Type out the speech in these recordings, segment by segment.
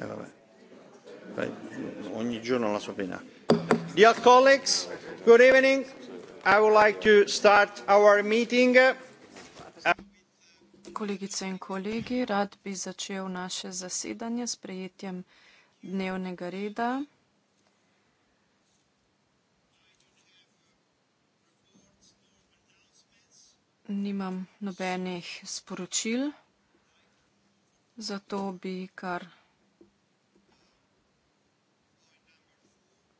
Eh, vabbè. Beh, ogni giorno la sua pena. Dear colleagues, good evening. I would like to start our meeting. Kolegice in kolegi, rad bi začel naše zasedanje s prejetjem dnevnega reda. Nimam nobenih sporočil, zato bi kar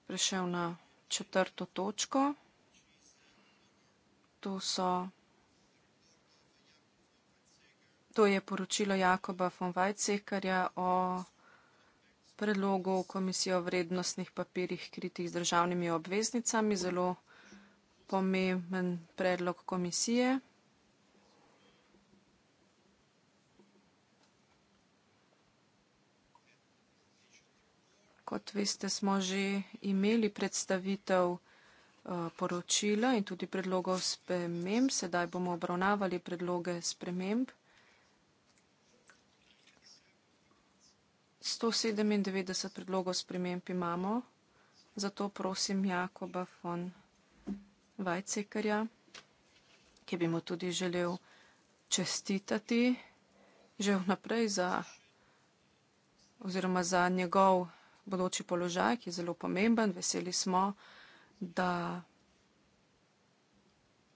prešel na četrto točko. To, so, to je poročilo Jakoba von Weizsäckerja o predlogu komisije o vrednostnih papirjih kritih z državnimi obveznicami. Zelo pomemben predlog komisije. kot veste, smo že imeli predstavitev eh, poročila in tudi predlogov sprememb. Sedaj bomo obravnavali predloge sprememb. 197 predlogov sprememb imamo, zato prosim Jakoba von Vajcekerja, ki bi mu tudi želel čestitati že vnaprej za oziroma za njegov bodoči položaj, ki je zelo pomemben. Veseli smo, da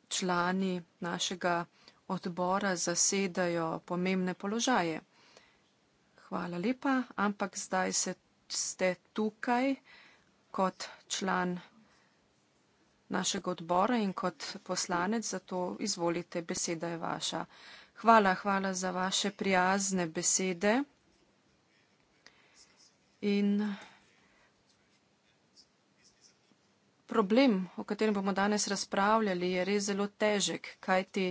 člani našega odbora zasedajo pomembne položaje. Hvala lepa, ampak zdaj ste tukaj kot član našega odbora in kot poslanec, zato izvolite, beseda je vaša. Hvala, hvala za vaše prijazne besede. In problem, o katerem bomo danes razpravljali, je res zelo težek, kaj ti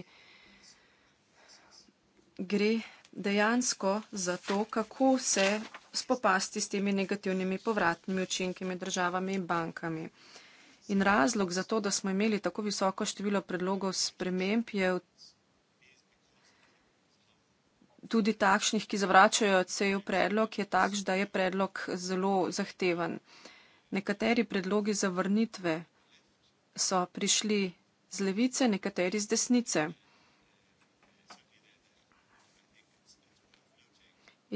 gre dejansko za to, kako se spopasti s temi negativnimi povratnimi učinkimi državami in bankami. In razlog za to, da smo imeli tako visoko število predlogov sprememb, je v tudi takšnih, ki zavračajo cel predlog, je takš, da je predlog zelo zahteven. Nekateri predlogi zavrnitve so prišli z levice, nekateri z desnice.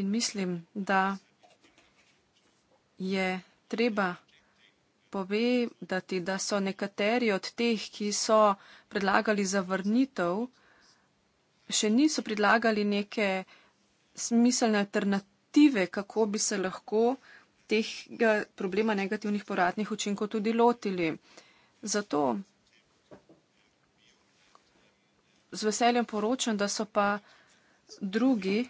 In mislim, da je treba povedati, da so nekateri od teh, ki so predlagali zavrnitev, še niso predlagali neke smiselne alternative, kako bi se lahko tega problema negativnih poratnih učinkov tudi lotili. Zato z veseljem poročam, da so pa drugi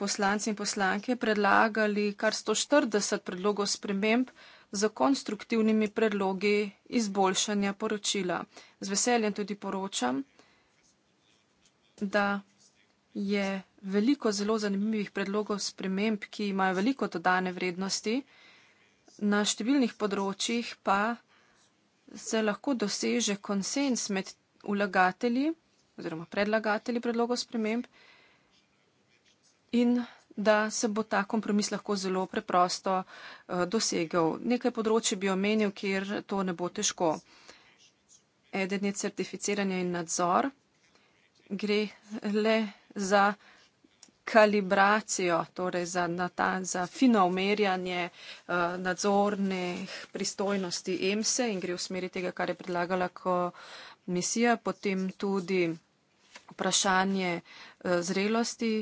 poslanci in poslanke predlagali kar 140 predlogov sprememb za konstruktivnimi predlogi izboljšanja poročila. Z veseljem tudi poročam, da je veliko zelo zanimivih predlogov sprememb, ki imajo veliko dodane vrednosti, na številnih področjih pa se lahko doseže konsens med ulagatelji oziroma predlagatelji predlogov sprememb in da se bo ta kompromis lahko zelo preprosto eh, dosegel. Nekaj področji bi omenil, kjer to ne bo težko. Eden je certificiranje in nadzor gre le za kalibracijo, torej za, ta, za fino umerjanje uh, nadzornih pristojnosti EMSE in gre v smeri tega, kar je predlagala komisija, potem tudi vprašanje uh, zrelosti,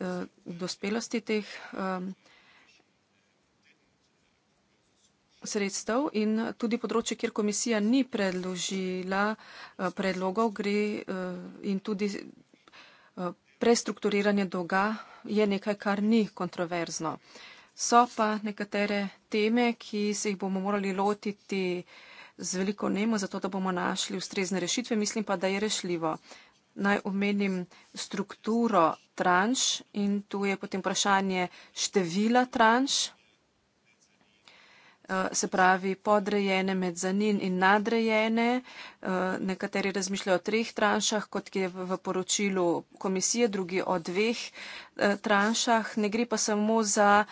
uh, dospelosti teh. Um, sredstev in tudi področje, kjer komisija ni predložila eh, predlogov, gre eh, in tudi eh, prestrukturiranje dolga je nekaj, kar ni kontroverzno. So pa nekatere teme, ki se jih bomo morali lotiti z veliko nemo, zato da bomo našli ustrezne rešitve, mislim pa, da je rešljivo. Naj omenim strukturo tranš in tu je potem vprašanje števila tranš, Eh, se pravi podrejene, mezzanin in nadrejene. Eh, nekateri razmišljajo o treh tranšah, kot je v poročilu komisije, drugi o dveh eh, tranšah. Ne gre pa samo za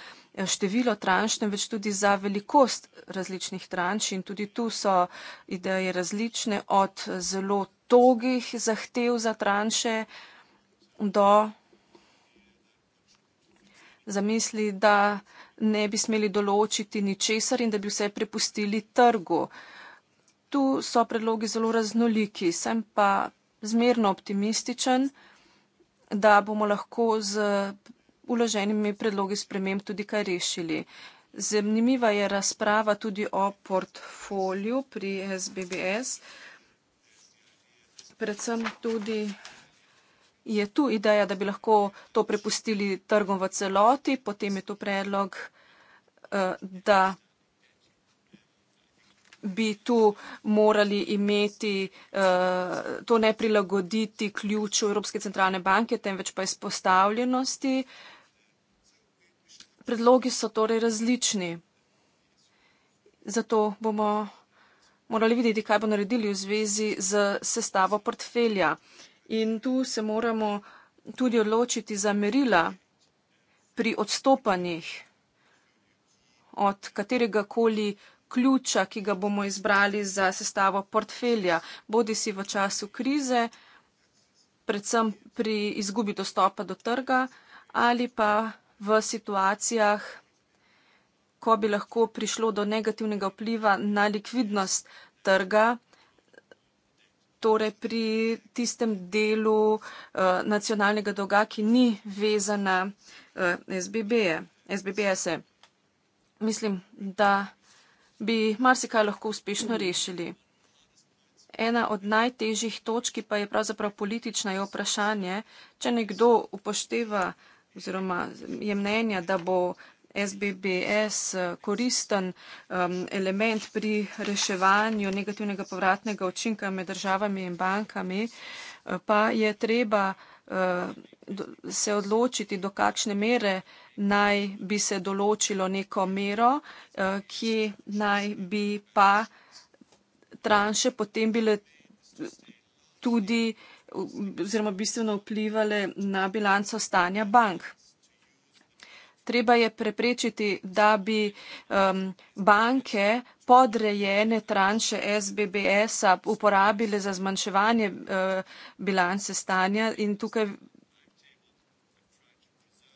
število tranš, temveč tudi za velikost različnih tranš in tudi tu so ideje različne od zelo togih zahtev za tranše do zamisli, da ne bi smeli določiti ničesar in da bi vse prepustili trgu. Tu so predlogi zelo raznoliki, sem pa zmerno optimističen, da bomo lahko z uloženimi predlogi sprememb tudi kaj rešili. Zanimiva je razprava tudi o portfolju pri SBBS, predvsem tudi je tu ideja, da bi lahko to prepustili trgom v celoti, potem je tu predlog, eh, da bi tu morali imeti, eh, to ne prilagoditi ključu Evropske centralne banke, temveč pa izpostavljenosti. Predlogi so torej različni. Zato bomo morali videti, kaj bo naredili v zvezi z sestavo portfelja in tu se moramo tudi odločiti za merila pri odstopanjih od katerega koli ključa, ki ga bomo izbrali za sestavo portfelja, bodi si v času krize, predvsem pri izgubi dostopa do trga ali pa v situacijah, ko bi lahko prišlo do negativnega vpliva na likvidnost trga torej pri tistem delu uh, nacionalnega dolga, ki ni vezana uh, eh, SBB-je. SBBS -e. Mislim, da bi marsikaj lahko uspešno rešili. Ena od najtežjih točk pa je pravzaprav politična je vprašanje, če nekdo upošteva oziroma je mnenja, da bo SBBS koristen um, element pri reševanju negativnega povratnega učinka med državami in bankami, eh, pa je treba eh, se odločiti, do kakšne mere naj bi se določilo neko mero, eh, ki naj bi pa tranše potem bile tudi oziroma bistveno vplivali na bilanco stanja bank. Treba je preprečiti, da bi um, banke podrejene tranše SBBS-a uporabile za zmanjševanje uh, bilance stanja in tukaj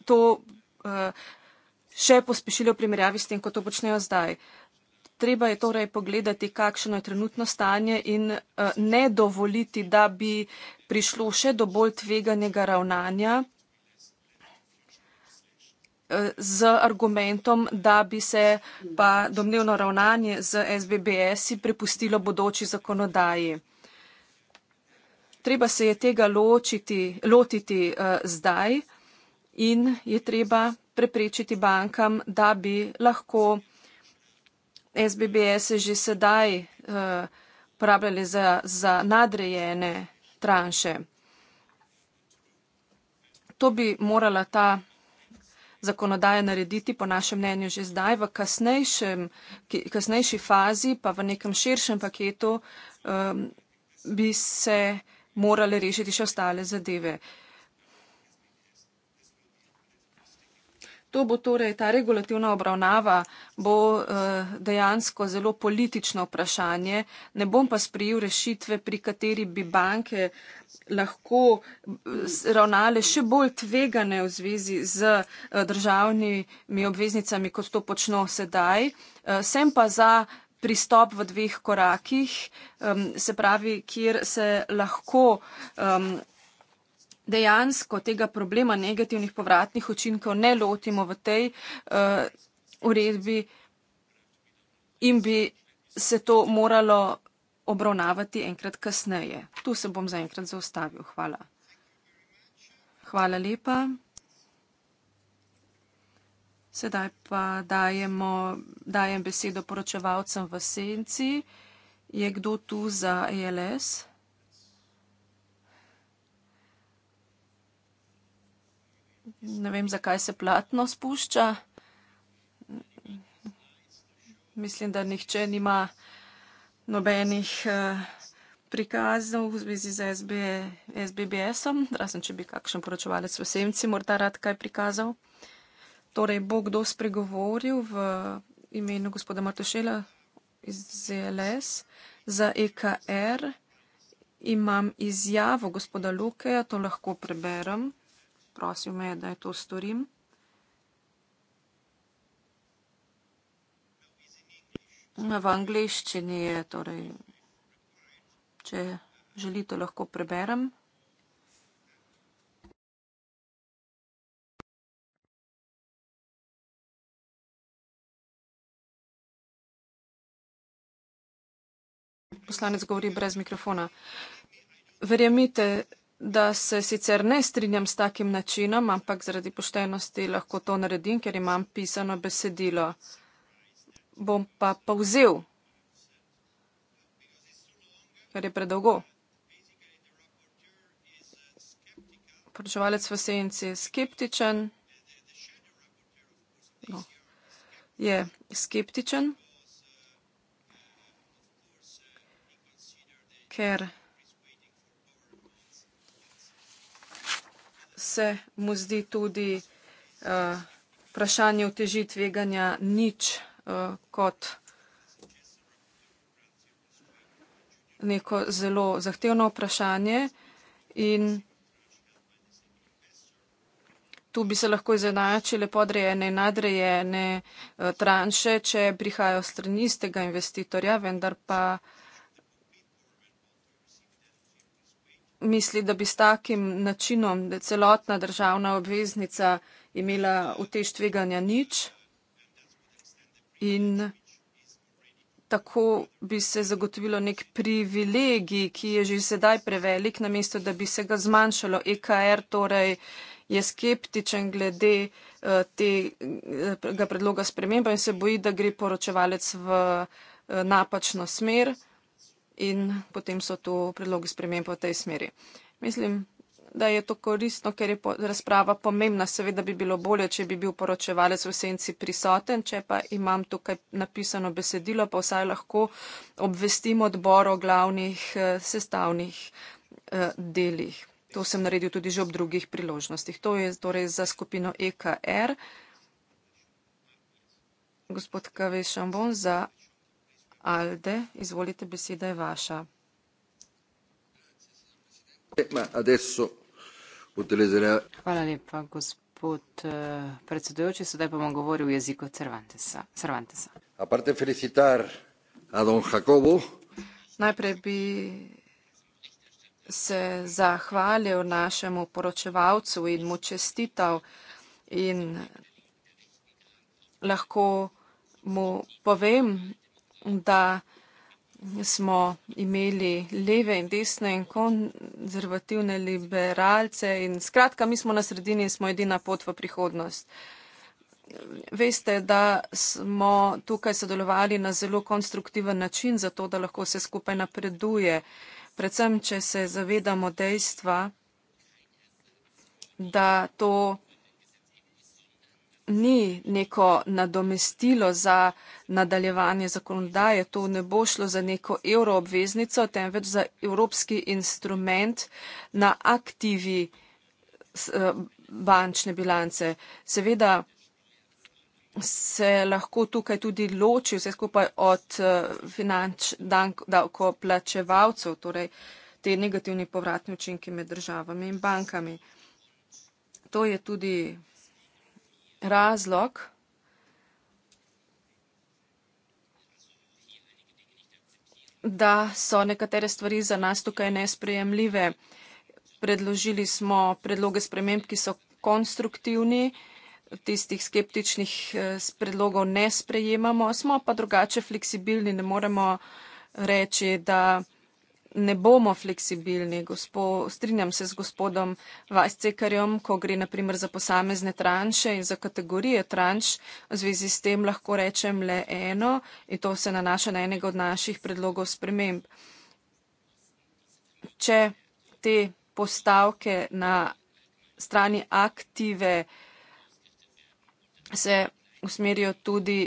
to uh, še pospešilo v primerjavi s tem, ko to počnejo zdaj. Treba je torej pogledati, kakšno je trenutno stanje in uh, ne dovoliti, da bi prišlo še do bolj tveganega ravnanja z argumentom, da bi se pa domnevno ravnanje z SBBS-i prepustilo bodoči zakonodaji. Treba se je tega ločiti, lotiti uh, zdaj in je treba preprečiti bankam, da bi lahko SBBS-e že sedaj uh, eh, uporabljali za, za nadrejene tranše. To bi morala ta zakonodaje narediti, po našem mnenju, že zdaj, v kasnejši fazi, pa v nekem širšem paketu, um, bi se morale rešiti še ostale zadeve. Uh, to bo torej ta regulativna obravnava, bo eh, dejansko zelo politično vprašanje. Ne bom pa sprijel rešitve, pri kateri bi banke lahko eh, ravnale še bolj tvegane v zvezi z eh, državnimi obveznicami, kot to počno sedaj. Sem pa za pristop v dveh korakih, ehm, se pravi, kjer se lahko. Ehm, dejansko tega problema negativnih povratnih učinkov ne lotimo v tej uh, uredbi in bi se to moralo obravnavati enkrat kasneje. Tu se bom zaenkrat zaustavil. Hvala. Hvala lepa. Sedaj pa dajemo, dajem besedo poročevalcem v senci. Je kdo tu za ELS? ne vem, zakaj se platno spušča. Mislim, da nihče nima nobenih eh, prikazov v zvezi z SB, SBBS-om, razen če bi kakšen poročevalec v Semci morda rad kaj prikazal. Torej, bo kdo spregovoril v imenu gospoda Martošela iz ZLS za EKR? Imam izjavo gospoda Luke, to lahko preberem prosil me je, da je to storim. V angliščini je, torej, če želite, lahko preberem. Poslanec govori brez mikrofona. Verjemite, da se sicer ne strinjam s takim načinom, ampak zaradi poštenosti lahko to naredim, ker imam pisano besedilo. Bom pa povzel, ker je predolgo. Poročevalec v senci je skeptičen. No, je skeptičen, ker se mu zdi tudi uh, vprašanje o teži tveganja nič uh, kot neko zelo zahtevno vprašanje in tu bi se lahko izenačile podrejene in nadrejene uh, tranše, če prihajajo strani istega investitorja, vendar pa uh, misli, da bi s takim načinom celotna državna obveznica imela v te štveganja nič in tako bi se zagotovilo nek privilegij, ki je že sedaj prevelik, namesto da bi se ga zmanjšalo. EKR torej je skeptičen glede eh, tega eh, predloga sprememba in se boji, da gre poročevalec v eh, napačno smer in potem so tu predlogi sprememb v tej smeri. Mislim, da je to koristno, ker je razprava pomembna. Seveda bi bilo bolje, če bi bil poročevalec v senci prisoten, če pa imam tukaj napisano besedilo, pa vsaj lahko obvestim odbor o glavnih eh, sestavnih eh, delih. To sem naredil tudi že ob drugih priložnostih. To je torej za skupino EKR. Gospod Kavešambon za Alde, izvolite, beseda je vaša. Hvala lepa, gospod eh, predsedujoči. Sedaj bom govoril v jeziku Cervantesa. Cervantesa. A don Jacobo. Najprej bi se zahvalil našemu poročevalcu in mu čestital in lahko mu povem, da smo imeli leve in desne in konzervativne liberalce in skratka, mi smo na sredini in smo edina pot v prihodnost. Veste, da smo tukaj sodelovali na zelo konstruktiven način, zato da lahko se skupaj napreduje, predvsem, če se zavedamo dejstva, da to ni neko nadomestilo za nadaljevanje zakonodaje. To ne bo šlo za neko euroobveznico, temveč za evropski instrument na aktivi eh, bančne bilance. Seveda se lahko tukaj tudi loči vse skupaj od eh, finančnih davkoplačevalcev, torej te negativni povratni učinki med državami in bankami. To je tudi razlog, da so nekatere stvari za nas tukaj nesprejemljive. Predložili smo predloge sprememb, ki so konstruktivni, tistih skeptičnih eh, predlogov ne sprejemamo, smo pa drugače fleksibilni, ne moremo reči, da ne bomo fleksibilni. Gospo, strinjam se z gospodom Vajcekarjem, ko gre naprimer za posamezne tranše in za kategorije tranš. V zvezi s tem lahko rečem le eno in to se nanaša na enega od naših predlogov sprememb. Če te postavke na strani aktive se usmerijo tudi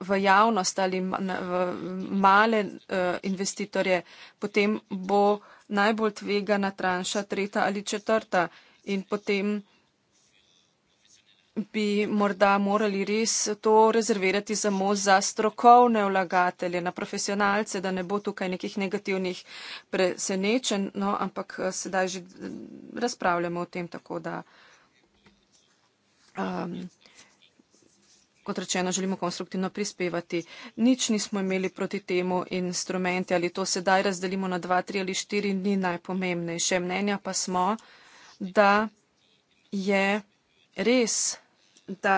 v javnost ali v male eh, investitorje, potem bo najbolj tvegana tranša tretja ali četrta in potem bi morda morali res to rezervirati samo za strokovne vlagatelje, na profesionalce, da ne bo tukaj nekih negativnih presenečen, no, ampak eh, sedaj že eh, razpravljamo o tem tako, da. Um, kot rečeno, želimo konstruktivno prispevati. Nič nismo imeli proti temu instrumente, ali to sedaj razdelimo na dva, tri ali štiri, ni najpomembnejše. Mnenja pa smo, da je res, da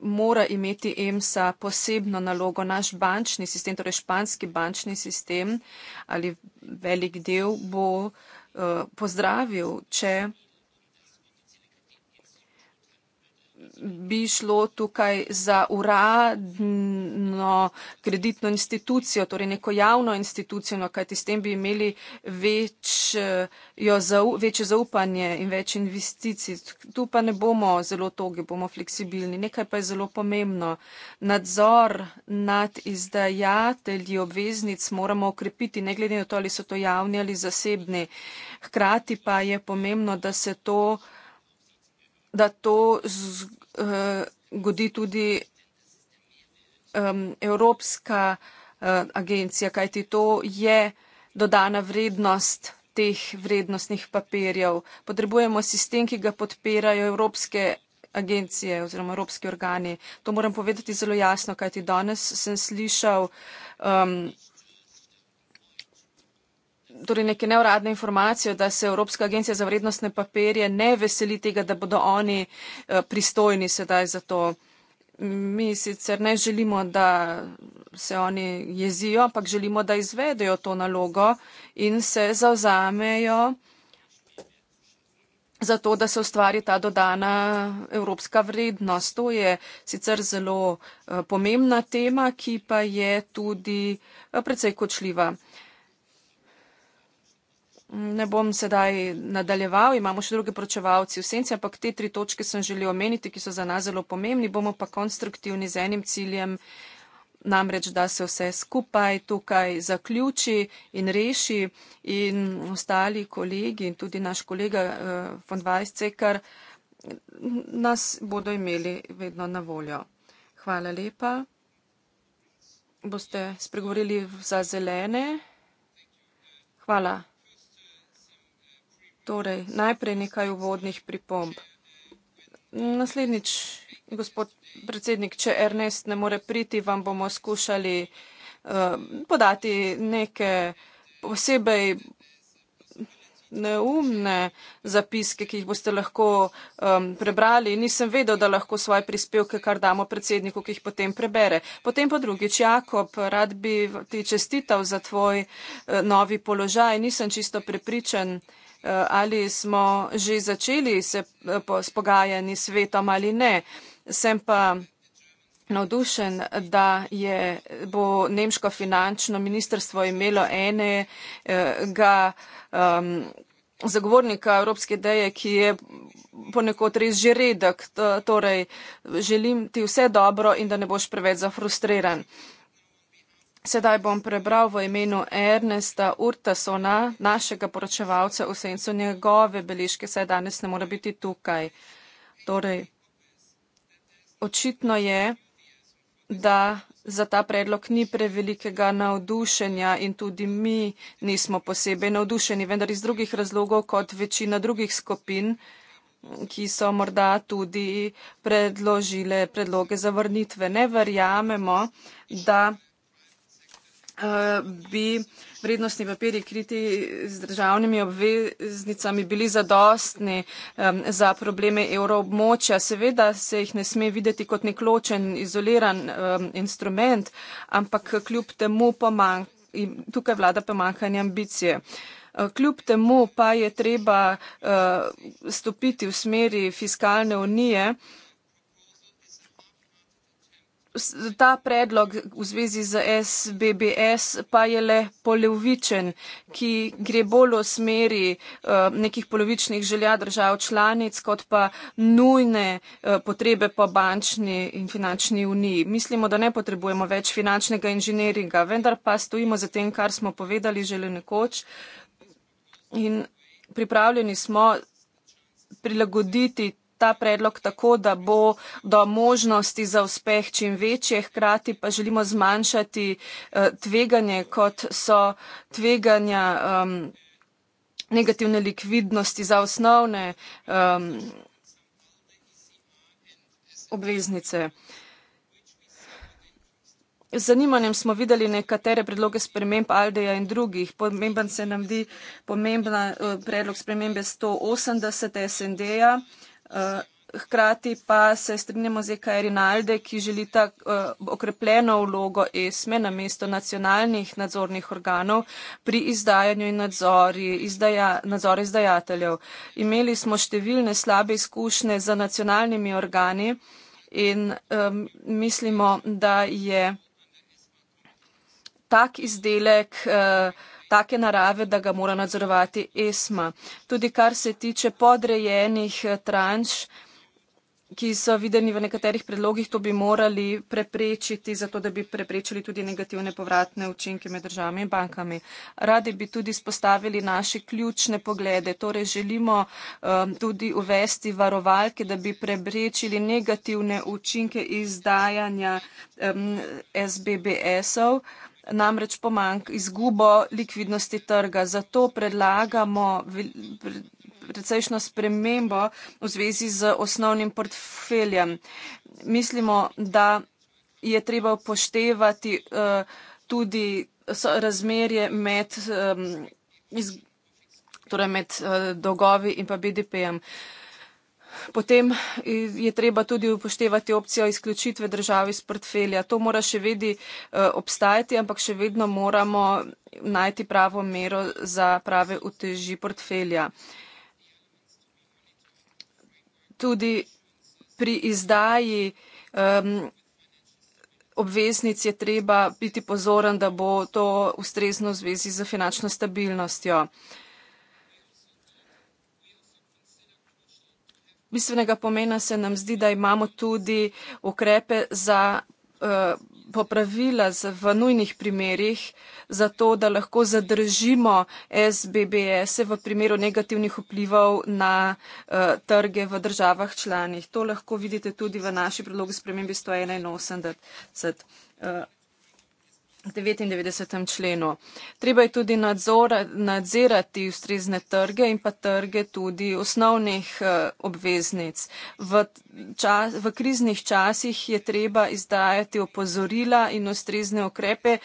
mora imeti EMSA posebno nalogo. Naš bančni sistem, torej španski bančni sistem ali velik del bo uh, pozdravil, če. bi šlo tukaj za uradno kreditno institucijo, torej neko javno institucijo, no, kajti s tem bi imeli več, jo, večje zaupanje in več investicij. Tu pa ne bomo zelo togi, bomo fleksibilni. Nekaj pa je zelo pomembno. Nadzor nad izdajatelji obveznic moramo okrepiti, ne glede na to, ali so to javni ali zasebni. Hkrati pa je pomembno, da se to da to zgodi eh, tudi um, Evropska uh, agencija, kajti to je dodana vrednost teh vrednostnih papirjev. Potrebujemo sistem, ki ga podpirajo Evropske agencije oziroma Evropski organi. To moram povedati zelo jasno, kajti danes sem slišal. Um, torej neke neuradne informacije, da se Evropska agencija za vrednostne papirje ne veseli tega, da bodo oni eh, pristojni sedaj za to. Mi sicer ne želimo, da se oni jezijo, ampak želimo, da izvedejo to nalogo in se zauzamejo za to, da se ustvari ta dodana evropska vrednost. To je sicer zelo eh, pomembna tema, ki pa je tudi eh, precej kočljiva. Ne bom sedaj nadaljeval, imamo še druge pročevalci v senci, ampak te tri točke sem želel omeniti, ki so za nas zelo pomembni, bomo pa konstruktivni z enim ciljem, namreč, da se vse skupaj tukaj zaključi in reši in ostali kolegi in tudi naš kolega uh, von Weisce, kar nas bodo imeli vedno na voljo. Hvala lepa. Boste spregovorili za zelene. Hvala. Torej, najprej nekaj uvodnih pripomb. Naslednjič, gospod predsednik, če Ernest ne more priti, vam bomo skušali uh, podati neke posebej neumne zapiske, ki jih boste lahko um, prebrali. Nisem vedel, da lahko svoje prispevke kar damo predsedniku, ki jih potem prebere. Potem pa drugič, Jakob, rad bi ti čestital za tvoj uh, novi položaj. Nisem čisto prepričan. Uh, Eh, ali smo že začeli se eh, spogajani s svetom ali ne. Sem pa navdušen, da je, bo nemško finančno ministrstvo imelo enega eh, um, ehm, zagovornika Evropske ideje, ki je ponekod res že redek. Torej, želim ti vse dobro in da ne boš preveč zafrustriran. Sedaj bom prebral v imenu Ernesta Urtasona, našega poročevalca v sencu njegove beliške, saj danes ne mora biti tukaj. Torej, očitno je, da za ta predlog ni prevelikega navdušenja in tudi mi nismo posebej navdušeni, vendar iz drugih razlogov kot večina drugih skupin, ki so morda tudi predložile predloge zavrnitve. Ne verjamemo, da bi vrednostni papiri kriti z državnimi obveznicami bili zadostni um, za probleme evroobmočja. Seveda se jih ne sme videti kot nek ločen, izoliran um, instrument, ampak kljub temu pomanjka, tukaj vlada pomankanje ambicije. E, kljub temu pa je treba uh, stopiti v smeri fiskalne unije. Uh, ta predlog v zvezi z SBBS pa je le polovičen, ki gre bolj v smeri eh, nekih polovičnih želja držav članic, kot pa nujne eh, potrebe po bančni in finančni uniji. Mislimo, da ne potrebujemo več finančnega inženiringa, vendar pa stojimo za tem, kar smo povedali že le nekoč. In pripravljeni smo prilagoditi ta predlog tako, da bo do možnosti za uspeh čim večje, hkrati pa želimo zmanjšati eh, tveganje, kot so tveganja um, negativne likvidnosti za osnovne um, obveznice. Z zanimanjem smo videli nekatere predloge sprememb Aldeja in drugih. Pomemben se nam di pomembna eh, predlog spremembe 180 SND-ja. Eh, hkrati pa se strinjamo z EKR in ALDE, ki želita eh, okrepljeno vlogo ESME na mesto nacionalnih nadzornih organov pri izdajanju in nadzoru izdajateljev. Imeli smo številne slabe izkušnje z nacionalnimi organi in um, mislimo, da je tak izdelek. Uh, take narave, da ga mora nadzorovati ESMA. Tudi kar se tiče podrejenih eh, tranš, ki so videni v nekaterih predlogih, to bi morali preprečiti, zato da bi preprečili tudi negativne povratne učinke med državami in bankami. Radi bi tudi spostavili naše ključne poglede. Torej želimo um, tudi uvesti varovalke, da bi preprečili negativne učinke izdajanja um, SBBS-ov. Uh, namreč pomank izgubo likvidnosti trga. Zato predlagamo precejšno spremembo v zvezi z osnovnim portfeljem. Mislimo, da je treba upoštevati uh, tudi razmerje med, um, iz, torej med uh, dolgovi in pa BDP-jem. Uh, Potem je treba tudi upoštevati opcijo izključitve države iz portfelja. To mora še vedno eh, obstajati, ampak še vedno moramo najti pravo mero za prave uteži portfelja. Tudi pri izdaji um, obveznic je treba biti pozoren, da bo to ustrezno v zvezi z finančno stabilnostjo. Uh, bistvenega pomena se nam zdi, da imamo tudi ukrepe za eh, popravila v nujnih primerjih, zato da lahko zadržimo SBBS -e v primeru negativnih vplivov na eh, trge v državah članih. To lahko vidite tudi v naši predlogi spremembi 181. 99. členu. Treba je tudi nadzora, nadzirati ustrezne trge in pa trge tudi osnovnih eh, obveznic. V, čas, v kriznih časih je treba izdajati opozorila in ustrezne ukrepe,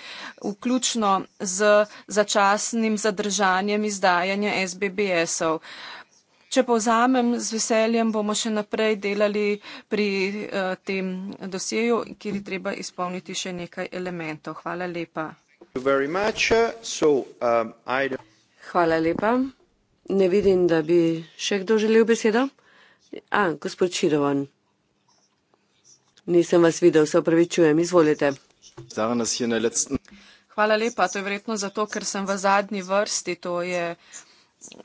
vključno z začasnim zadržanjem izdajanja SBBS-ov. Če povzamem z veseljem, bomo še naprej delali pri uh, tem dosjeju, kjer je treba izpolniti še nekaj elementov. Hvala lepa. So, um, Hvala lepa. Ne vidim, da bi še kdo želel besedo. A, gospod Čirovan. Nisem vas videl, se opravičujem, izvolite. Hvala lepa. To je verjetno zato, ker sem v zadnji vrsti. To je uh,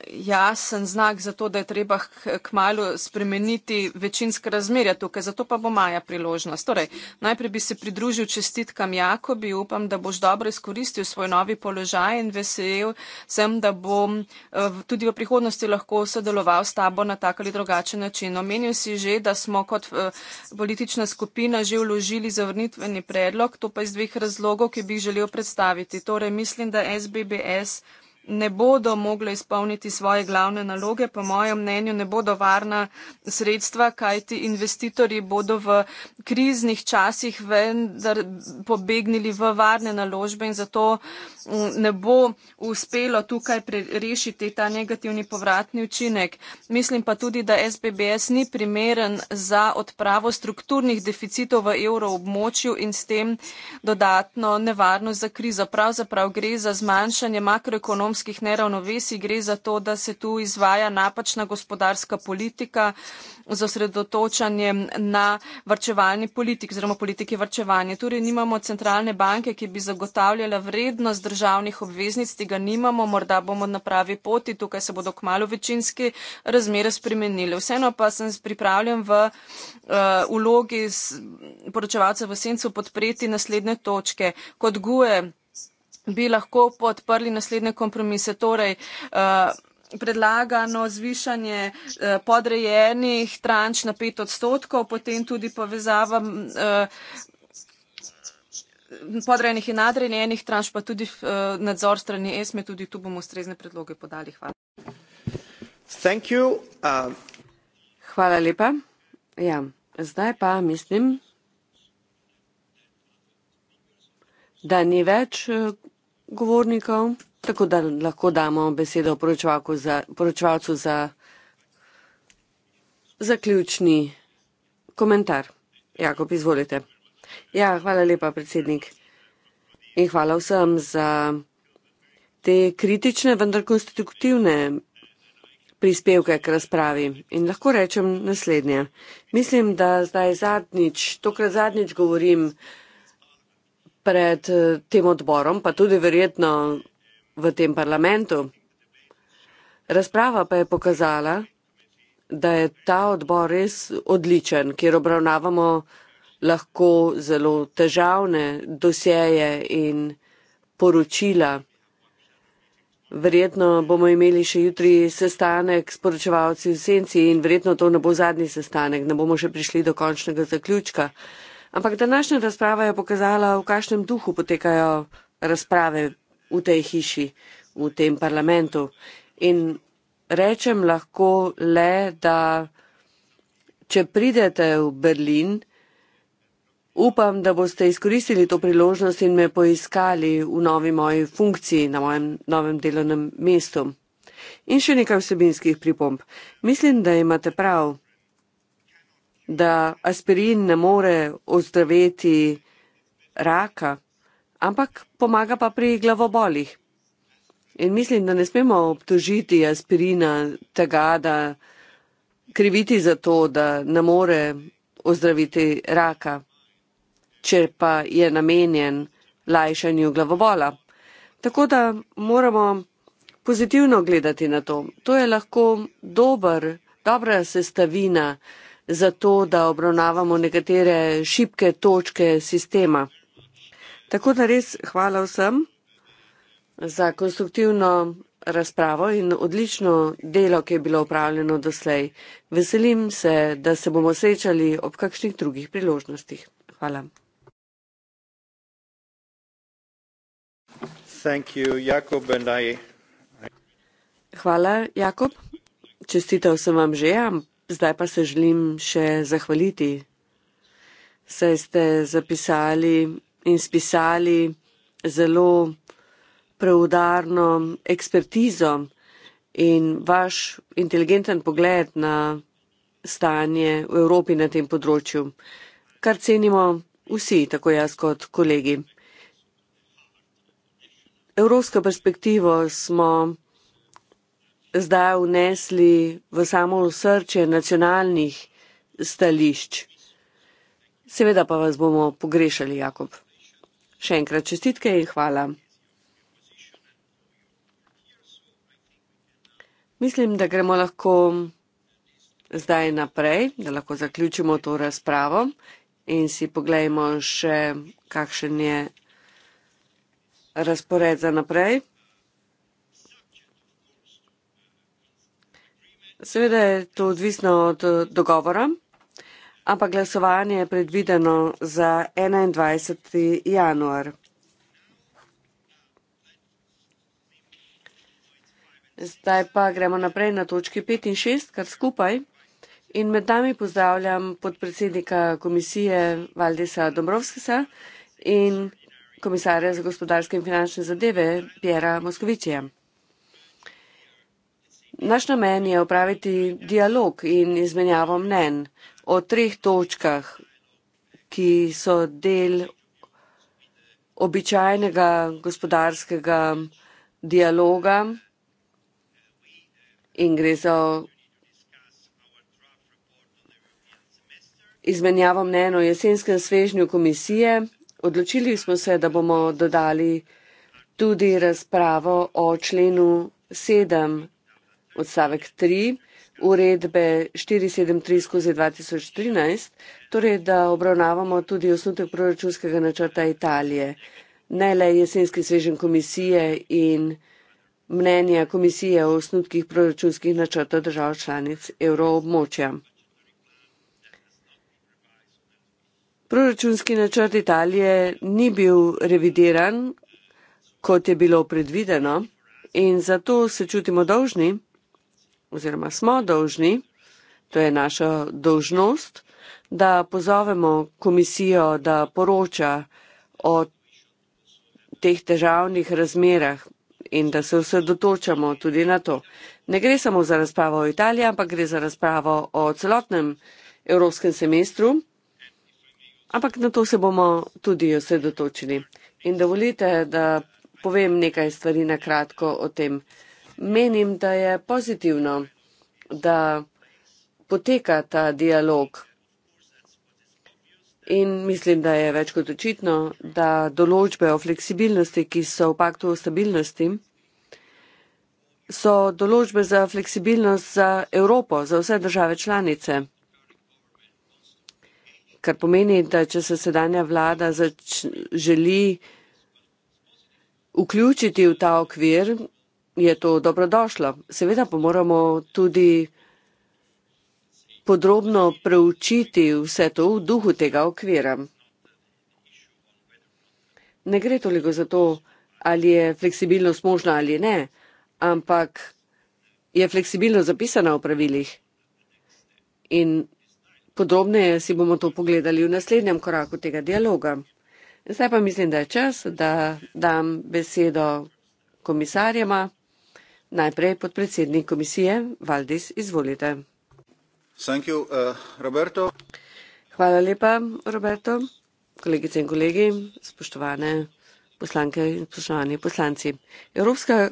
jasen znak za to, da je treba k malu spremeniti večinska razmerja tukaj. Zato pa bo maja priložnost. Torej, najprej bi se pridružil čestitkam Jakobi. Upam, da boš dobro izkoristil svoj novi položaj in vesel sem, da bom eh, tudi v prihodnosti lahko sodeloval s tabo na tak ali drugačen način. Omenil si že, da smo kot eh, politična skupina že vložili zavrnitveni predlog. To pa iz dveh razlogov, ki bi želel predstaviti. Torej, mislim, da SBBS ne bodo mogle izpolniti svoje glavne naloge, po mojem mnenju ne bodo varna sredstva, kajti investitorji bodo v kriznih časih vendar pobegnili v varne naložbe in zato mm, ne bo uspelo tukaj rešiti ta negativni povratni učinek. Mislim pa tudi, da SBBS ni primeren za odpravo strukturnih deficitov v evroobmočju in s tem dodatno nevarnost za krizo. Pravzaprav gre za zmanjšanje makroekonomskih ekonomskih neravnovesij, gre za to, da se tu izvaja napačna gospodarska politika z osredotočanjem na vrčevalni politik, oziroma politiki vrčevanja. Torej nimamo centralne banke, ki bi zagotavljala vrednost državnih obveznic, tega nimamo, morda bomo na pravi poti, tukaj se bodo kmalo večinske razmere spremenile. Vseeno pa sem pripravljen v eh, vlogi uh, poročevalca v Sencu podpreti naslednje točke. Kot guje bi lahko podprli naslednje kompromise. Torej, uh, predlagano zvišanje eh, podrejenih tranč na pet odstotkov, potem tudi povezava eh, podrejenih in nadrejenih tranč, pa tudi nadzor strani ESME, tudi tu bomo ustrezne predloge podali. Hvala. Uh, Hvala lepa. Ja, zdaj pa mislim, da ni več govornikov, tako da lahko damo besedo poročevalcu za zaključni komentar. Jakob, izvolite. Ja, hvala lepa, predsednik. In hvala vsem za te kritične, vendar konstitutivne prispevke k razpravi. In lahko rečem naslednje. Mislim, da zdaj zadnjič, tokrat zadnjič govorim, pred eh, tem odborom, pa tudi verjetno v tem parlamentu. Razprava pa je pokazala, da je ta odbor res odličen, kjer obravnavamo lahko zelo težavne dosjeje in poročila. Verjetno bomo imeli še jutri sestanek s poročevalci v senci in verjetno to ne bo zadnji sestanek, ne bomo še prišli do končnega zaključka. Ampak današnja razprava je pokazala, v kakšnem duhu potekajo razprave v tej hiši, v tem parlamentu. In rečem lahko le, da če pridete v Berlin, upam, da boste izkoristili to priložnost in me poiskali v novi moji funkciji na mojem novem delovnem mestu. In še nekaj vsebinskih pripomb. Mislim, da imate prav da aspirin ne more ozdraviti raka, ampak pomaga pa pri glavobolih. In mislim, da ne smemo obtožiti aspirina tega, da kriviti za to, da ne more ozdraviti raka, če pa je namenjen lajšanju glavobola. Tako da moramo pozitivno gledati na to. To je lahko dober, dobra sestavina za to, da obravnavamo nekatere šibke točke sistema. Tako da res hvala vsem za konstruktivno razpravo in odlično delo, ki je bilo upravljeno doslej. Veselim se, da se bomo srečali ob kakšnih drugih priložnostih. Hvala. You, Jakob, I... Hvala, Jakob. Čestitev sem vam že, ampak. Zdaj pa se želim še zahvaliti, saj ste zapisali in spisali zelo preudarno ekspertizo in vaš inteligenten pogled na stanje v Evropi na tem področju, kar cenimo vsi, tako jaz kot kolegi. Evropsko perspektivo smo zdaj vnesli v samo srce nacionalnih stališč. Seveda pa vas bomo pogrešali, Jakob. Še enkrat čestitke in hvala. Mislim, da gremo lahko zdaj naprej, da lahko zaključimo to razpravo in si pogledamo še, kakšen je razpored za naprej. Seveda je to odvisno od eh, dogovora, ampak glasovanje je predvideno za 21. januar. Zdaj pa gremo naprej na točki 5 in 6, kar skupaj. In med nami pozdravljam podpredsednika komisije Valdisa Dombrovskisa in komisarja za gospodarske in finančne zadeve Pjera Moskovičija. Naš namen je upraviti dialog in izmenjavo mnen o treh točkah, ki so del običajnega gospodarskega dialoga in gre za izmenjavo mnen o jesenskem svežnju komisije. Odločili smo se, da bomo dodali tudi razpravo o členu 7 odstavek 3 uredbe 473-2013, torej da obravnavamo tudi osnutek proračunskega načrta Italije, ne le jesenski svežen komisije in mnenja komisije o osnutkih proračunskih načrta držav članic evroobmočja. Proračunski načrt Italije ni bil revidiran, kot je bilo predvideno, in zato se čutimo dolžni, oziroma smo dolžni, to je naša dolžnost, da pozovemo komisijo, da poroča o teh težavnih razmerah in da se osredotočamo tudi na to. Ne gre samo za razpravo o Italiji, ampak gre za razpravo o celotnem evropskem semestru, ampak na to se bomo tudi osredotočili. In dovolite, da povem nekaj stvari na kratko o tem menim da je pozitivno da poteka ta dialog in mislim da je več kot očitno da določbe o fleksibilnosti ki so v paktu o stabilnosti so določbe za fleksibilnost za Evropo, za vse države članice, kar pomeni, da če se sedanja vlada želi vključiti v ta okvir, je to dobrodošlo. Seveda pa moramo tudi podrobno preučiti vse to v duhu tega okvira. Ne gre toliko za to, ali je fleksibilnost možna ali ne, ampak je fleksibilnost zapisana v pravilih. In podrobneje si bomo to pogledali v naslednjem koraku tega dialoga. Zdaj pa mislim, da je čas, da dam besedo komisarjema. Najprej podpredsednik komisije Valdis, izvolite. Thank you, uh, Roberto. Hvala lepa, Roberto. Kolegice in kolegi, spoštovane poslanke in spoštovani poslanci. Evropska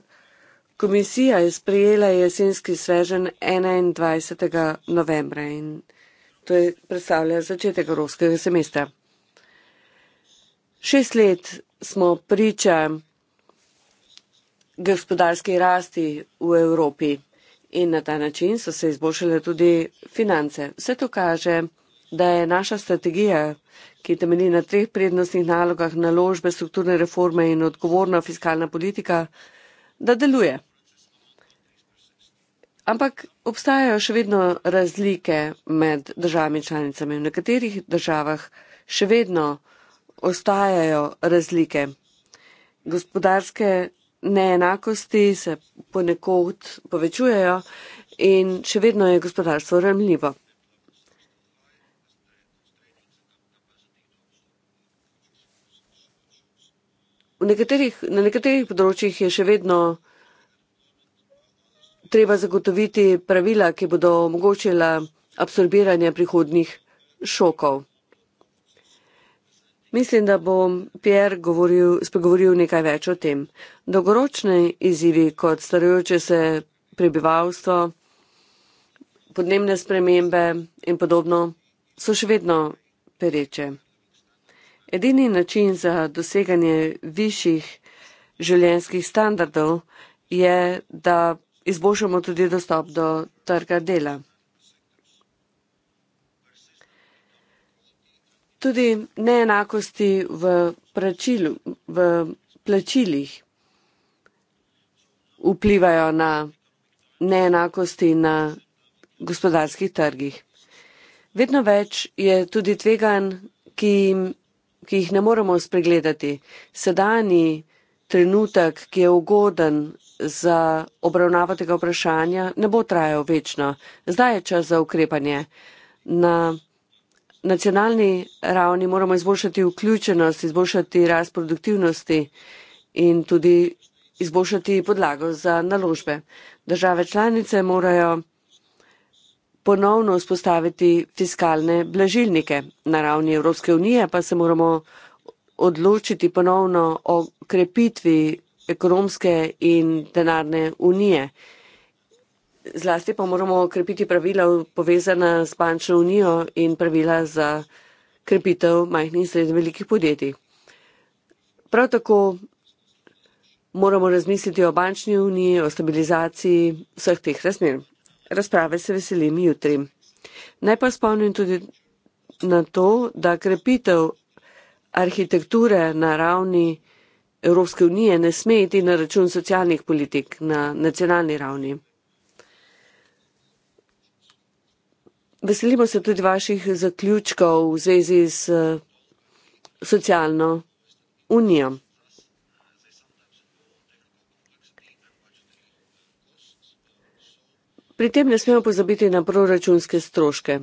komisija je sprejela jesenski svežen 21. novembra in to je predstavlja začetek evropskega semestra. Šest let smo pričam gospodarski rasti v Evropi in na ta način so se izboljšale tudi finance. Vse to kaže, da je naša strategija, ki temelji na treh prednostnih nalogah naložbe, strukturne reforme in odgovorna fiskalna politika, da deluje. Ampak obstajajo še vedno razlike med državami članicami. V nekaterih državah še vedno ostajajo razlike. Gospodarske neenakosti se ponekod povečujejo in še vedno je gospodarstvo ranljivo. Nekaterih, na nekaterih področjih je še vedno treba zagotoviti pravila, ki bodo omogočila absorbiranje prihodnih šokov. Mislim, da bo Pierre govoril, spregovoril nekaj več o tem. Dolgoročne izzivi kot starajoče se prebivalstvo, podnebne spremembe in podobno so še vedno pereče. Edini način za doseganje višjih življenjskih standardov je, da izboljšamo tudi dostop do trga dela. tudi neenakosti v, pračilu, v plačilih vplivajo na neenakosti na gospodarskih trgih. Vedno več je tudi tvegan, ki, ki jih ne moremo spregledati. Sedani trenutek, ki je ugoden za obravnavo tega vprašanja, ne bo trajal večno. Zdaj je čas za ukrepanje. Na nacionalni ravni moramo izboljšati vključenost, izboljšati rast produktivnosti in tudi izboljšati podlago za naložbe. Države članice morajo ponovno vzpostaviti fiskalne blažilnike. Na ravni Evropske unije pa se moramo odločiti ponovno o krepitvi ekonomske in denarne unije zlasti pa moramo okrepiti pravila povezana z bančno unijo in pravila za krepitev majhnih in srednjih velikih podjetij. Prav tako moramo razmisliti o bančni uniji, o stabilizaciji vseh teh razmer. Razprave se veselim jutri. Naj pa spomnim tudi na to, da krepitev arhitekture na ravni Evropske unije ne sme iti na račun socialnih politik na nacionalni ravni. Veselimo se tudi vaših zaključkov v zvezi s eh, socialno unijo. Pri tem ne smemo pozabiti na proračunske stroške.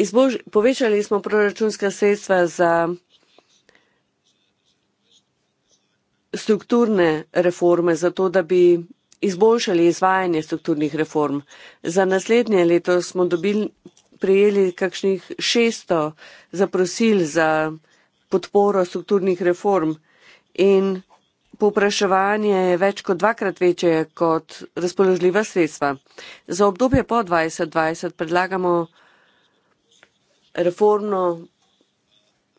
Izbož, povečali smo proračunska sredstva za strukturne reforme, zato da bi izboljšali izvajanje strukturnih reform. Za naslednje leto smo dobili, prejeli kakšnih 600 zaprosil za podporo strukturnih reform in popraševanje je več kot dvakrat večje kot razpoložljiva sredstva. Za obdobje po 2020 predlagamo reformno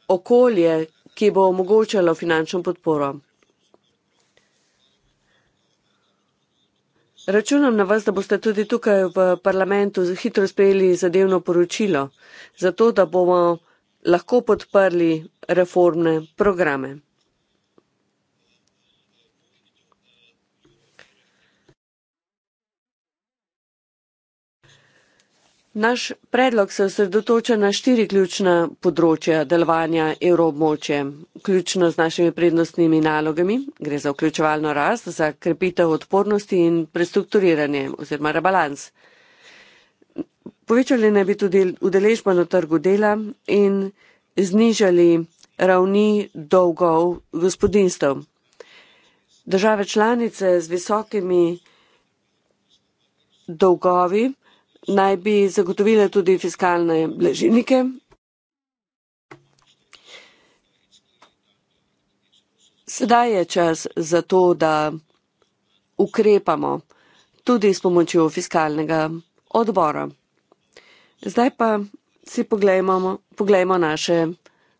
okolje, ki bo omogočalo finančno podporo. Računam na vas, da boste tudi tukaj v parlamentu hitro sprejeli zadevno poročilo, zato da bomo lahko podprli reformne programe. Naš predlog se osredotoča na štiri ključna področja delovanja evroobmočja. Ključno z našimi prednostnimi nalogami gre za vključevalno rast, za krepitev odpornosti in prestrukturiranje oziroma rebalans. Povečali naj bi tudi udeležbo na trgu dela in znižali ravni dolgov gospodinstv. Države članice z visokimi dolgovi naj bi zagotovile tudi fiskalne blažilnike. Sedaj je čas za to, da ukrepamo tudi s pomočjo fiskalnega odbora. Zdaj pa si poglejmo, poglejmo naše,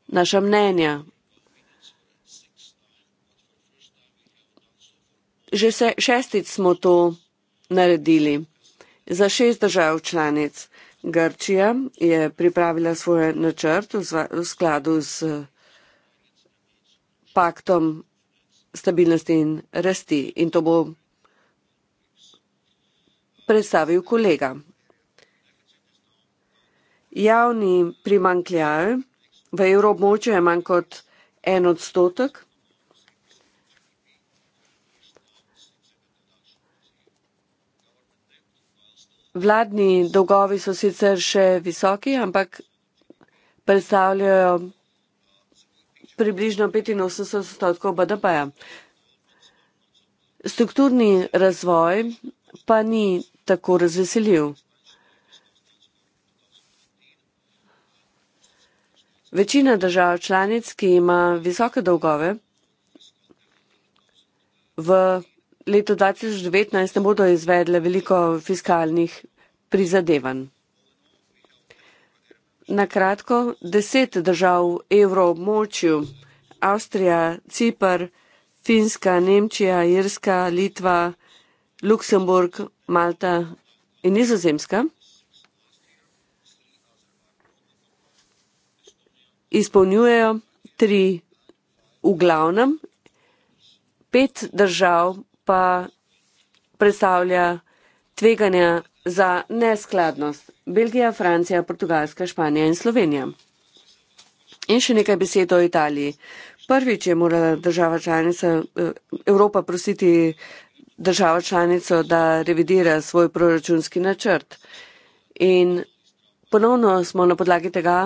naša mnenja. Že se, šestic smo to naredili za šest držav članic. Grčija je pripravila svoj načrt v skladu z paktom stabilnosti in rasti in to bo predstavil kolega. Javni primankljaj v Evropmočju je manj kot en odstotek. Vladni dolgovi so sicer še visoki, ampak predstavljajo približno 85 odstotkov BDP-ja. Strukturni razvoj pa ni tako razveseljiv. Večina držav članic, ki ima visoke dolgove, v leto 2019 ne bodo izvedle veliko fiskalnih prizadevanj. Na kratko, deset držav evroobmočju, Avstrija, Cipr, Finska, Nemčija, Irska, Litva, Luksemburg, Malta in Nizozemska, izpolnjujejo tri v glavnem, pet držav pa predstavlja tveganja za neskladnost Belgija, Francija, Portugalska, Španija in Slovenija. In še nekaj besed o Italiji. Prvič je morala država članica, eh, Evropa prositi državo članico, da revidira svoj proračunski načrt. In ponovno smo na podlagi tega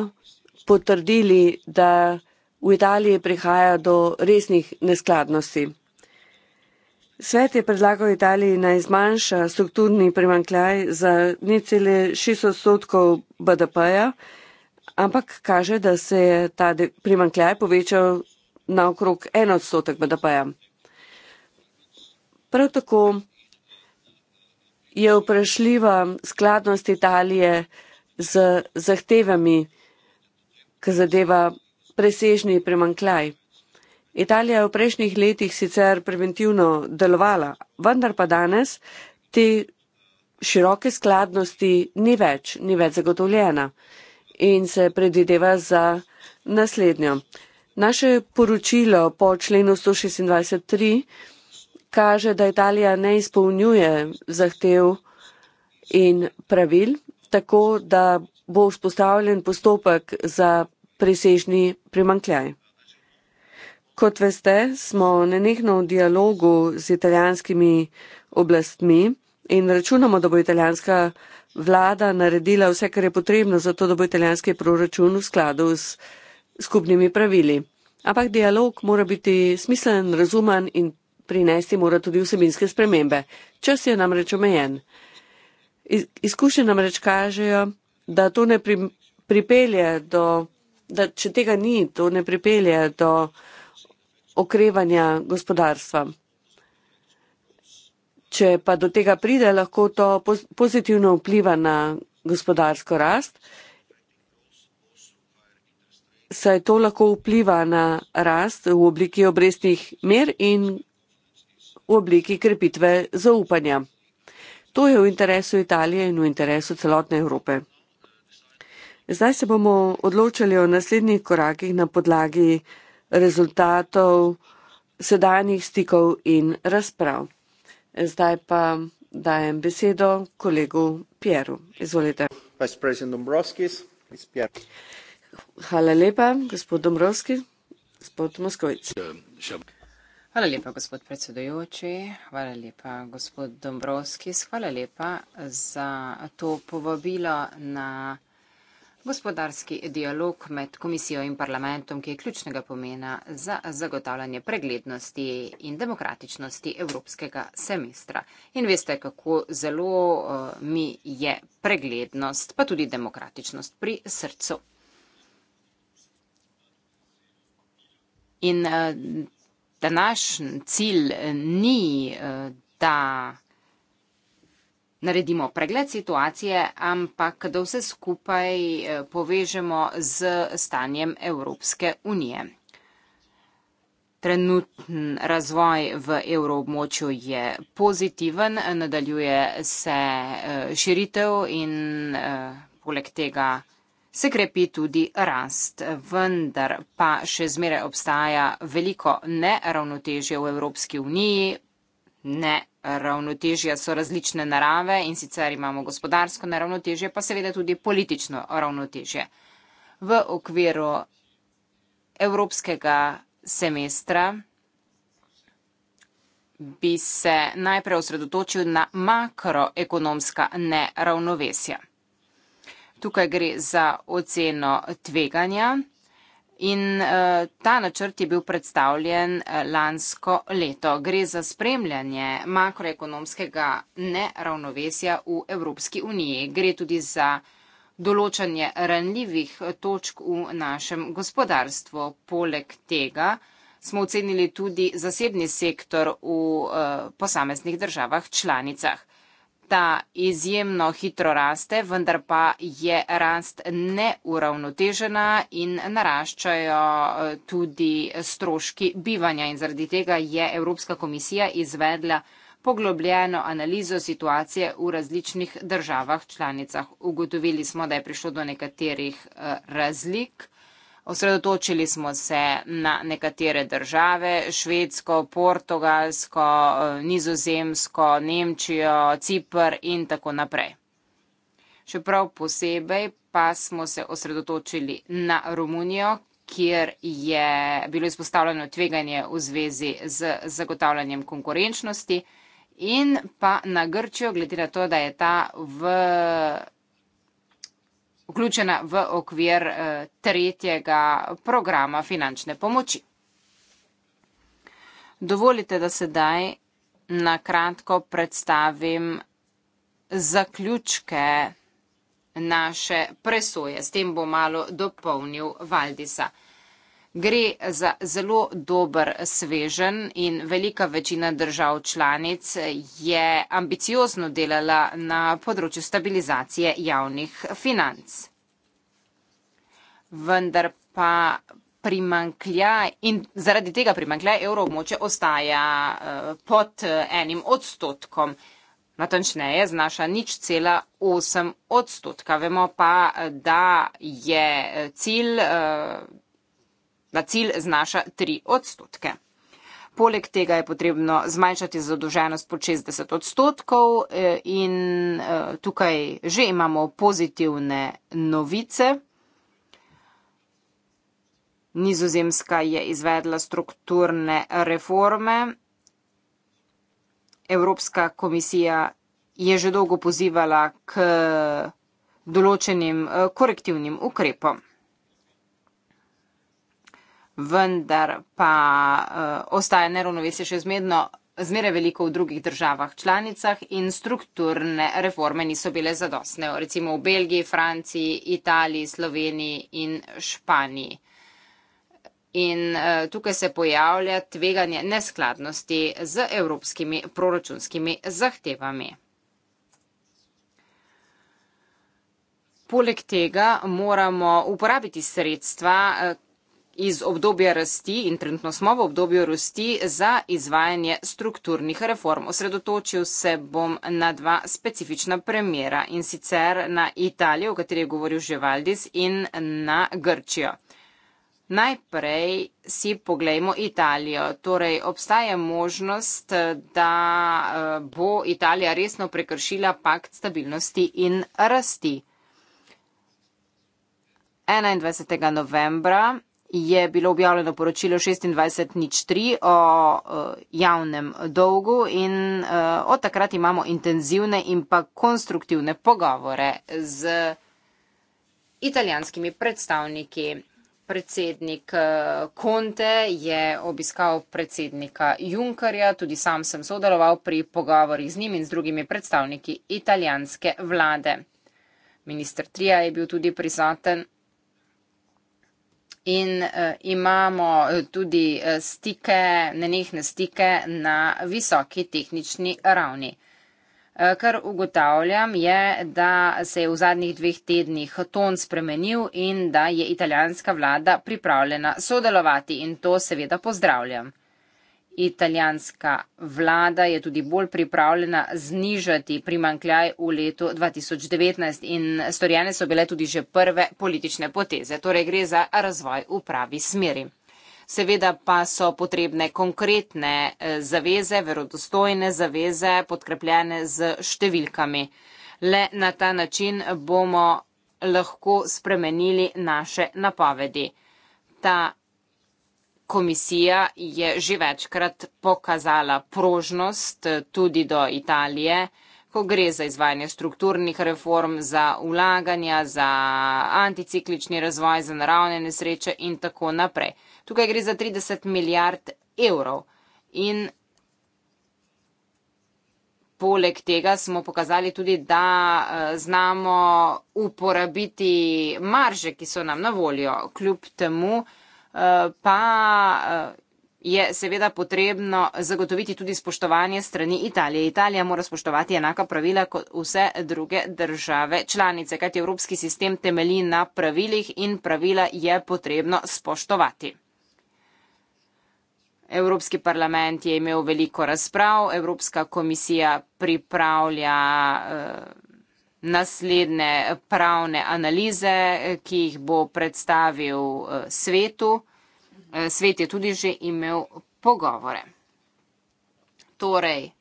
potrdili, da v Italiji prihaja do resnih neskladnosti. Svet je predlagal Italiji naj zmanjša strukturni primankljaj za 0,6 odstotkov BDP-ja, ampak kaže, da se je ta primankljaj povečal na okrog 1 odstotek BDP-ja. Prav tako je vprašljiva skladnost Italije z zahtevami, ki zadeva presežni primankljaj. Italija je v prejšnjih letih sicer preventivno delovala, vendar pa danes te široke skladnosti ni več, ni več zagotovljena in se predideva za naslednjo. Naše poročilo po členu 126.3 kaže, da Italija ne izpolnjuje zahtev in pravil, tako da bo vzpostavljen postopek za presežni primankljaj. Kot veste, smo nenehno v dialogu z italijanskimi oblastmi in računamo, da bo italijanska vlada naredila vse, kar je potrebno, zato da bo italijanski proračun v skladu s skupnimi pravili. Ampak dialog mora biti smislen, razuman in prinesti mora tudi vsebinske spremembe. Čas je namreč omejen. Izkušnje namreč kažejo, da to ne pripelje do, da če tega ni, to ne pripelje do okrevanja gospodarstva. Če pa do tega pride, lahko to pozitivno vpliva na gospodarsko rast, saj to lahko vpliva na rast v obliki obrestnih mer in v obliki krepitve zaupanja. To je v interesu Italije in v interesu celotne Evrope. Zdaj se bomo odločili o naslednjih korakih na podlagi rezultatov sedanjih stikov in razprav. Zdaj pa dajem besedo kolegu Pieru. Izvolite. Hvala lepa, gospod Dombrovski. Gospod Moskovic. Hvala lepa, gospod predsedujoči. Hvala lepa, gospod Dombrovski. Hvala lepa za to povabilo na. Gospodarski dialog med komisijo in parlamentom, ki je ključnega pomena za zagotavljanje preglednosti in demokratičnosti evropskega semestra. In veste, kako zelo uh, mi je preglednost, pa tudi demokratičnost pri srcu. In uh, današnji cilj ni, uh, da naredimo pregled situacije, ampak da vse skupaj eh, povežemo z stanjem Evropske unije. Trenutni razvoj v evroobmočju je pozitiven, nadaljuje se eh, širitev in eh, poleg tega se krepi tudi rast. Vendar pa še zmeraj obstaja veliko neravnotežje v Evropski uniji, ne ravnotežja so različne narave in sicer imamo gospodarsko neravnotežje, pa seveda tudi politično ravnotežje. V okviru evropskega semestra bi se najprej osredotočil na makroekonomska neravnovesja. Tukaj gre za oceno tveganja. In eh, ta načrt je bil predstavljen eh, lansko leto. Gre za spremljanje makroekonomskega neravnovesja v Evropski uniji. Gre tudi za določanje ranljivih eh, točk v našem gospodarstvu. Poleg tega smo ocenili tudi zasebni sektor v posameznih državah članicah ta izjemno hitro raste, vendar pa je rast neuravnotežena in naraščajo eh, tudi stroški bivanja. In zaradi tega je Evropska komisija izvedla poglobljeno analizo situacije v različnih državah članicah. Ugotovili smo, da je prišlo do nekaterih eh, razlik. Osredotočili smo se na nekatere države, Švedsko, Portugalsko, eh, Nizozemsko, Nemčijo, Cipr in tako naprej. Še prav posebej pa smo se osredotočili na Romunijo, kjer je bilo izpostavljeno tveganje v zvezi z zagotavljanjem konkurenčnosti in pa na Grčijo, glede na to, da je ta v vključena v okvir eh, tretjega programa finančne pomoči. Dovolite, da sedaj nakratko predstavim zaključke naše presoje. S tem bo malo dopolnil Valdisa. Gre za zelo dober svežen in velika večina držav članic je ambiciozno delala na področju stabilizacije javnih financ. Vendar pa primankljaj in zaradi tega primankljaj evroobmoče ostaja eh, pod eh, enim odstotkom. Natančneje znaša nič cela 8 odstotka. Vemo pa, da je eh, cilj Ta cilj znaša 3 odstotke. Poleg tega je potrebno zmanjšati zadolženost po 60 odstotkov eh, in eh, tukaj že imamo pozitivne novice. Nizozemska je izvedla strukturne reforme. Evropska komisija je že dolgo pozivala k eh, določenim korektivnim ukrepom vendar pa uh, ostaja neravnovesje še zmedno. Zmeraj veliko v drugih državah članicah in strukturne reforme niso bile zadostne, recimo v Belgiji, Franciji, Italiji, Sloveniji in Španiji. In uh, tukaj se pojavlja tveganje neskladnosti z evropskimi proračunskimi zahtevami. Poleg tega moramo uporabiti sredstva, eh, iz obdobja rasti in trenutno smo v obdobju rasti za izvajanje strukturnih reform. Osredotočil se bom na dva specifična premjera in sicer na Italijo, o kateri je govoril že Valdis, in na Grčijo. Najprej si poglejmo Italijo. Torej, obstaja možnost, da eh, bo Italija resno prekršila pakt stabilnosti in rasti. 21. novembra je bilo objavljeno poročilo 26.03 o e, javnem dolgu in e, od takrat imamo intenzivne in pa konstruktivne pogovore z italijanskimi predstavniki. Predsednik e, Conte je obiskal predsednika Junkarja, tudi sam sem sodeloval pri pogovorih z njim in z drugimi predstavniki italijanske vlade. Ministr Trija je bil tudi prisoten in uh, imamo eh, tudi eh, stike, nenehne stike na visoki tehnični ravni. Kar ugotavljam je, da se je v zadnjih dveh tednih ton spremenil in da je italijanska vlada pripravljena sodelovati in to seveda pozdravljam. Italijanska vlada je tudi bolj pripravljena znižati primankljaj v letu 2019 in storjene so bile tudi že prve politične poteze. Torej gre za razvoj v pravi smeri. Seveda pa so potrebne konkretne eh, zaveze, verodostojne zaveze, podkrepljene z številkami. Le na ta način bomo lahko spremenili naše napovedi. Ta komisija je že večkrat pokazala prožnost eh, tudi do Italije, ko gre za izvajanje strukturnih reform, za ulaganja, za anticiklični razvoj, za naravne nesreče in tako naprej. Tukaj gre za 30 milijard evrov in poleg tega smo pokazali tudi, da eh, znamo uporabiti marže, ki so nam na voljo, kljub temu, pa eh, je seveda potrebno zagotoviti tudi spoštovanje strani Italije. Italija mora spoštovati enaka pravila kot vse druge države članice, kajti evropski sistem temelji na pravilih in pravila je potrebno spoštovati. Evropski parlament je imel veliko razprav, Evropska komisija pripravlja. Uh, naslednje pravne analize, ki jih bo predstavil eh, svetu. Eh, svet je tudi že imel pogovore. Torej,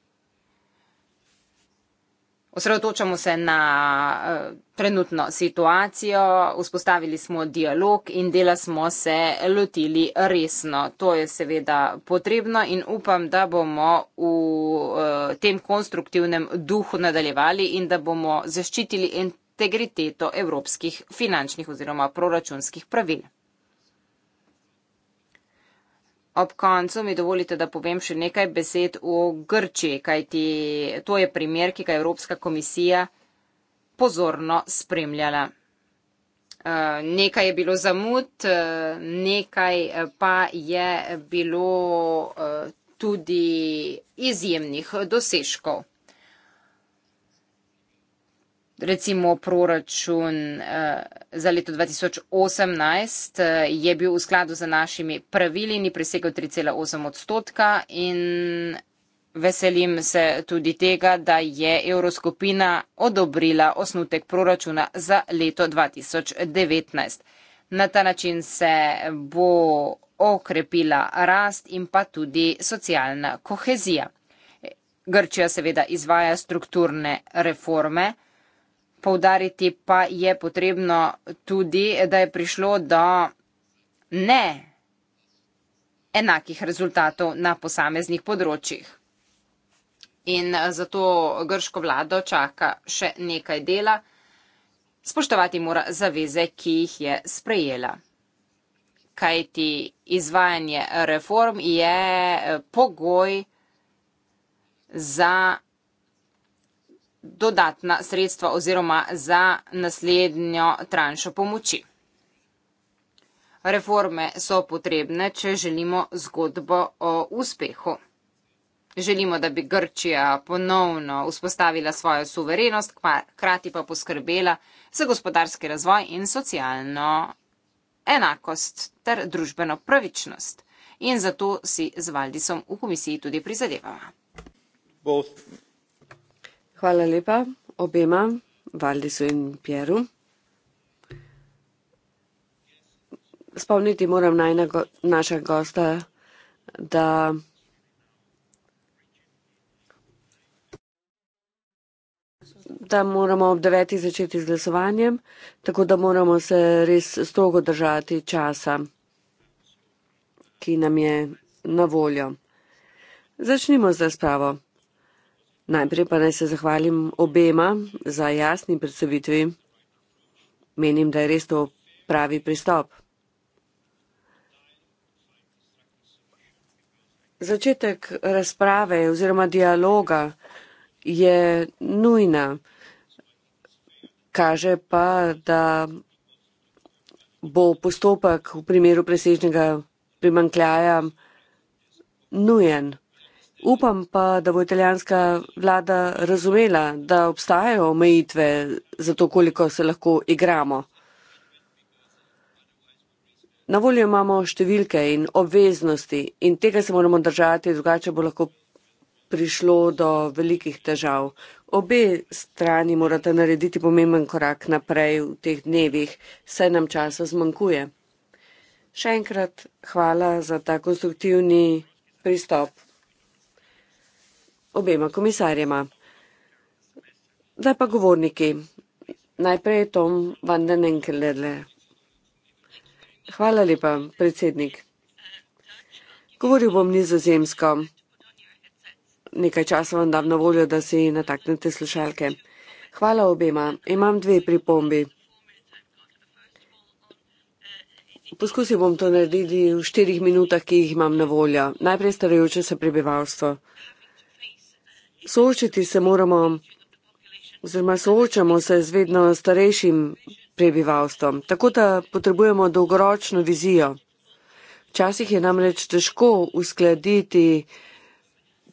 Osredotočamo se na eh, trenutno situacijo, vzpostavili smo dialog in dela smo se lotili resno. To je seveda potrebno in upam, da bomo v eh, tem konstruktivnem duhu nadaljevali in da bomo zaščitili integriteto evropskih finančnih oziroma proračunskih pravil. Ob koncu mi dovolite, da povem še nekaj besed o Grčiji, kajti to je primer, ki ga je Evropska komisija pozorno spremljala. Eh, nekaj je bilo zamud, eh, nekaj eh, pa je bilo tudi izjemnih dosežkov recimo proračun eh, za leto 2018 eh, je bil v skladu za našimi pravili, ni presegel 3,8 odstotka in veselim se tudi tega, da je Evroskupina odobrila osnutek proračuna za leto 2019. Na ta način se bo okrepila rast in pa tudi socialna kohezija. Grčija seveda izvaja strukturne reforme. Poudariti pa je potrebno tudi, da je prišlo do ne enakih rezultatov na posameznih področjih. In eh, zato grško vlado čaka še nekaj dela. Spoštovati mora zaveze, ki jih je sprejela. Kajti izvajanje reform je eh, pogoj za dodatna sredstva oziroma za naslednjo tranšo pomoči. Reforme so potrebne, če želimo zgodbo o uspehu. Želimo, da bi Grčija ponovno vzpostavila svojo suverenost, krati pa poskrbela za gospodarski razvoj in socialno enakost ter družbeno pravičnost. In zato si z Valdisom v komisiji tudi prizadevamo. Hvala lepa obema, Valdisu in Pjeru. Spomniti moram najnega našega gosta, da da moramo ob deveti začeti z glasovanjem, tako da moramo se res strogo držati časa, ki nam je na voljo. Začnimo z razpravo. Najprej pa naj se zahvalim obema za jasni predstavitvi. Menim, da je res to pravi pristop. Začetek razprave oziroma dialoga je nujna, kaže pa, da bo postopek v primeru presežnega primankljaja nujen. Upam pa, da bo italijanska vlada razumela, da obstajajo omejitve za to, koliko se lahko igramo. Na voljo imamo številke in obveznosti in tega se moramo držati, drugače bo lahko prišlo do velikih težav. Obe strani morate narediti pomemben korak naprej v teh dnevih, saj nam časa zmanjkuje. Še enkrat hvala za ta konstruktivni pristop obema komisarjema. Zdaj pa govorniki. Najprej Tom van den Enkelderle. Hvala lepa, predsednik. Govoril bom nizozemsko. Nekaj časa vam dam na voljo, da si nataknete slušalke. Hvala obema. Imam dve pripombi. Poskusil bom to narediti v štirih minutah, ki jih imam na voljo. Najprej starajoče se prebivalstvo. Soočiti se moramo oziroma soočamo se z vedno starejšim prebivalstvom, tako da potrebujemo dolgoročno vizijo. Včasih je namreč težko uskladiti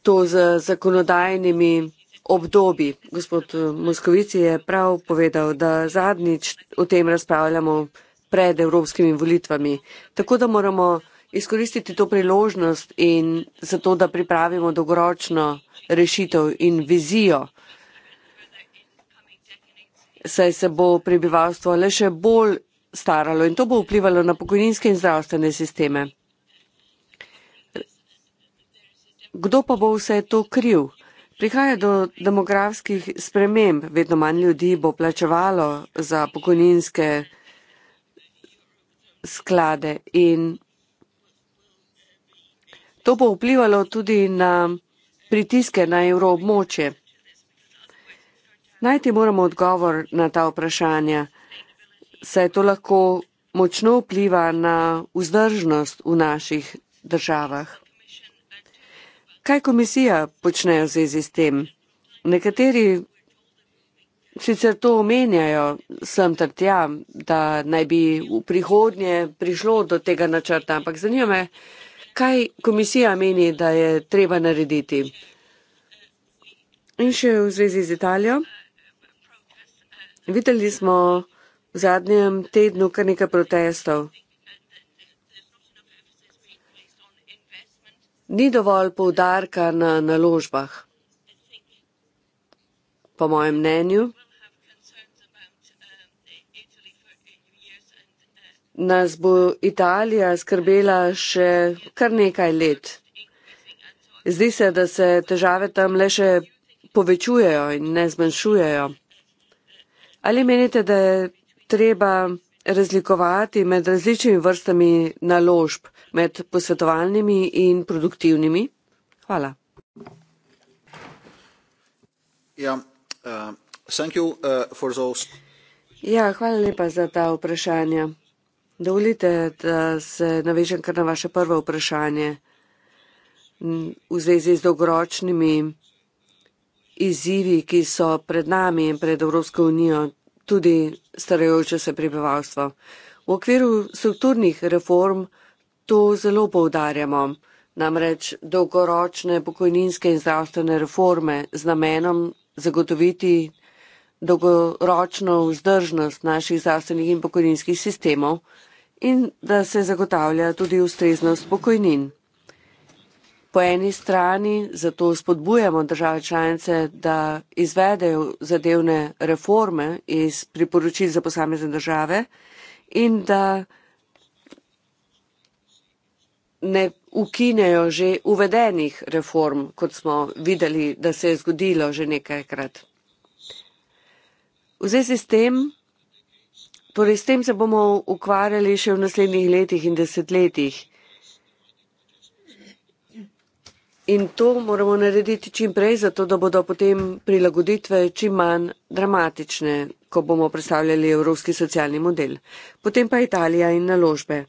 to z zakonodajnimi obdobji. Gospod Moskovici je prav povedal, da zadnjič o tem razpravljamo pred evropskimi volitvami. Tako da moramo izkoristiti to priložnost in zato, da pripravimo dolgoročno rešitev in vizijo, saj se bo prebivalstvo le še bolj staralo in to bo vplivalo na pokojninske in zdravstvene sisteme. Kdo pa bo vse to kriv? Prihaja do demografskih sprememb, vedno manj ljudi bo plačevalo za pokojninske sklade in To bo vplivalo tudi na pritiske na evroobmočje. Najti moramo odgovor na ta vprašanja, saj to lahko močno vpliva na vzdržnost v naših državah. Kaj komisija počne v zvezi s tem? Nekateri sicer to omenjajo, sem trtja, da naj bi v prihodnje prišlo do tega načrta, ampak zanima me, kaj komisija meni, da je treba narediti. In še v zvezi z Italijo. Videli smo v zadnjem tednu kar nekaj protestov. Ni dovolj poudarka na naložbah, po mojem mnenju. nas bo Italija skrbela še kar nekaj let. Zdi se, da se težave tam le še povečujejo in ne zmanjšujejo. Ali menite, da je treba razlikovati med različnimi vrstami naložb, med posvetovalnimi in produktivnimi? Hvala. Ja, uh, you, uh, ja, hvala lepa za ta vprašanja. Dovolite, da se navežem kar na vaše prvo vprašanje v zvezi z dolgoročnimi izzivi, ki so pred nami in pred Evropsko unijo, tudi starajoče se prebivalstvo. V okviru strukturnih reform to zelo poudarjamo, namreč dolgoročne pokojninske in zdravstvene reforme z namenom zagotoviti dolgoročno vzdržnost naših zdravstvenih in pokojninskih sistemov, in da se zagotavlja tudi ustreznost pokojnin. Po eni strani zato spodbujamo države članice, da izvedejo zadevne reforme iz priporočil za posamezne države in da ne ukinejo že uvedenih reform, kot smo videli, da se je zgodilo že nekajkrat. V zvezi s tem Torej, s tem se bomo ukvarjali še v naslednjih letih in desetletjih. In to moramo narediti čim prej, zato da bodo potem prilagoditve čim manj dramatične, ko bomo predstavljali evropski socialni model. Potem pa Italija in naložbe.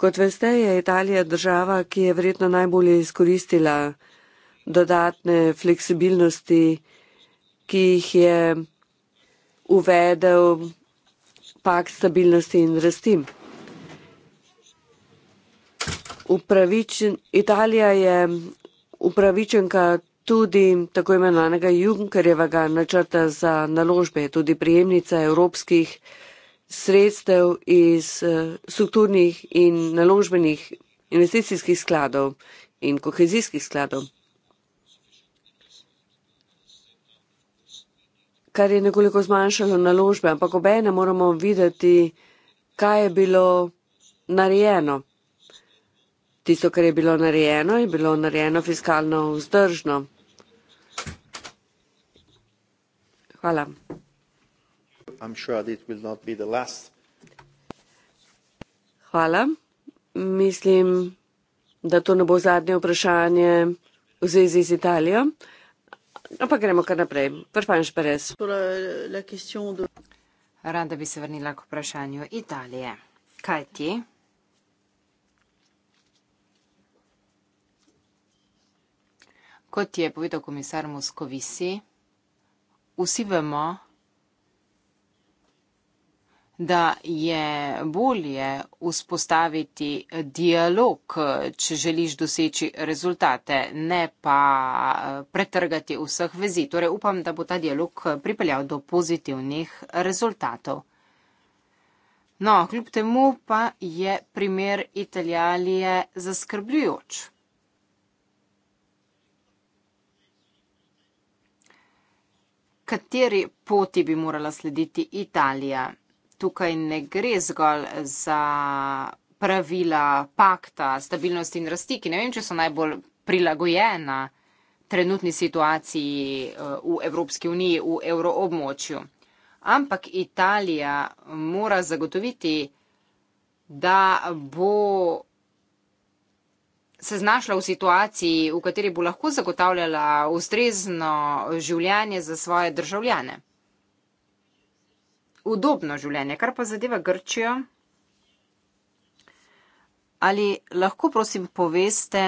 Kot veste, je Italija država, ki je verjetno najbolje izkoristila dodatne fleksibilnosti, ki jih je uvedel pakt stabilnosti in rasti. Upravičen, Italija je upravičenka tudi tako imenovanega Junkerjevega načrta za naložbe, tudi prijemnica evropskih sredstev iz eh, strukturnih in naložbenih investicijskih skladov in kohezijskih skladov. kar je nekoliko zmanjšalo naložbe, ampak obejne moramo videti, kaj je bilo narejeno. Tisto, kar je bilo narejeno, je bilo narejeno fiskalno vzdržno. Hvala. Sure Hvala. Mislim, da to ne bo zadnje vprašanje v zvezi z Italijo. No, pa gremo kar naprej. Prvanš Perez. Eh, Rada bi se vrnila k vprašanju Italije. Kaj ti? Kot je povedal komisar Moscovici, vsi vemo, da je bolje vzpostaviti dialog, če želiš doseči rezultate, ne pa eh, pretrgati vseh vezi. Torej upam, da bo ta dialog eh, pripeljal do pozitivnih rezultatov. No, kljub temu pa je primer Italijalije zaskrbljujoč. Kateri poti bi morala slediti Italija? tukaj ne gre zgolj za pravila pakta, stabilnosti in rasti, ki ne vem, če so najbolj prilagojena trenutni situaciji eh, v Evropski uniji, v evroobmočju. Ampak Italija mora zagotoviti, da bo se znašla v situaciji, v kateri bo lahko zagotavljala ustrezno življenje za svoje državljane udobno življenje. Kar pa zadeva Grčijo, ali lahko prosim poveste,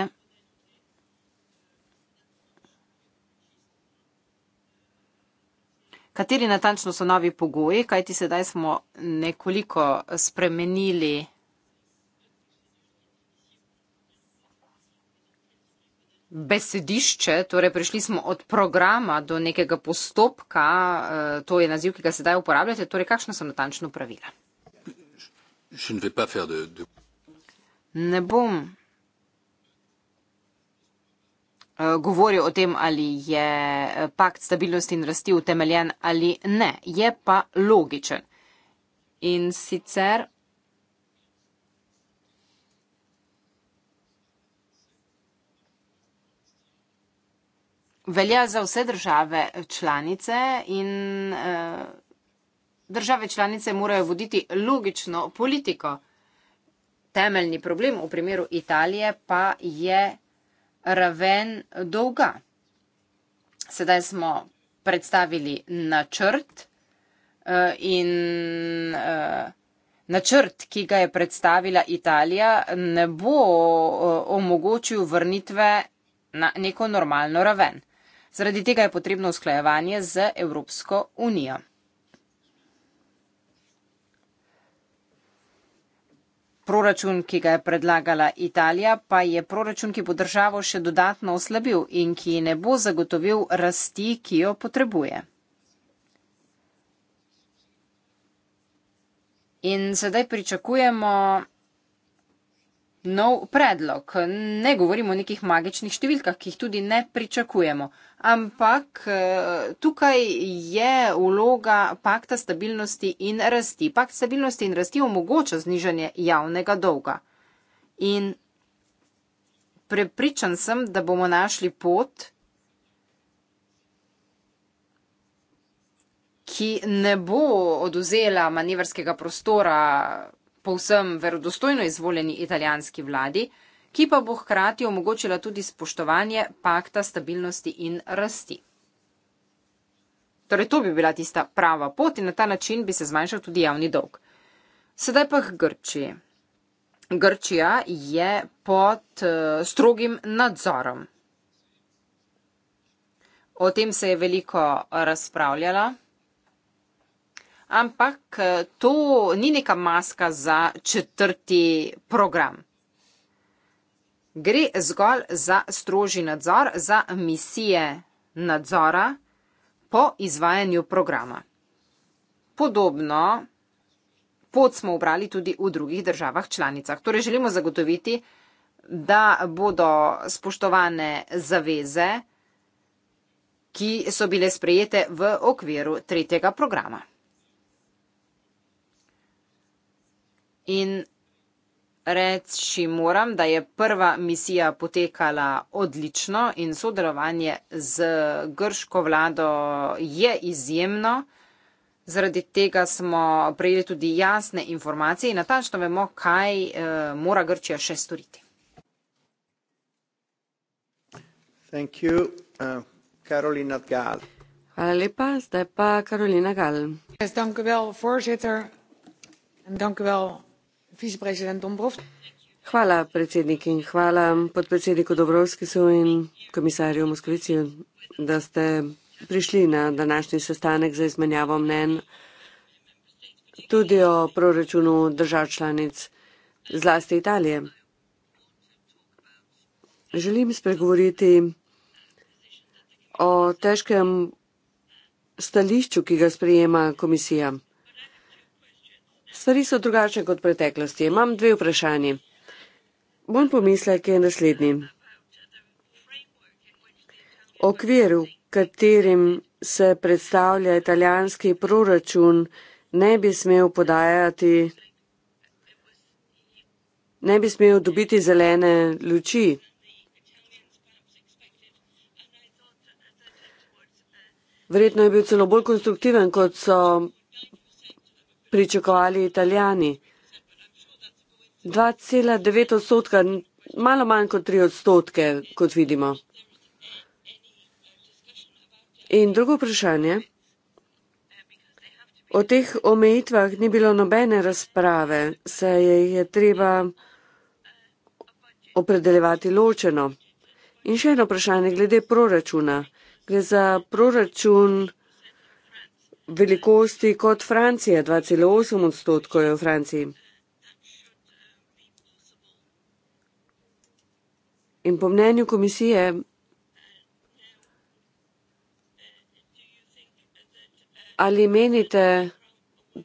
kateri natančno so novi pogoji, kajti sedaj smo nekoliko spremenili. besedišče, torej prišli smo od programa do nekega postopka, eh, to je naziv, ki ga sedaj uporabljate, torej kakšno so natančno pravila? Ne bom eh, govoril o tem, ali je eh, pakt stabilnosti in rasti utemeljen ali ne. Je pa logičen. In sicer velja za vse države članice in eh, države članice morajo voditi logično politiko. Temeljni problem v primeru Italije pa je raven dolga. Sedaj smo predstavili načrt eh, in eh, načrt, ki ga je predstavila Italija, ne bo omogočil vrnitve na neko normalno raven. Zaradi tega je potrebno usklajevanje z Evropsko unijo. Proračun, ki ga je predlagala Italija, pa je proračun, ki bo državo še dodatno oslabil in ki ne bo zagotovil rasti, ki jo potrebuje. In sedaj pričakujemo nov predlog. Ne govorimo o nekih magičnih številkah, ki jih tudi ne pričakujemo. Ampak eh, tukaj je vloga pakta stabilnosti in rasti. Pakt stabilnosti in rasti omogoča znižanje javnega dolga. In prepričan sem, da bomo našli pot, ki ne bo oduzela manevrskega prostora povsem verodostojno izvoljeni italijanski vladi, ki pa bo hkrati omogočila tudi spoštovanje pakta stabilnosti in rasti. Torej, to bi bila tista prava pot in na ta način bi se zmanjšal tudi javni dolg. Sedaj pa k Grčiji. Grčija je pod uh, strogim nadzorom. O tem se je veliko razpravljala ampak eh, to ni neka maska za četrti program. Gre zgolj za stroži nadzor, za misije nadzora po izvajanju programa. Podobno pot smo obrali tudi v drugih državah članicah. Torej želimo zagotoviti, da bodo spoštovane zaveze, ki so bile sprejete v okviru tretjega programa. in reči moram, da je prva misija potekala odlično in sodelovanje z grško vlado je izjemno. Zaradi tega smo prejeli tudi jasne informacije in natančno vemo, kaj e, mora Grčija še storiti. Eh, Hvala lepa, zdaj pa Karolina Gal. Hvala lepa, predsednik. Hvala predsednik in hvala podpredsedniku Dobrovskisu in komisarju Moskviciju, da ste prišli na današnji sestanek za izmenjavo mnen tudi o proračunu držav članic zlasti Italije. Želim spregovoriti o težkem stališču, ki ga sprejema komisija. Stvari so drugačne kot v preteklosti. Imam dve vprašanji. Moj pomislek je naslednji. Okvir, v katerem se predstavlja italijanski proračun, ne bi smel podajati, ne bi smel dobiti zelene luči. Verjetno je bil celo bolj konstruktiven, kot so pričakovali italijani. 2,9 odstotka, malo manj kot 3 odstotke, kot vidimo. In drugo vprašanje. O teh omejitvah ni bilo nobene razprave, se je treba opredeljevati ločeno. In še eno vprašanje glede proračuna. Gre za proračun velikosti kot Francija, 2,8 odstotkov je v Franciji. In po mnenju komisije, ali menite,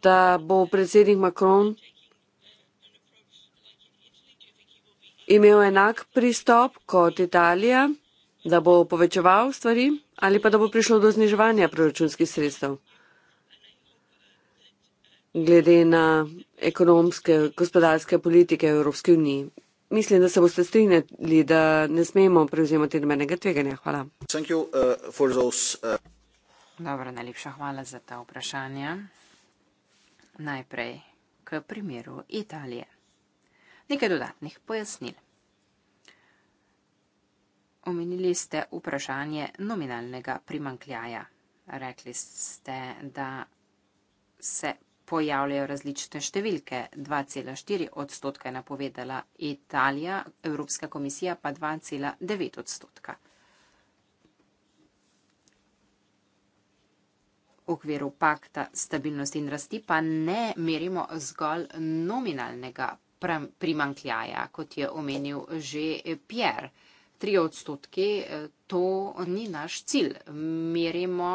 da bo predsednik Macron imel enak pristop kot Italija, da bo povečeval stvari ali pa da bo prišlo do zniževanja proračunskih sredstev? glede na ekonomske, gospodarske politike Evropske unije. Mislim, da se boste strinjali, da ne smemo prevzemati nobenega tveganja. Hvala. You, uh, those, uh... Dobro, najlepša hvala za ta vprašanja. Najprej k primeru Italije. Nekaj dodatnih pojasnil. Omenili ste vprašanje nominalnega primankljaja. Rekli ste, da se pojavljajo različne številke. 2,4 odstotka je napovedala Italija, Evropska komisija pa 2,9 odstotka. V okviru pakta stabilnosti in rasti pa ne merimo zgolj nominalnega primankljaja, kot je omenil že Pierre. 3 odstotke eh, to ni naš cilj. Merimo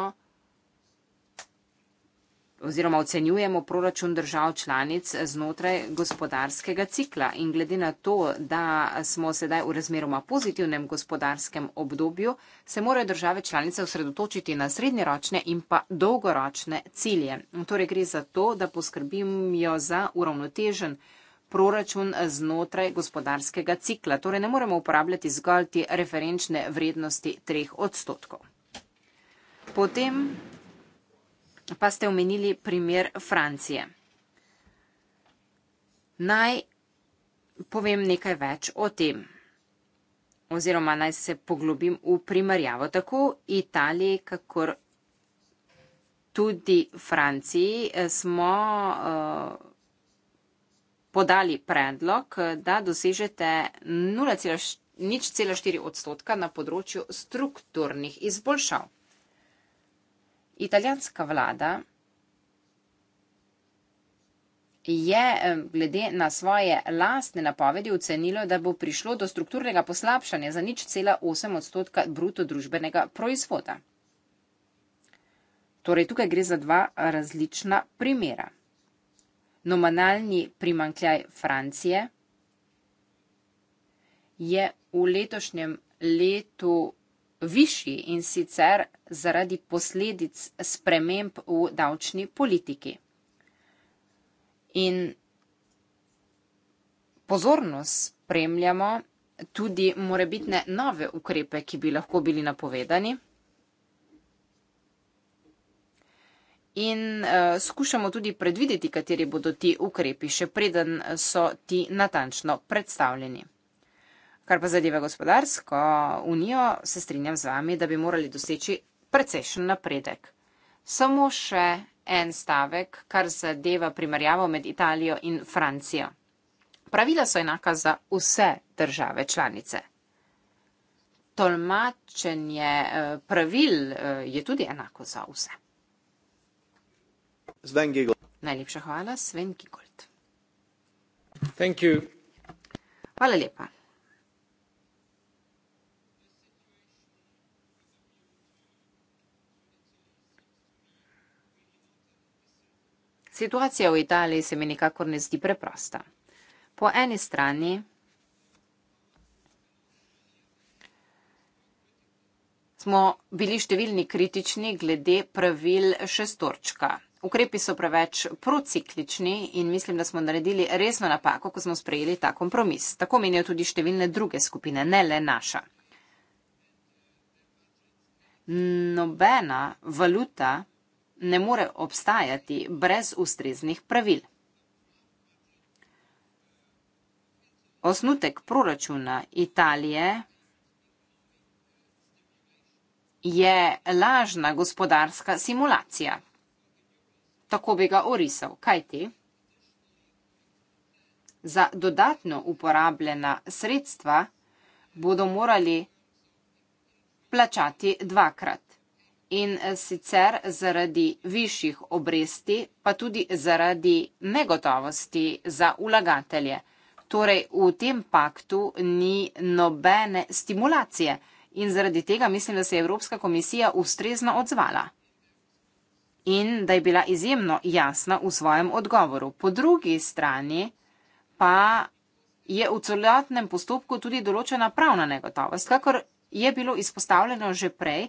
oziroma ocenjujemo proračun držav članic znotraj gospodarskega cikla. In glede na to, da smo sedaj v razmeroma pozitivnem gospodarskem obdobju, se morajo države članice osredotočiti na srednjeročne in pa dolgoročne cilje. Torej gre za to, da poskrbimo za uravnotežen proračun znotraj gospodarskega cikla. Torej ne moremo uporabljati zgolj te referenčne vrednosti treh odstotkov. Potem pa ste omenili primer Francije. Naj povem nekaj več o tem oziroma naj se poglobim v primerjavo. Tako Italiji, kakor tudi Franciji smo eh, podali predlog, da dosežete 0,4 odstotka na področju strukturnih izboljšav. Italijanska vlada je glede na svoje lastne napovedi ocenilo, da bo prišlo do strukturnega poslabšanja za nič cela 8 odstotka bruto družbenega proizvoda. Torej, tukaj gre za dva različna primera. Nominalni primankljaj Francije je v letošnjem letu višji in sicer zaradi posledic sprememb v davčni politiki. In pozornost spremljamo tudi morebitne nove ukrepe, ki bi lahko bili napovedani. In uh, skušamo tudi predvideti, kateri bodo ti ukrepi, še preden so ti natančno predstavljeni. Kar pa zadeva gospodarsko unijo, se strinjam z vami, da bi morali doseči precejšen napredek. Samo še en stavek, kar zadeva primerjavo med Italijo in Francijo. Pravila so enaka za vse države članice. Tolmačenje eh, pravil eh, je tudi enako za vse. Sven Gigolt. Najlepša hvala, Sven Gigolt. Hvala lepa. Situacija v Italiji se mi nikakor ne zdi preprosta. Po eni strani smo bili številni kritični glede pravil šestorčka. Ukrepi so preveč prociklični in mislim, da smo naredili resno napako, ko smo sprejeli ta kompromis. Tako menijo tudi številne druge skupine, ne le naša. Nobena valuta ne more obstajati brez ustreznih pravil. Osnutek proračuna Italije je lažna gospodarska simulacija. Tako bi ga orisal, kaj ti? Za dodatno uporabljena sredstva bodo morali plačati dvakrat in sicer zaradi višjih obresti, pa tudi zaradi negotovosti za ulagatelje. Torej v tem paktu ni nobene stimulacije in zaradi tega mislim, da se je Evropska komisija ustrezno odzvala in da je bila izjemno jasna v svojem odgovoru. Po drugi strani pa je v celotnem postopku tudi določena pravna negotovost, kakor je bilo izpostavljeno že prej,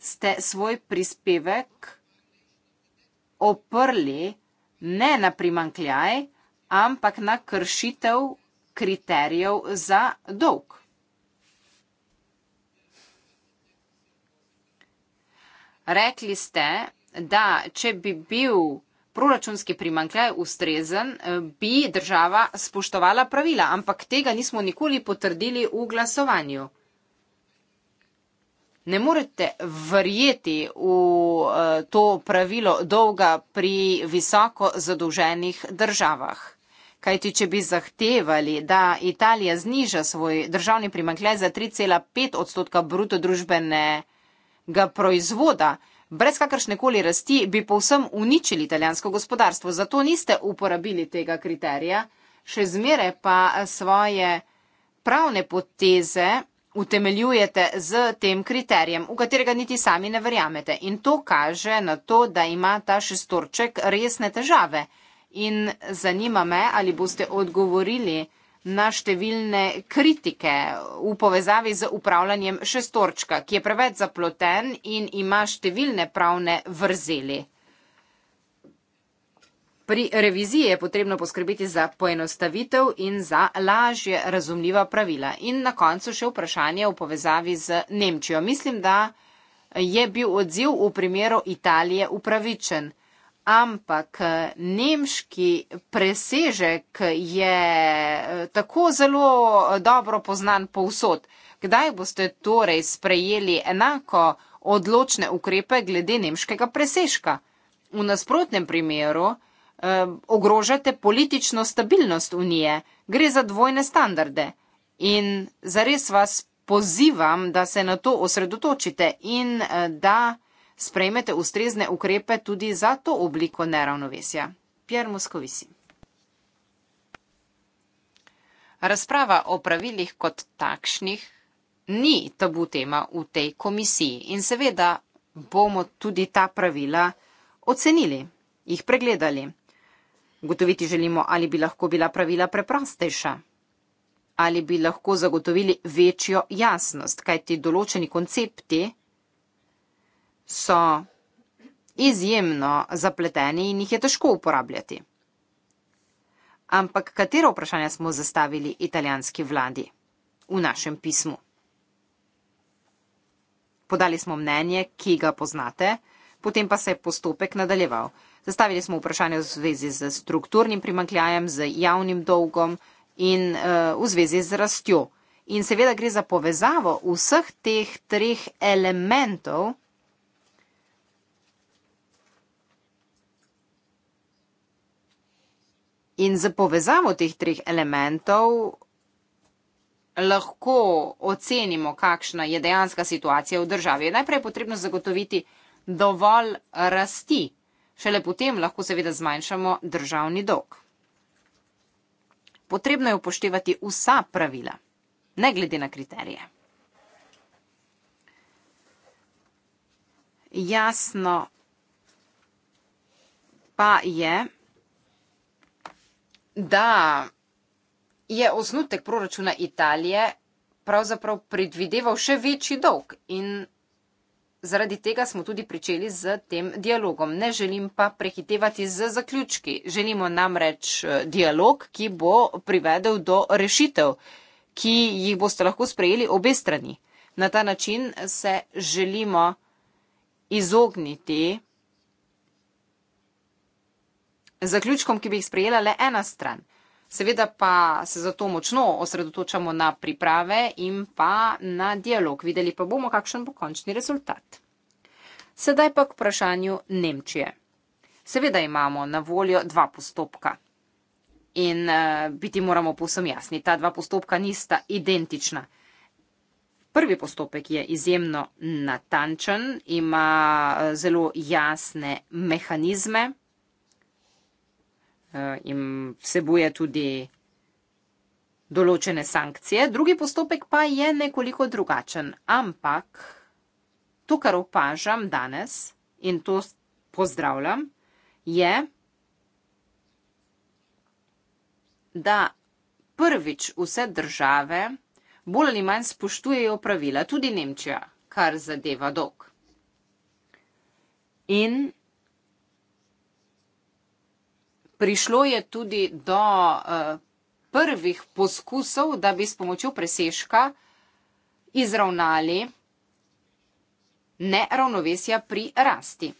ste svoj prispevek oprli ne na primankljaj, ampak na kršitev kriterijev za dolg. Rekli ste, da če bi bil proračunski primankljaj ustrezen, bi država spoštovala pravila, ampak tega nismo nikoli potrdili v glasovanju ne morete verjeti v eh, to pravilo dolga pri visoko zadolženih državah. Kajti, če bi zahtevali, da Italija zniža svoj državni primankljaj za 3,5 odstotka brutodružbenega proizvoda, brez kakršnekoli rasti, bi povsem uničili italijansko gospodarstvo. Zato niste uporabili tega kriterija, še zmere pa svoje pravne poteze utemeljujete z tem kriterijem, v katerega niti sami ne verjamete. In to kaže na to, da ima ta šestorček resne težave. In zanima me, ali boste odgovorili na številne kritike v povezavi z upravljanjem šestorčka, ki je preveč zaploten in ima številne pravne vrzeli. Pri reviziji je potrebno poskrbeti za poenostavitev in za lažje razumljiva pravila. In na koncu še vprašanje v povezavi z Nemčijo. Mislim, da je bil odziv v primeru Italije upravičen, ampak nemški presežek je eh, tako zelo dobro poznan povsod. Kdaj boste torej sprejeli enako odločne ukrepe glede nemškega presežka? V nasprotnem primeru, eh, ogrožate politično stabilnost unije. Gre za dvojne standarde. In zares vas pozivam, da se na to osredotočite in eh, da sprejmete ustrezne ukrepe tudi za to obliko neravnovesja. Pier Moskovisi. Razprava o pravilih kot takšnih ni tabu tema v tej komisiji in seveda bomo tudi ta pravila ocenili, jih pregledali. Gotoviti želimo, ali bi lahko bila pravila preprostejša, ali bi lahko zagotovili večjo jasnost, kajti določeni koncepti so izjemno zapleteni in jih je težko uporabljati. Ampak katero vprašanje smo zastavili italijanski vladi v našem pismu? Podali smo mnenje, ki ga poznate, potem pa se je postopek nadaljeval. Zastavili smo vprašanje v zvezi z strukturnim primankljajem, z javnim dolgom in eh, v zvezi z rastjo. In seveda gre za povezavo vseh teh treh elementov. In za povezavo teh treh elementov lahko ocenimo, kakšna je dejanska situacija v državi. Najprej je potrebno zagotoviti dovolj rasti. Šele potem lahko seveda zmanjšamo državni dolg. Potrebno je upoštevati vsa pravila, ne glede na kriterije. Jasno pa je, da je osnutek proračuna Italije pravzaprav predvideval še večji dolg in Zaradi tega smo tudi pričeli z tem dialogom. Ne želim pa prehitevati z zaključki. Želimo namreč eh, dialog, ki bo privedel do rešitev, ki jih boste lahko sprejeli obe strani. Na ta način se želimo izogniti zaključkom, ki bi jih sprejela le ena stran. Seveda pa se zato močno osredotočamo na priprave in pa na dialog. Videli pa bomo, kakšen bo končni rezultat. Sedaj pa k vprašanju Nemčije. Seveda imamo na voljo dva postopka. In uh, biti moramo povsem jasni, ta dva postopka nista identična. Prvi postopek je izjemno natančen, ima eh, zelo jasne mehanizme, Eh, in vsebuje tudi določene sankcije. Drugi postopek pa je nekoliko drugačen. Ampak to, kar opažam danes in to pozdravljam, je, da prvič vse države bolj ali manj spoštujejo pravila, tudi Nemčija, kar zadeva dolg. In prišlo je tudi do eh, prvih poskusov, da bi s pomočjo presežka izravnali neravnovesja pri rasti.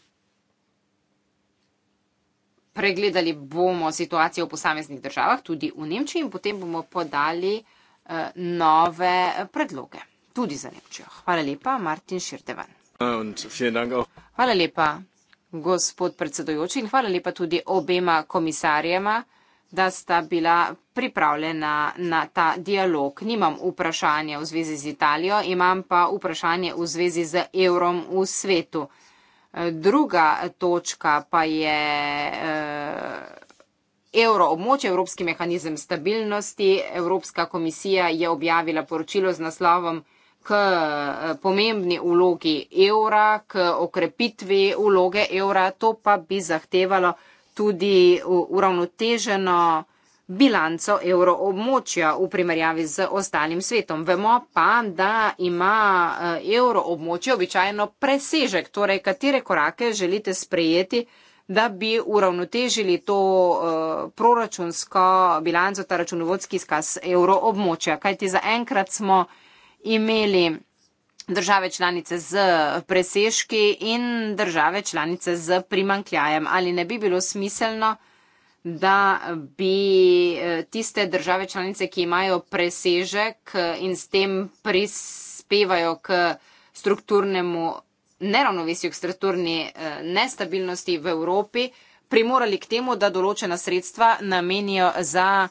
Pregledali bomo situacijo v posameznih državah, tudi v Nemčiji, in potem bomo podali eh, nove predloge, tudi za Nemčijo. Hvala lepa, Martin Širdevan. Hvala lepa gospod predsedojoči in hvala lepa tudi obema komisarjema, da sta bila pripravljena na ta dialog. Nimam vprašanja v zvezi z Italijo, imam pa vprašanje v zvezi z evrom v svetu. Druga točka pa je eh, evro območje, evropski mehanizem stabilnosti. Evropska komisija je objavila poročilo z naslovom k eh, pomembni vlogi evra, k okrepitvi vloge evra, to pa bi zahtevalo tudi uravnoteženo bilanco evroobmočja v primerjavi z ostalim svetom. Vemo pa, da ima eh, evroobmočje običajno presežek, torej katere korake želite sprejeti, da bi uravnotežili to eh, proračunsko bilanco, ta računovodski skaz evroobmočja. Kajti zaenkrat smo imeli države članice z presežki in države članice z primankljajem. Ali ne bi bilo smiselno, da bi eh, tiste države članice, ki imajo presežek eh, in s tem prispevajo k strukturnemu neravnovesju, k strukturni eh, nestabilnosti v Evropi, primorali k temu, da določena sredstva namenijo za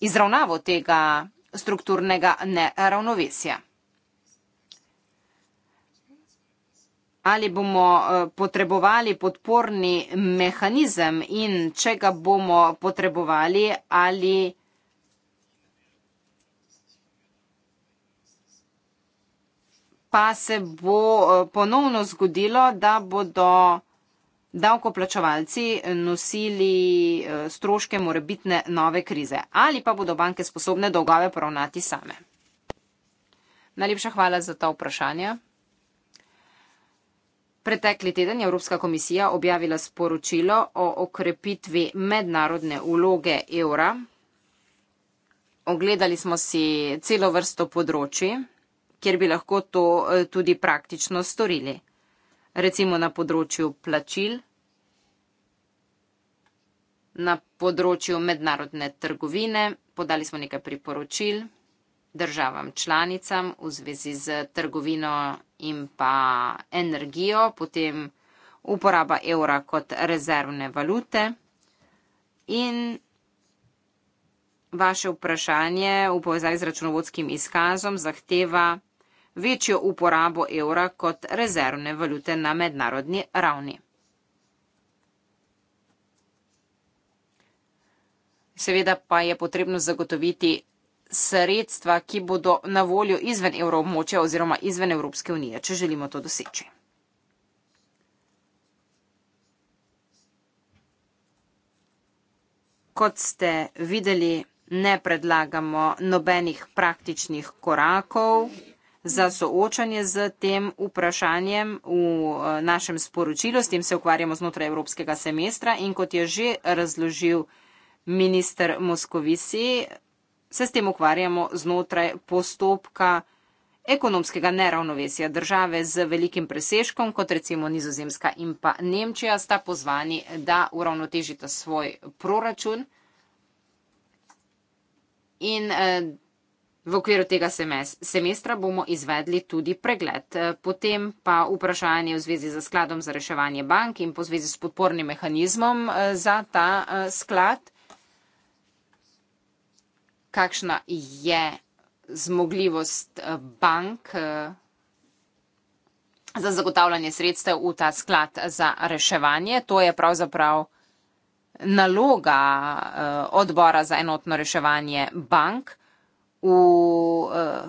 izravnavo tega strukturnega neravnovesja. Ali bomo eh, potrebovali podporni mehanizem in če ga bomo potrebovali ali pa se bo eh, ponovno zgodilo, da bodo davkoplačevalci nosili eh, stroške morebitne nove krize ali pa bodo banke sposobne dolgove poravnati same. Najlepša hvala za ta vprašanja. Pretekli teden je Evropska komisija objavila sporočilo o okrepitvi mednarodne uloge evra. Ogledali smo si celo vrsto področji, kjer bi lahko to eh, tudi praktično storili recimo na področju plačil, na področju mednarodne trgovine, podali smo nekaj priporočil državam članicam v zvezi z trgovino in pa energijo, potem uporaba evra kot rezervne valute in vaše vprašanje v povezavi z računovodskim izkazom zahteva večjo uporabo evra kot rezervne valute na mednarodni ravni. Seveda pa je potrebno zagotoviti sredstva, ki bodo na voljo izven evroobmočja oziroma izven Evropske unije, če želimo to doseči. Kot ste videli, ne predlagamo nobenih praktičnih korakov za soočanje z tem vprašanjem v eh, našem sporočilu. S tem se ukvarjamo znotraj Evropskega semestra in kot je že razložil minister Moskovisi, se s tem ukvarjamo znotraj postopka ekonomskega neravnovesja države z velikim preseškom, kot recimo Nizozemska in pa Nemčija, sta pozvani, da uravnotežita svoj proračun in eh, V okviru tega semestra bomo izvedli tudi pregled. Eh, potem pa vprašanje v zvezi za skladom za reševanje bank in po zvezi s podpornim mehanizmom eh, za ta eh, sklad. Kakšna je zmogljivost bank za zagotavljanje sredstev v ta sklad za reševanje? To je pravzaprav naloga odbora za enotno reševanje bank v, uh,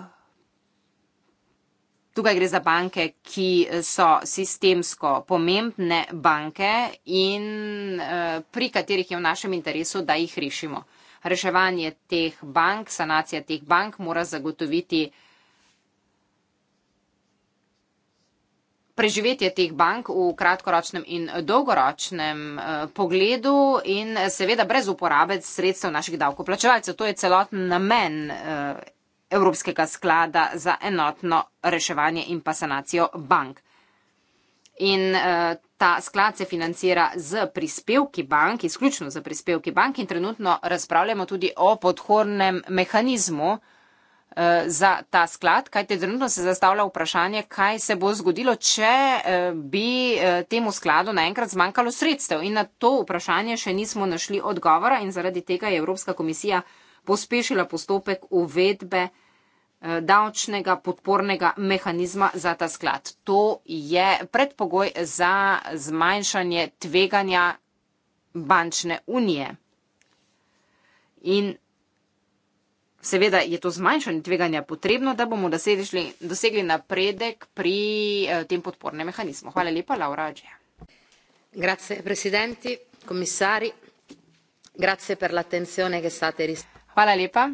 tukaj gre za banke, ki so sistemsko pomembne banke in uh, pri katerih je v našem interesu, da jih rešimo. Reševanje teh bank, sanacija teh bank mora zagotoviti uh, preživetje teh bank v kratkoročnem in dolgoročnem eh, pogledu in seveda brez uporabe sredstev naših davkoplačevalcev. To je celoten namen eh, Evropskega sklada za enotno reševanje in pa sanacijo bank. In eh, ta sklad se financira z prispevki bank, izključno z prispevki bank in trenutno razpravljamo tudi o podhornem mehanizmu, Eh, za ta sklad, kajte trenutno se zastavlja vprašanje, kaj se bo zgodilo, če eh, bi eh, temu skladu naenkrat zmanjkalo sredstev. In na to vprašanje še nismo našli odgovora in zaradi tega je Evropska komisija pospešila postopek uvedbe davčnega podpornega mehanizma za ta sklad. To je predpogoj za zmanjšanje tveganja bančne unije. In Seveda je to zmanjšanje tveganja potrebno, da bomo dosegli, dosegli napredek pri eh, tem podpornem mehanizmu. Hvala lepa, Laura Ađeja. Hvala lepa,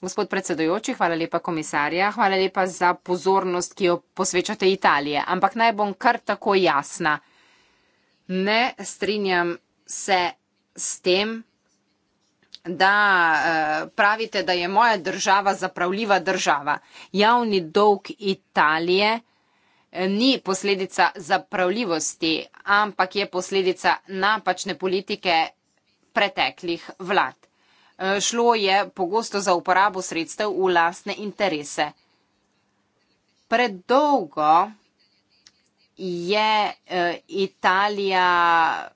gospod predsedujoči, hvala lepa, komisarja, hvala lepa za pozornost, ki jo posvečate Italije. Ampak naj bom kar tako jasna. Ne strinjam se s tem, da eh, pravite, da je moja država zapravljiva država. Javni dolg Italije eh, ni posledica zapravljivosti, ampak je posledica napačne politike preteklih vlad. Eh, šlo je pogosto za uporabo sredstev v lastne interese. Predolgo je Italija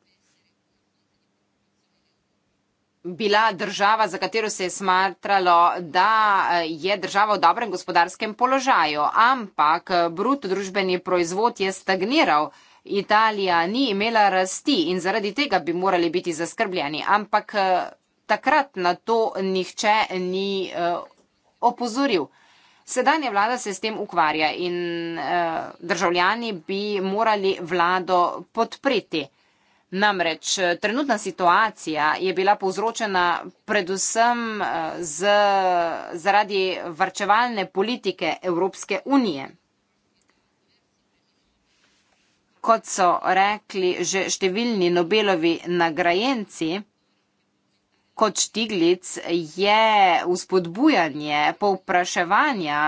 bila država, za katero se je smatralo, da eh, je država v dobrem gospodarskem položaju, ampak eh, bruto družbeni proizvod je stagniral. Italija ni imela rasti in zaradi tega bi morali biti zaskrbljeni, ampak eh, takrat na to nihče ni opozoril. Sedanja vlada se s tem ukvarja in državljani bi morali vlado podpreti. Namreč eh, trenutna situacija je bila povzročena predvsem eh, z, zaradi varčevalne politike Evropske unije. Kot so rekli že številni Nobelovi nagrajenci, kot štiglic je vzpodbujanje povpraševanja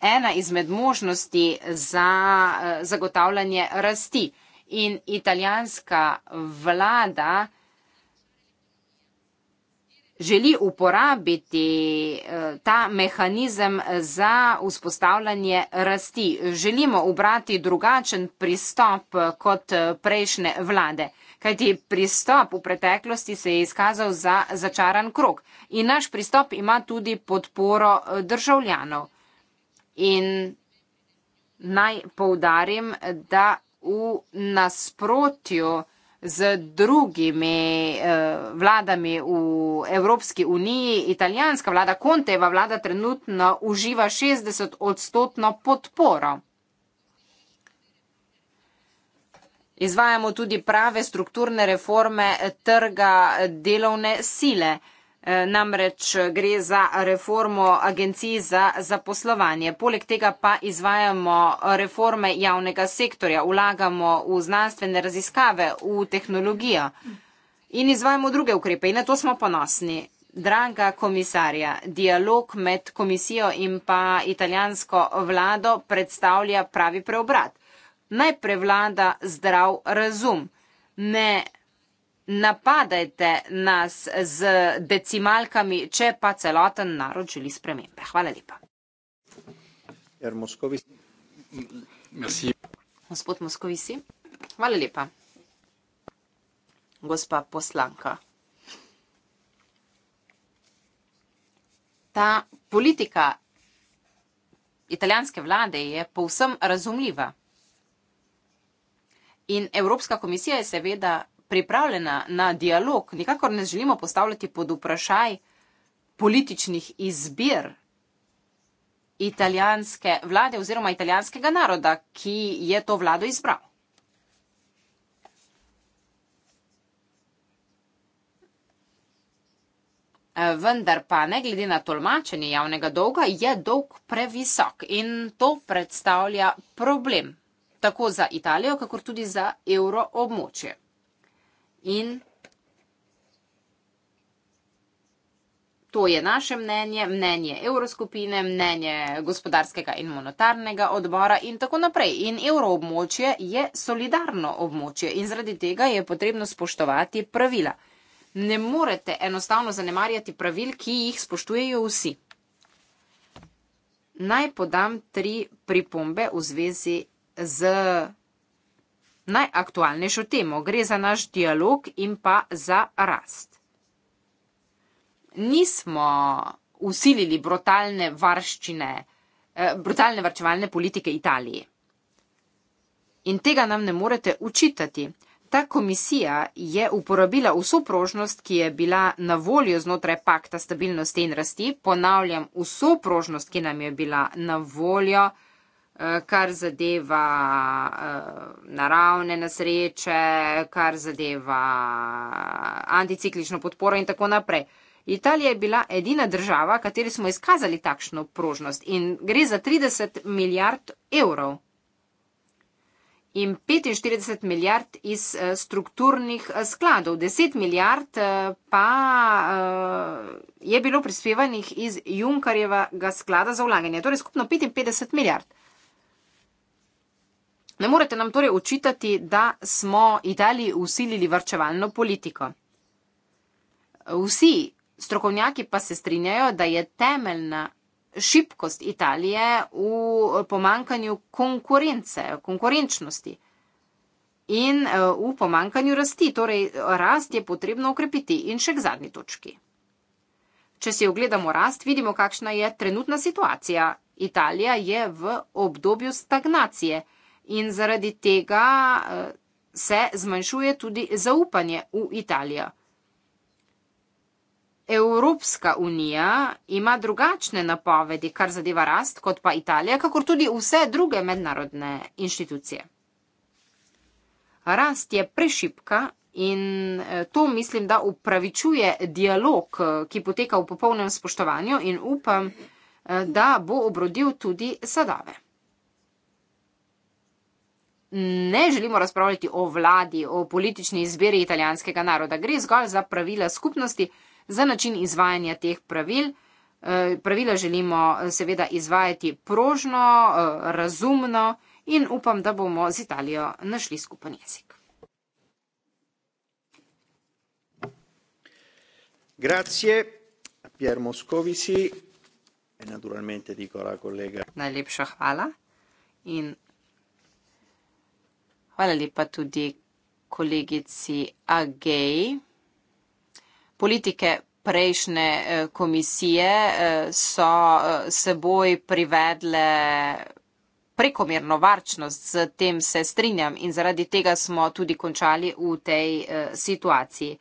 ena izmed možnosti za eh, zagotavljanje rasti in italijanska vlada želi uporabiti eh, ta mehanizem za vzpostavljanje rasti. Želimo obrati drugačen pristop eh, kot eh, prejšnje vlade, kajti pristop v preteklosti se je izkazal za začaran krok in naš pristop ima tudi podporo državljanov. In naj poudarim, da v nasprotju z drugimi eh, vladami v Evropski uniji. Italijanska vlada, Konteva vlada trenutno uživa 60 odstotno podporo. Izvajamo tudi prave strukturne reforme trga delovne sile. Eh, namreč eh, gre za reformo agencij za zaposlovanje. Poleg tega pa izvajamo eh, reforme javnega sektorja, ulagamo v znanstvene raziskave, v tehnologijo in izvajamo druge ukrepe in na to smo ponosni. Draga komisarja, dialog med komisijo in pa italijansko vlado predstavlja pravi preobrat. Najprevlada zdrav razum. Ne napadajte nas z decimalkami, če pa celoten narod želi spremembe. Hvala lepa. Gospod Moskovisi, hvala lepa. Gospa poslanka. Ta politika italijanske vlade je povsem razumljiva. In Evropska komisija je seveda pripravljena na dialog, nikakor ne želimo postavljati pod vprašaj političnih izbir italijanske vlade oziroma italijanskega naroda, ki je to vlado izbral. Vendar pa ne glede na tolmačenje javnega dolga, je dolg previsok in to predstavlja problem tako za Italijo, kakor tudi za evroobmočje. In to je naše mnenje, mnenje Evroskupine, mnenje gospodarskega in monetarnega odbora in tako naprej. In evroobmočje je solidarno območje in zaradi tega je potrebno spoštovati pravila. Ne morete enostavno zanemarjati pravil, ki jih spoštujejo vsi. Naj podam tri pripombe v zvezi z najaktualnejšo temo. Gre za naš dialog in pa za rast. Nismo usilili brutalne varščine, eh, brutalne varčevalne politike Italije. In tega nam ne morete učitati. Ta komisija je uporabila vso prožnost, ki je bila na voljo znotraj pakta stabilnosti in rasti. Ponavljam, vso prožnost, ki nam je bila na voljo. Eh, kar zadeva eh, naravne nasreče, kar zadeva eh, anticiklično podporo in tako naprej. Italija je bila edina država, kateri smo izkazali takšno prožnost in gre za 30 milijard evrov in 45 milijard iz strukturnih skladov. 10 milijard pa je bilo prispevanih iz Junkarjevega sklada za vlaganje, torej skupno 55 milijard. Ne morete nam torej očitati, da smo Italiji usilili vrčevalno politiko. Vsi strokovnjaki pa se strinjajo, da je temeljna šibkost Italije v pomankanju konkurence, konkurenčnosti in v pomankanju rasti. Torej, rast je potrebno ukrepiti in še k zadnji točki. Če si ogledamo rast, vidimo, kakšna je trenutna situacija. Italija je v obdobju stagnacije in zaradi tega eh, se zmanjšuje tudi zaupanje v Italijo. Evropska unija ima drugačne napovedi, kar zadeva rast, kot pa Italija, kakor tudi vse druge mednarodne inštitucije. Rast je prešipka in eh, to mislim, da upravičuje dialog, eh, ki poteka v popolnem spoštovanju in upam, da bo obrodil tudi sadove ne želimo razpravljati o vladi, o politični izbiri italijanskega naroda. Gre zgolj za pravila skupnosti, za način izvajanja teh pravil. Eh, pravila želimo eh, seveda izvajati prožno, eh, razumno in upam, da bomo z Italijo našli skupen jezik. Grazie, Pier Moscovici, e naturalmente dico alla collega. Najlepša hvala in Hvala lepa tudi kolegici Agej. Politike prejšnje eh, komisije eh, so eh, seboj privedle prekomerno varčnost, s tem se strinjam in zaradi tega smo tudi končali v tej situaciji.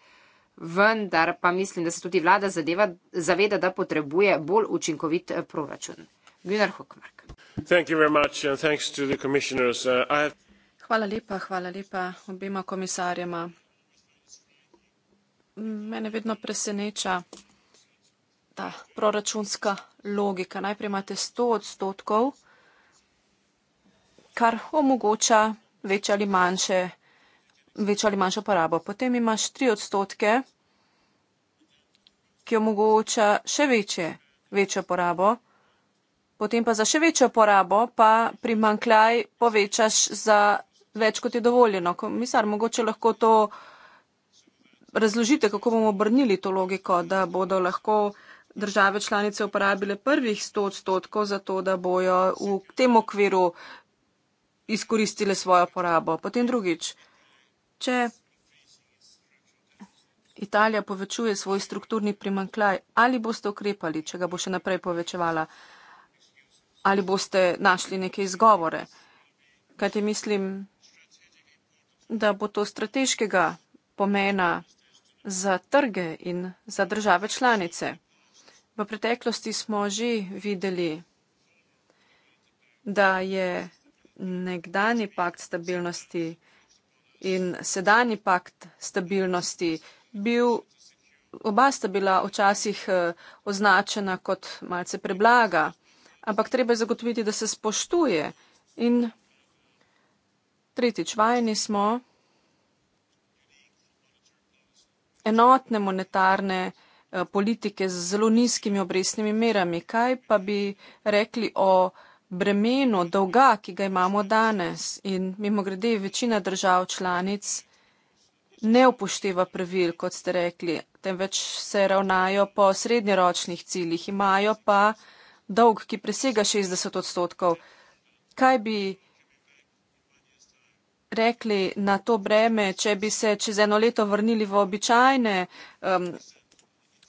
Vendar pa mislim, da se tudi vlada zadeva, zaveda, da potrebuje bolj učinkovit proračun. Gunnar Hokmark. Thank you very much and thanks to the commissioners. Uh, I have... Hvala lepa, hvala lepa obema komisarjema. Mene vedno preseneča ta proračunska logika. Najprej imate 100 odstotkov, kar omogoča več ali manjše, več ali manjšo porabo. Potem imaš 3 odstotke, ki omogoča še večje, večjo porabo. Potem pa za še večjo porabo pa primankljaj povečaš za več kot je dovoljeno. Komisar, mogoče lahko to razložite, kako bomo obrnili to logiko, da bodo lahko države članice uporabile prvih 100 odstotkov za to, da bojo v tem okviru izkoristile svojo porabo. Potem drugič, če Italija povečuje svoj strukturni primankljaj, ali boste ukrepali, če ga bo še naprej povečevala, ali boste našli neke izgovore, kajte mislim, da bo to strateškega pomena za trge in za države članice. V preteklosti smo že videli, da je nekdani pakt stabilnosti in sedani pakt stabilnosti bil, oba sta bila včasih eh, označena kot malce preblaga, ampak treba je zagotoviti, da se spoštuje in Tretjič, vajeni smo enotne monetarne eh, politike z zelo nizkimi obrestnimi merami. Kaj pa bi rekli o bremenu dolga, ki ga imamo danes in mimo grede večina držav članic ne upošteva pravil, kot ste rekli, temveč se ravnajo po srednjeročnih ciljih, imajo pa dolg, ki presega 60 odstotkov. Kaj bi rekli na to breme, če bi se čez eno leto vrnili v običajne um,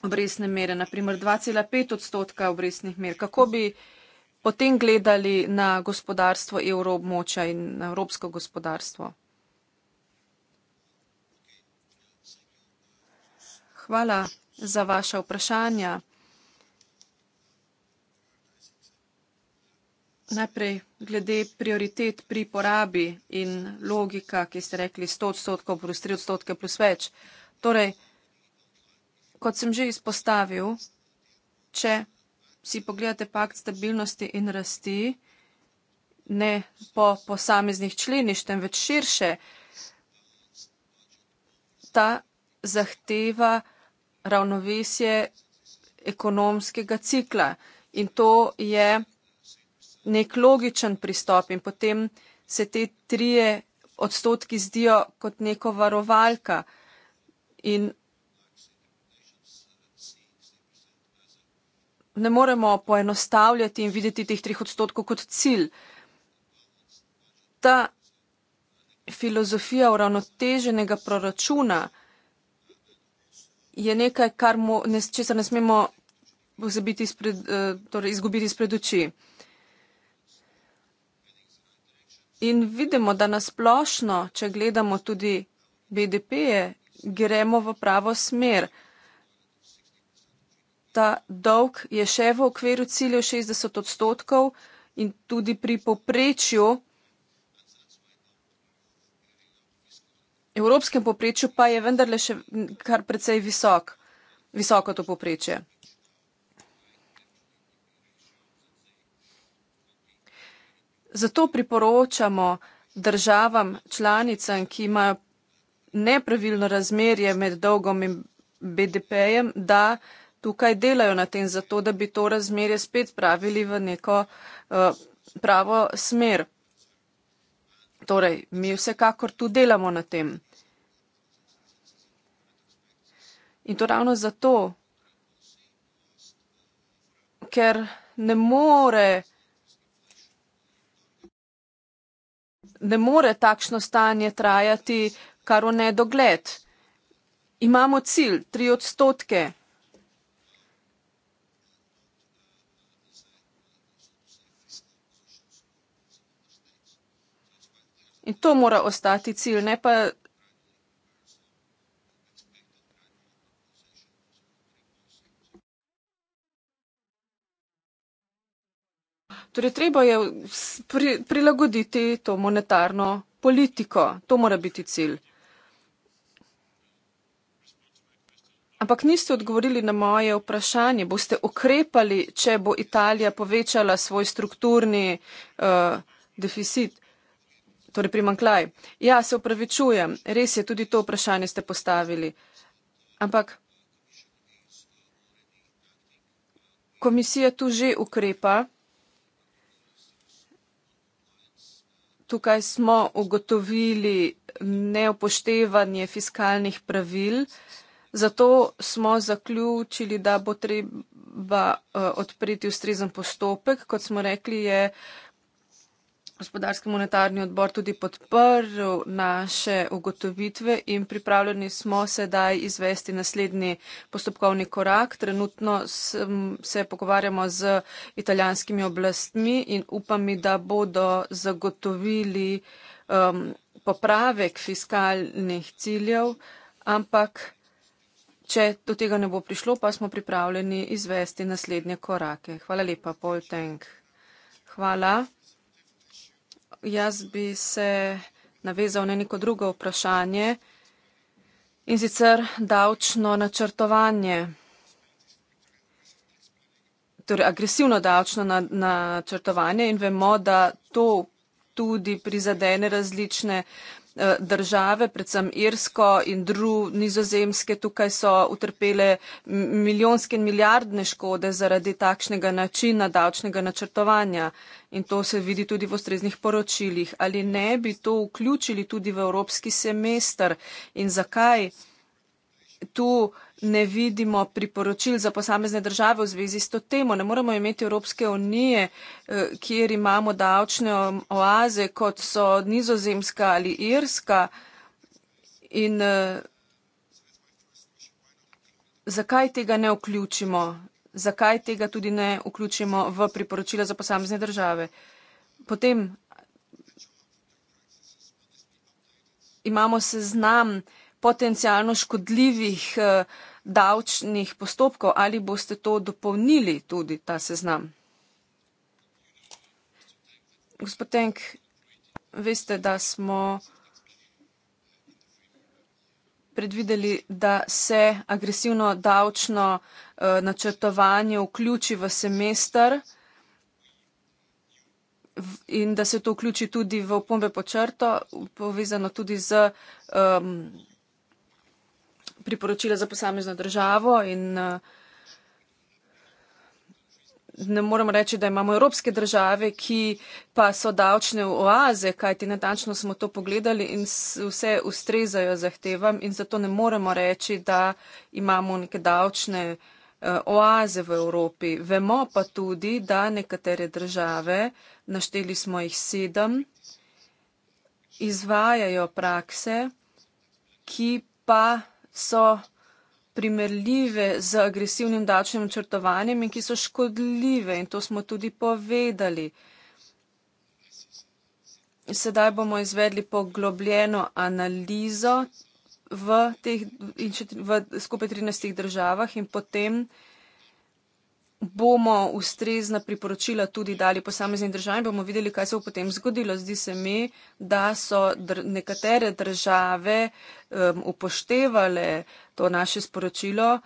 obresne mere, naprimer 2,5 odstotka obresnih mer, kako bi potem gledali na gospodarstvo evroobmoča in na evropsko gospodarstvo? Hvala za vaše vprašanje. Najprej glede prioritet pri porabi in logika, ki ste rekli 100 odstotkov plus 3 odstotke plus več. Torej, kot sem že izpostavil, če si pogledate pakt stabilnosti in rasti, ne po posameznih členištem, več širše, ta zahteva ravnovesje ekonomskega cikla. In to je nek logičen pristop in potem se te trije odstotki zdijo kot neko varovalka. In ne moremo poenostavljati in videti teh trih odstotkov kot cilj. Ta filozofija uravnoteženega proračuna je nekaj, kar mu, ne, česar ne smemo zabiti, spred, eh, torej izgubiti spred oči. In vidimo, da nasplošno, če gledamo tudi BDP-je, gremo v pravo smer. Ta dolg je še v okviru ciljev 60 odstotkov in tudi pri poprečju, evropskem poprečju pa je vendarle še kar precej visok, visoko to poprečje. Zato priporočamo državam članicam, ki imajo nepravilno razmerje med dolgom in BDP-jem, da tukaj delajo na tem, zato da bi to razmerje spet pravili v neko uh, pravo smer. Torej, mi vsekakor tu delamo na tem. In to ravno zato, ker ne more ne more takšno stanje trajati kar v nedogled. Imamo cilj, tri odstotke. In to mora ostati cilj, ne pa. Torej, treba je pri, prilagoditi to monetarno politiko, to mora biti cilj. Ampak niste odgovorili na moje vprašanje, boste ukrepali, če bo Italija povečala svoj strukturni uh, deficit, torej primanklaj. Ja, se upravičujem, res je, tudi to vprašanje ste postavili. Ampak komisija tu že ukrepa. tukaj smo ugotovili neupoštevanje fiskalnih pravil, zato smo zaključili, da bo treba eh, odpreti ustrezen postopek. Kot smo rekli, je gospodarski monetarni odbor tudi podprl naše ugotovitve in pripravljeni smo sedaj izvesti naslednji postopkovni korak. Trenutno se pogovarjamo z italijanskimi oblastmi in upam, da bodo zagotovili um, popravek fiskalnih ciljev, ampak če do tega ne bo prišlo, pa smo pripravljeni izvesti naslednje korake. Hvala lepa, Poltenk. Hvala jaz bi se navezal na neko drugo vprašanje in sicer davčno načrtovanje. Torej, agresivno davčno načrtovanje in vemo, da to tudi prizadene različne Eh, države, predvsem Irsko in dru nizozemske. Tukaj so utrpele milijonske in milijardne škode zaradi takšnega načina davčnega načrtovanja. In to se vidi tudi v ustreznih poročilih. Ali ne bi to vključili tudi v evropski semester in zakaj? tu ne vidimo priporočil za posamezne države v zvezi s to temo. Ne moremo imeti Evropske unije, eh, kjer imamo davčne oaze, kot so Nizozemska ali Irska. In eh, zakaj tega ne vključimo? Zakaj tega tudi ne vključimo v priporočila za posamezne države? Potem imamo seznam potencialno škodljivih eh, davčnih postopkov ali boste to dopolnili tudi ta seznam? Gospod Tenk, veste, da smo predvideli, da se agresivno davčno eh, načrtovanje vključi v semester in da se to vključi tudi v pompe po črto, povezano tudi z um, priporočila za posamezno državo in eh, ne morem reči, da imamo evropske države, ki pa so davčne oaze, kajti natančno smo to pogledali in vse ustrezajo zahtevam in zato ne moremo reči, da imamo neke davčne eh, oaze v Evropi. Vemo pa tudi, da nekatere države, našteli smo jih sedem, izvajajo prakse, ki pa so primerljive z agresivnim davčnim črtovanjem in ki so škodljive in to smo tudi povedali. Sedaj bomo izvedli poglobljeno analizo v, teh, v skupaj 13 državah in potem bomo ustrezna priporočila tudi dali posameznim državam, bomo videli, kaj se bo potem zgodilo. Zdi se mi, da so dr nekatere države um, upoštevale to naše sporočilo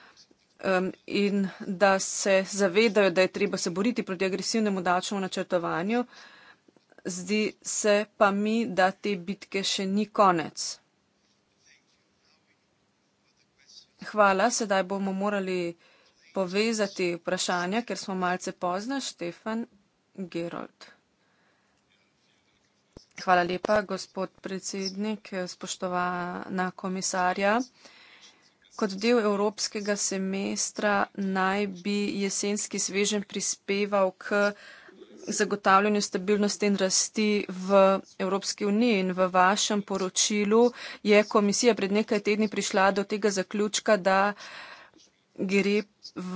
um, in da se zavedajo, da je treba se boriti proti agresivnemu davčnemu načrtovanju. Zdi se pa mi, da te bitke še ni konec. Hvala, sedaj bomo morali povezati vprašanja, ker smo malce pozna, Štefan Gerold. Hvala lepa, gospod predsednik, spoštovana komisarja. Kot del evropskega semestra naj bi jesenski svežen prispeval k zagotavljanju stabilnosti in rasti v Evropski uniji. In v vašem poročilu je komisija pred nekaj tedni prišla do tega zaključka, da gre v,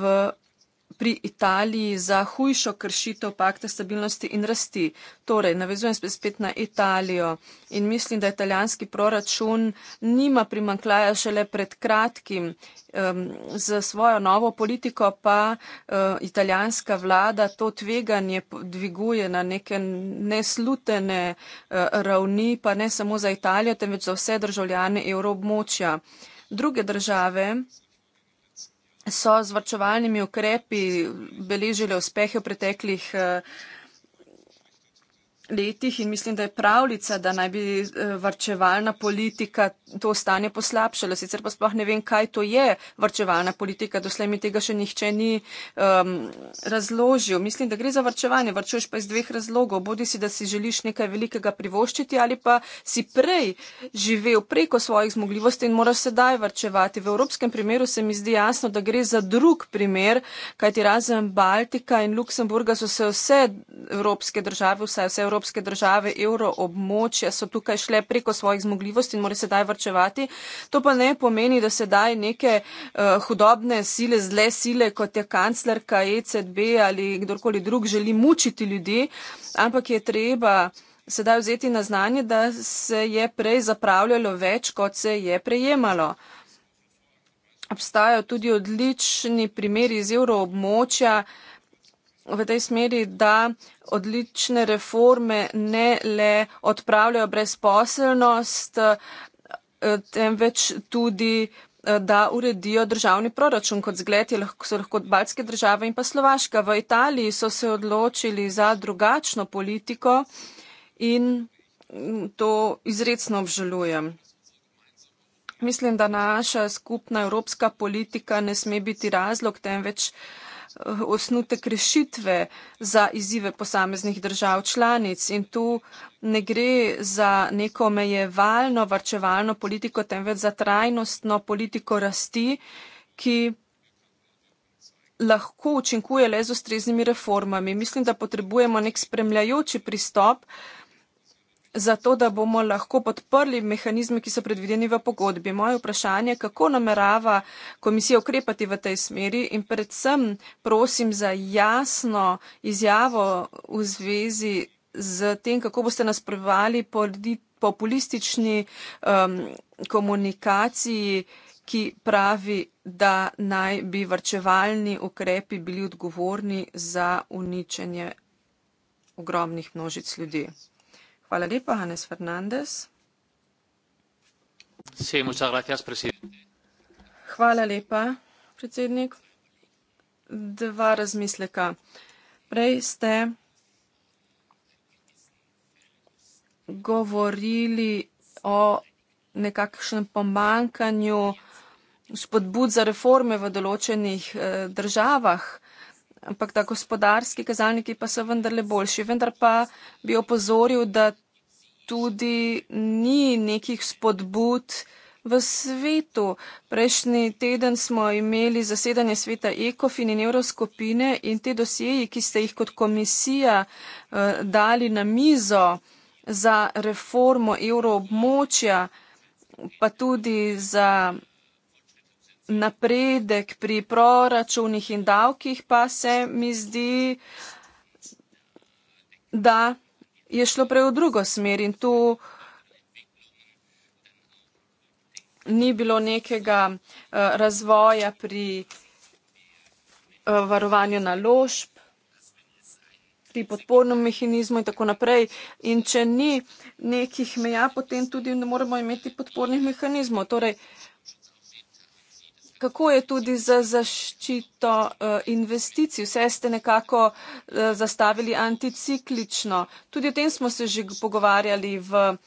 pri Italiji za hujšo kršitev pakta stabilnosti in rasti. Torej, navezujem se spet na Italijo in mislim, da italijanski proračun nima primankljaja šele pred kratkim. Um, z svojo novo politiko pa uh, italijanska vlada to tveganje dviguje na neke neslutene uh, ravni, pa ne samo za Italijo, temveč za vse državljane evroobmočja. Druge države so z varčevalnimi ukrepi beležile uspehe v preteklih eh, letih in mislim, da je pravljica, da naj bi eh, varčevalna politika to stanje poslabšala. Sicer pa sploh ne vem, kaj to je varčevalna politika. Doslej mi tega še nihče ni um, razložil. Mislim, da gre za varčevanje. Varčuješ pa iz dveh razlogov. Bodi si, da si želiš nekaj velikega privoščiti ali pa si prej živel preko svojih zmogljivosti in moraš sedaj varčevati. V evropskem primeru se mi zdi jasno, da gre za drug primer, kajti razen Baltika in Luksemburga so se vse evropske države, vsaj vse evropske evropske države, evroobmočja so tukaj šle preko svojih zmogljivosti in morajo sedaj vrčevati. To pa ne pomeni, da sedaj neke uh, hudobne sile, zle sile, kot je kanclerka ECB ali kdorkoli drug, želi mučiti ljudi, ampak je treba. Sedaj vzeti na znanje, da se je prej zapravljalo več, kot se je prejemalo. Obstajajo tudi odlični primeri iz evroobmočja, v tej smeri, da odlične reforme ne le odpravljajo brezposelnost, temveč tudi da uredijo državni proračun, kot zgled lahko, so lahko baljske države in pa Slovaška. V Italiji so se odločili za drugačno politiko in to izredno obžalujem. Mislim, da naša skupna evropska politika ne sme biti razlog, temveč uh, Eh, osnutek rešitve za izzive posameznih držav članic. In tu ne gre za neko omejevalno, varčevalno politiko, temveč za trajnostno politiko rasti, ki lahko učinkuje le z ustreznimi reformami. Mislim, da potrebujemo nek spremljajoči pristop, zato, da bomo lahko podprli mehanizme, ki so predvideni v pogodbi. Moje vprašanje, kako namerava komisija ukrepati v tej smeri in predvsem prosim za jasno izjavo v zvezi z tem, kako boste nas prevali populistični um, komunikaciji, ki pravi, da naj bi vrčevalni ukrepi bili odgovorni za uničenje ogromnih množic ljudi gospa predsednica dva razmisleka. Prej ste govorili o nekakšnem pomankanju spodbud za reforme v določenih eh, državah ampak da gospodarski kazalniki pa so vendarle boljši. Vendar pa bi opozoril, da tudi ni nekih spodbud v svetu. Prejšnji teden smo imeli zasedanje sveta ECOFIN in Evroskopine in te dosjeji, ki ste jih kot komisija eh, dali na mizo za reformo evroobmočja, pa tudi za napredek pri proračunih in davkih, pa se mi zdi, da je šlo prej v drugo smer in tu ni bilo nekega eh, razvoja pri eh, varovanju naložb, pri podpornem mehanizmu in tako naprej. In če ni nekih meja, potem tudi ne moremo imeti podpornih mehanizmov. Torej, Kako je tudi za zaščito uh, investicij? Vse ste nekako uh, zastavili anticiklično. Tudi o tem smo se že pogovarjali v uh,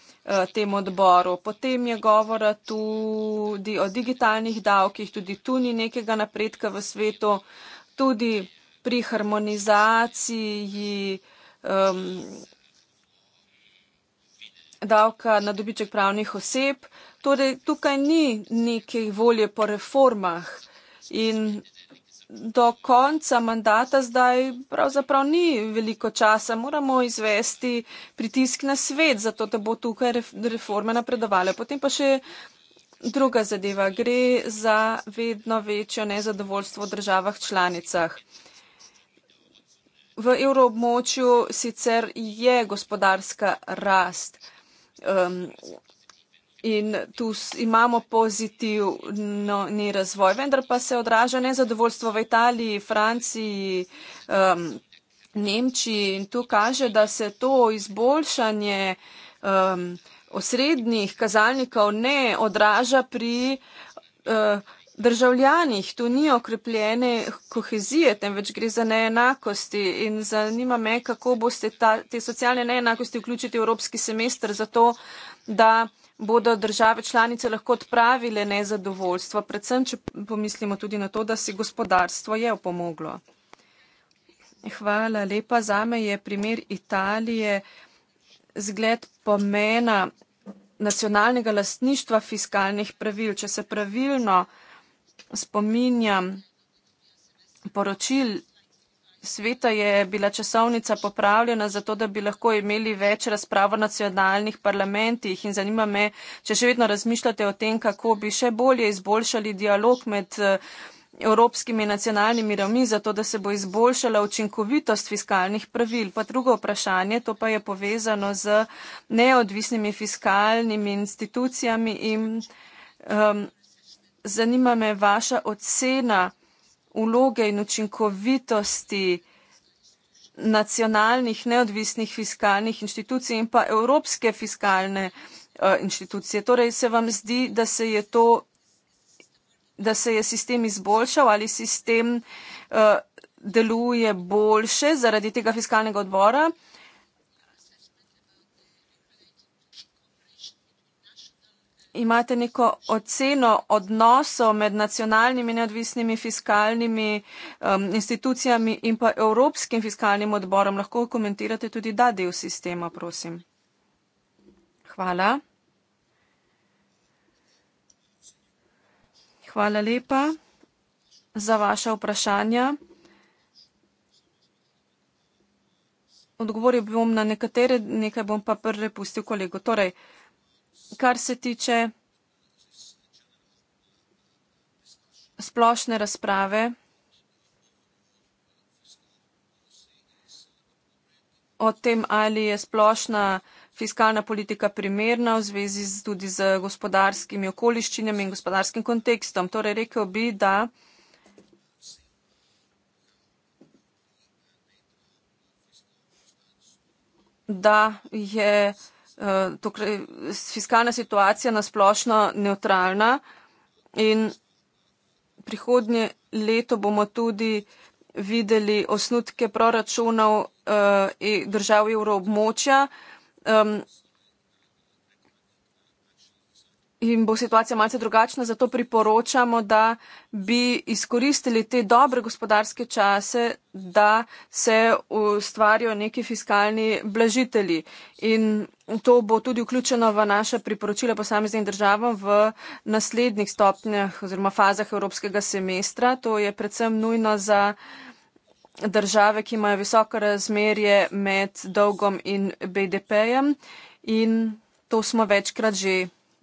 tem odboru. Potem je govora tudi o digitalnih davkih, tudi tu ni nekega napredka v svetu, tudi pri harmonizaciji. Um, davka na dobiček pravnih oseb, uh, Torej, tukaj ni neke volje po reformah in do konca mandata zdaj pravzaprav ni veliko časa. Moramo izvesti pritisk na svet, zato da bo tukaj reforme napredovale. Potem pa še druga zadeva. Gre za vedno večjo nezadovoljstvo v državah članicah. V evroobmočju sicer je gospodarska rast. Um, in tu imamo pozitivni razvoj, vendar pa se odraža nezadovoljstvo v Italiji, Franciji, um, Nemčiji in tu kaže, da se to izboljšanje um, osrednjih kazalnikov ne odraža pri uh, državljanih. Tu ni okrepljene kohezije, temveč gre za neenakosti in zanima me, kako boste ta, te socialne neenakosti vključiti v evropski semester za to, da bodo države članice lahko odpravile nezadovoljstvo, predvsem, če pomislimo tudi na to, da si gospodarstvo je opomoglo. Hvala lepa. Zame je primer Italije zgled pomena nacionalnega lastništva fiskalnih pravil. Če se pravilno spominjam poročil sveta je bila časovnica popravljena zato, da bi lahko imeli več razprav v nacionalnih parlamentih in zanima me, če še vedno razmišljate o tem, kako bi še bolje izboljšali dialog med eh, evropskimi nacionalnimi ravni, zato da se bo izboljšala učinkovitost fiskalnih pravil. Pa drugo vprašanje, to pa je povezano z neodvisnimi fiskalnimi institucijami in um, zanima me vaša ocena, vloge in učinkovitosti nacionalnih neodvisnih fiskalnih inštitucij in pa evropske fiskalne uh, inštitucije. Torej se vam zdi, da se je, to, da se je sistem izboljšal ali sistem uh, deluje boljše zaradi tega fiskalnega odbora? imate neko oceno odnosov med nacionalnimi neodvisnimi fiskalnimi um, institucijami in pa Evropskim fiskalnim odborom. Lahko komentirate tudi da del sistema, prosim. Hvala. Hvala lepa za vaše vprašanja. Odgovoril bom na nekatere, nekaj bom pa prvi pustil kolego. Torej, uh, kar se tiče splošne razprave o tem, ali je splošna fiskalna politika primerna v zvezi z, tudi z gospodarskimi okoliščinami in gospodarskim kontekstom. Torej, rekel bi, da da je Eh, tukaj fiskalna situacija nasplošno neutralna in prihodnje leto bomo tudi videli osnutke proračunov eh, e-, držav evroobmočja jim bo situacija malce drugačna, zato priporočamo, da bi izkoristili te dobre gospodarske čase, da se ustvarijo neki fiskalni blažitelji. In to bo tudi vključeno v naše priporočila posameznim državam v naslednjih stopnjah oziroma fazah evropskega semestra. To je predvsem nujno za države, ki imajo visoko razmerje med dolgom in BDP-jem. In to smo večkrat že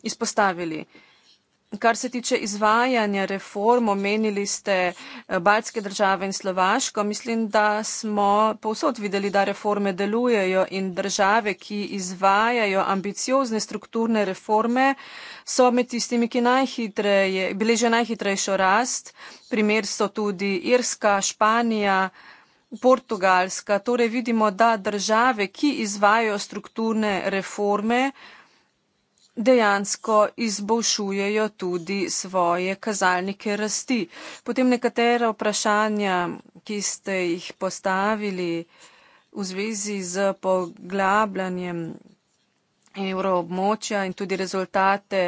izpostavili. Kar se tiče izvajanja reform, omenili ste eh, Baltske države in Slovaško. Mislim, da smo povsod videli, da reforme delujejo in države, ki izvajajo ambiciozne strukturne reforme, so med tistimi, ki najhitreje, beležijo najhitrejšo rast. Primer so tudi Irska, Španija, Portugalska. Torej vidimo, da države, ki izvajajo strukturne reforme, dejansko izboljšujejo tudi svoje kazalnike rasti. Potem nekatera vprašanja, ki ste jih postavili v zvezi z poglabljanjem evroobmočja in tudi rezultate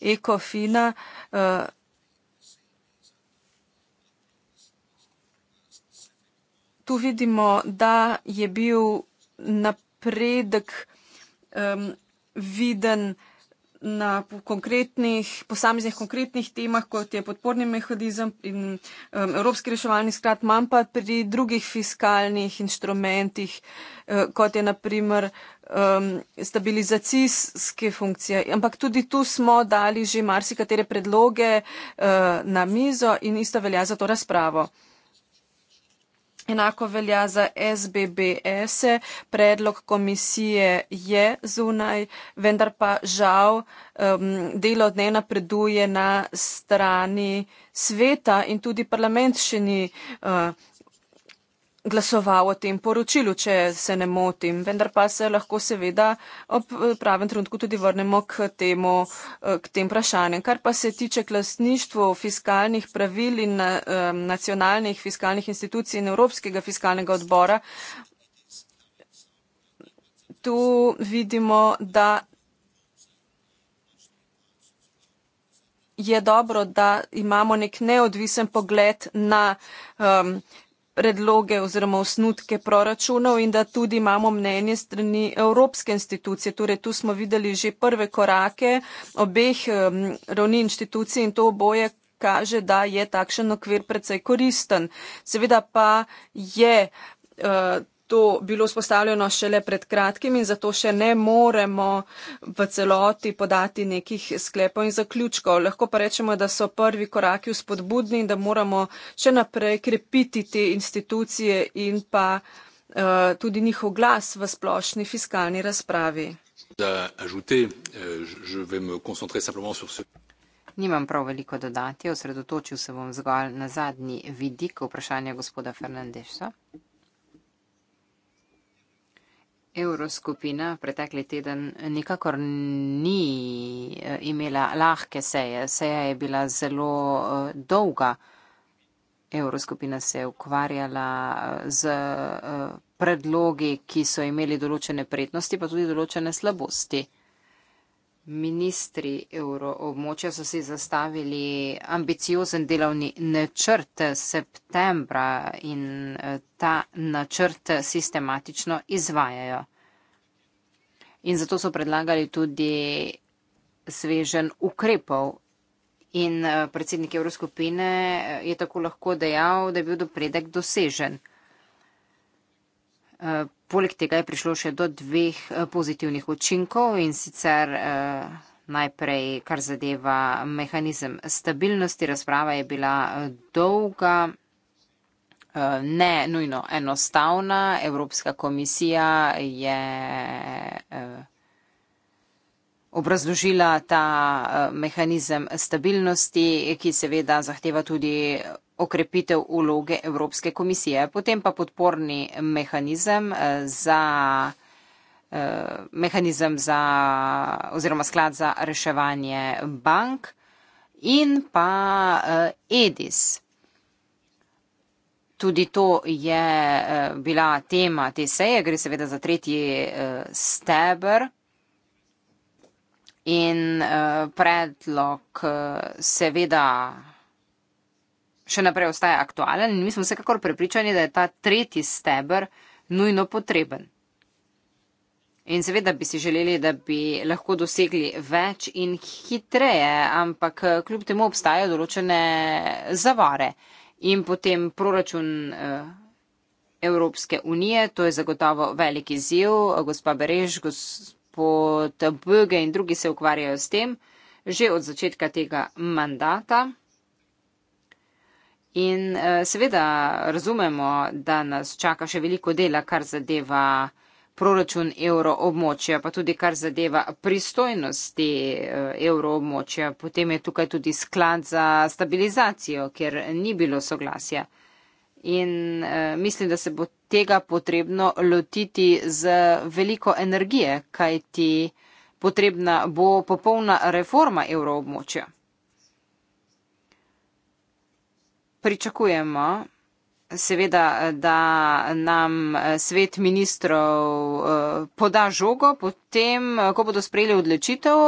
ekofina. Tu vidimo, da je bil napredek um, viden uh, na konkretnih, posameznih konkretnih temah, kot je podporni mehanizem in um, Evropski reševalni sklad, manj pa pri drugih fiskalnih inštrumentih, uh, kot je naprimer um, stabilizacijske funkcije. Ampak tudi tu smo dali že marsikatere predloge uh, na mizo in isto velja za to razpravo. Enako velja za SBBS, -e. predlog komisije je zunaj, vendar pa žal um, delo ne napreduje na strani sveta in tudi parlament še ni. Uh, glasoval o tem poročilu, če se ne motim. Vendar pa se lahko seveda ob eh, pravem trenutku tudi vrnemo k, temu, eh, k tem vprašanjem. Kar pa se tiče klasništvo fiskalnih pravil in eh, nacionalnih fiskalnih institucij in Evropskega fiskalnega odbora, tu vidimo, da. Je dobro, da imamo nek neodvisen pogled na um, predloge oziroma osnutke proračunov in da tudi imamo mnenje strani Evropske institucije. Torej, tu smo videli že prve korake obeh um, ravni institucij in to oboje kaže, da je takšen okvir predvsej koristen. Seveda pa je. Uh, to bilo spostavljeno šele pred kratkim in zato še ne moremo v celoti podati nekih sklepov in zaključkov. Lahko pa rečemo, da so prvi koraki vzpodbudni in da moramo še naprej krepiti te institucije in pa uh, tudi njihov glas v splošni fiskalni razpravi. Eh, Nimam prav veliko dodati, osredotočil se bom zgolj na zadnji vidik vprašanja gospoda Fernandeša. Evroskupina pretekli teden nikakor ni eh, imela lahke seje. Seja je bila zelo eh, dolga. Evroskupina se je ukvarjala eh, z predlogi, ki so imeli določene prednosti, pa tudi določene slabosti. Ministri evroobmočja so si zastavili ambiciozen delovni načrt septembra in eh, ta načrt sistematično izvajajo. In zato so predlagali tudi svežen ukrepov. In eh, predsednik Evroskupine eh, je tako lahko dejal, da je bil dopredek dosežen. Poleg tega je prišlo še do dveh eh, pozitivnih učinkov in sicer eh, najprej, kar zadeva mehanizem stabilnosti. Razprava je bila eh, dolga, ne nujno enostavna. Evropska komisija je obrazložila ta mehanizem stabilnosti, ki seveda zahteva tudi okrepitev vloge Evropske komisije. Potem pa podporni mehanizem eh, za eh, mehanizem za oziroma sklad za reševanje bank in pa eh, EDIS. Tudi to je bila tema te seje, gre seveda za tretji stebr in predlog seveda še naprej ostaja aktualen in mi smo vsekakor prepričani, da je ta tretji stebr nujno potreben. In seveda bi si želeli, da bi lahko dosegli več in hitreje, ampak eh, kljub temu obstajajo določene zavare. In potem proračun eh, Evropske unije, to je zagotovo veliki ziv, gospa Berež, gospod Böge in drugi se ukvarjajo s tem že od začetka tega mandata. In eh, seveda razumemo, da nas čaka še veliko dela, kar zadeva proračun evroobmočja, pa tudi kar zadeva pristojnosti eh, evroobmočja. Potem je tukaj tudi sklad za stabilizacijo, ker ni bilo soglasja. In eh, mislim, da se bo tega potrebno lotiti z veliko energije, kajti potrebna bo popolna reforma evroobmočja. pričakujemo. Seveda, da nam eh, svet ministrov eh, poda žogo, potem, eh, ko bodo sprejeli odločitev,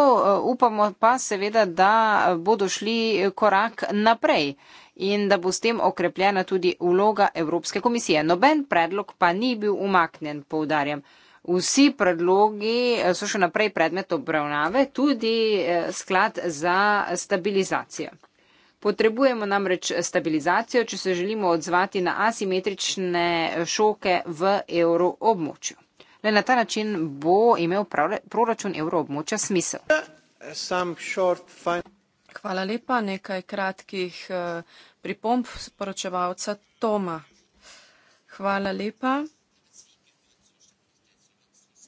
upamo pa seveda, da bodo šli korak naprej in da bo s tem okrepljena tudi vloga Evropske komisije. Noben predlog pa ni bil umaknen, povdarjam. Vsi predlogi so še naprej predmet obravnave, tudi sklad za stabilizacijo. Potrebujemo namreč stabilizacijo, če se želimo odzvati na asimetrične šoke v evroobmočju. Le na ta način bo imel proračun evroobmočja smisel. Hvala lepa. Nekaj kratkih eh, pripomb sporočevalca Toma. Hvala lepa.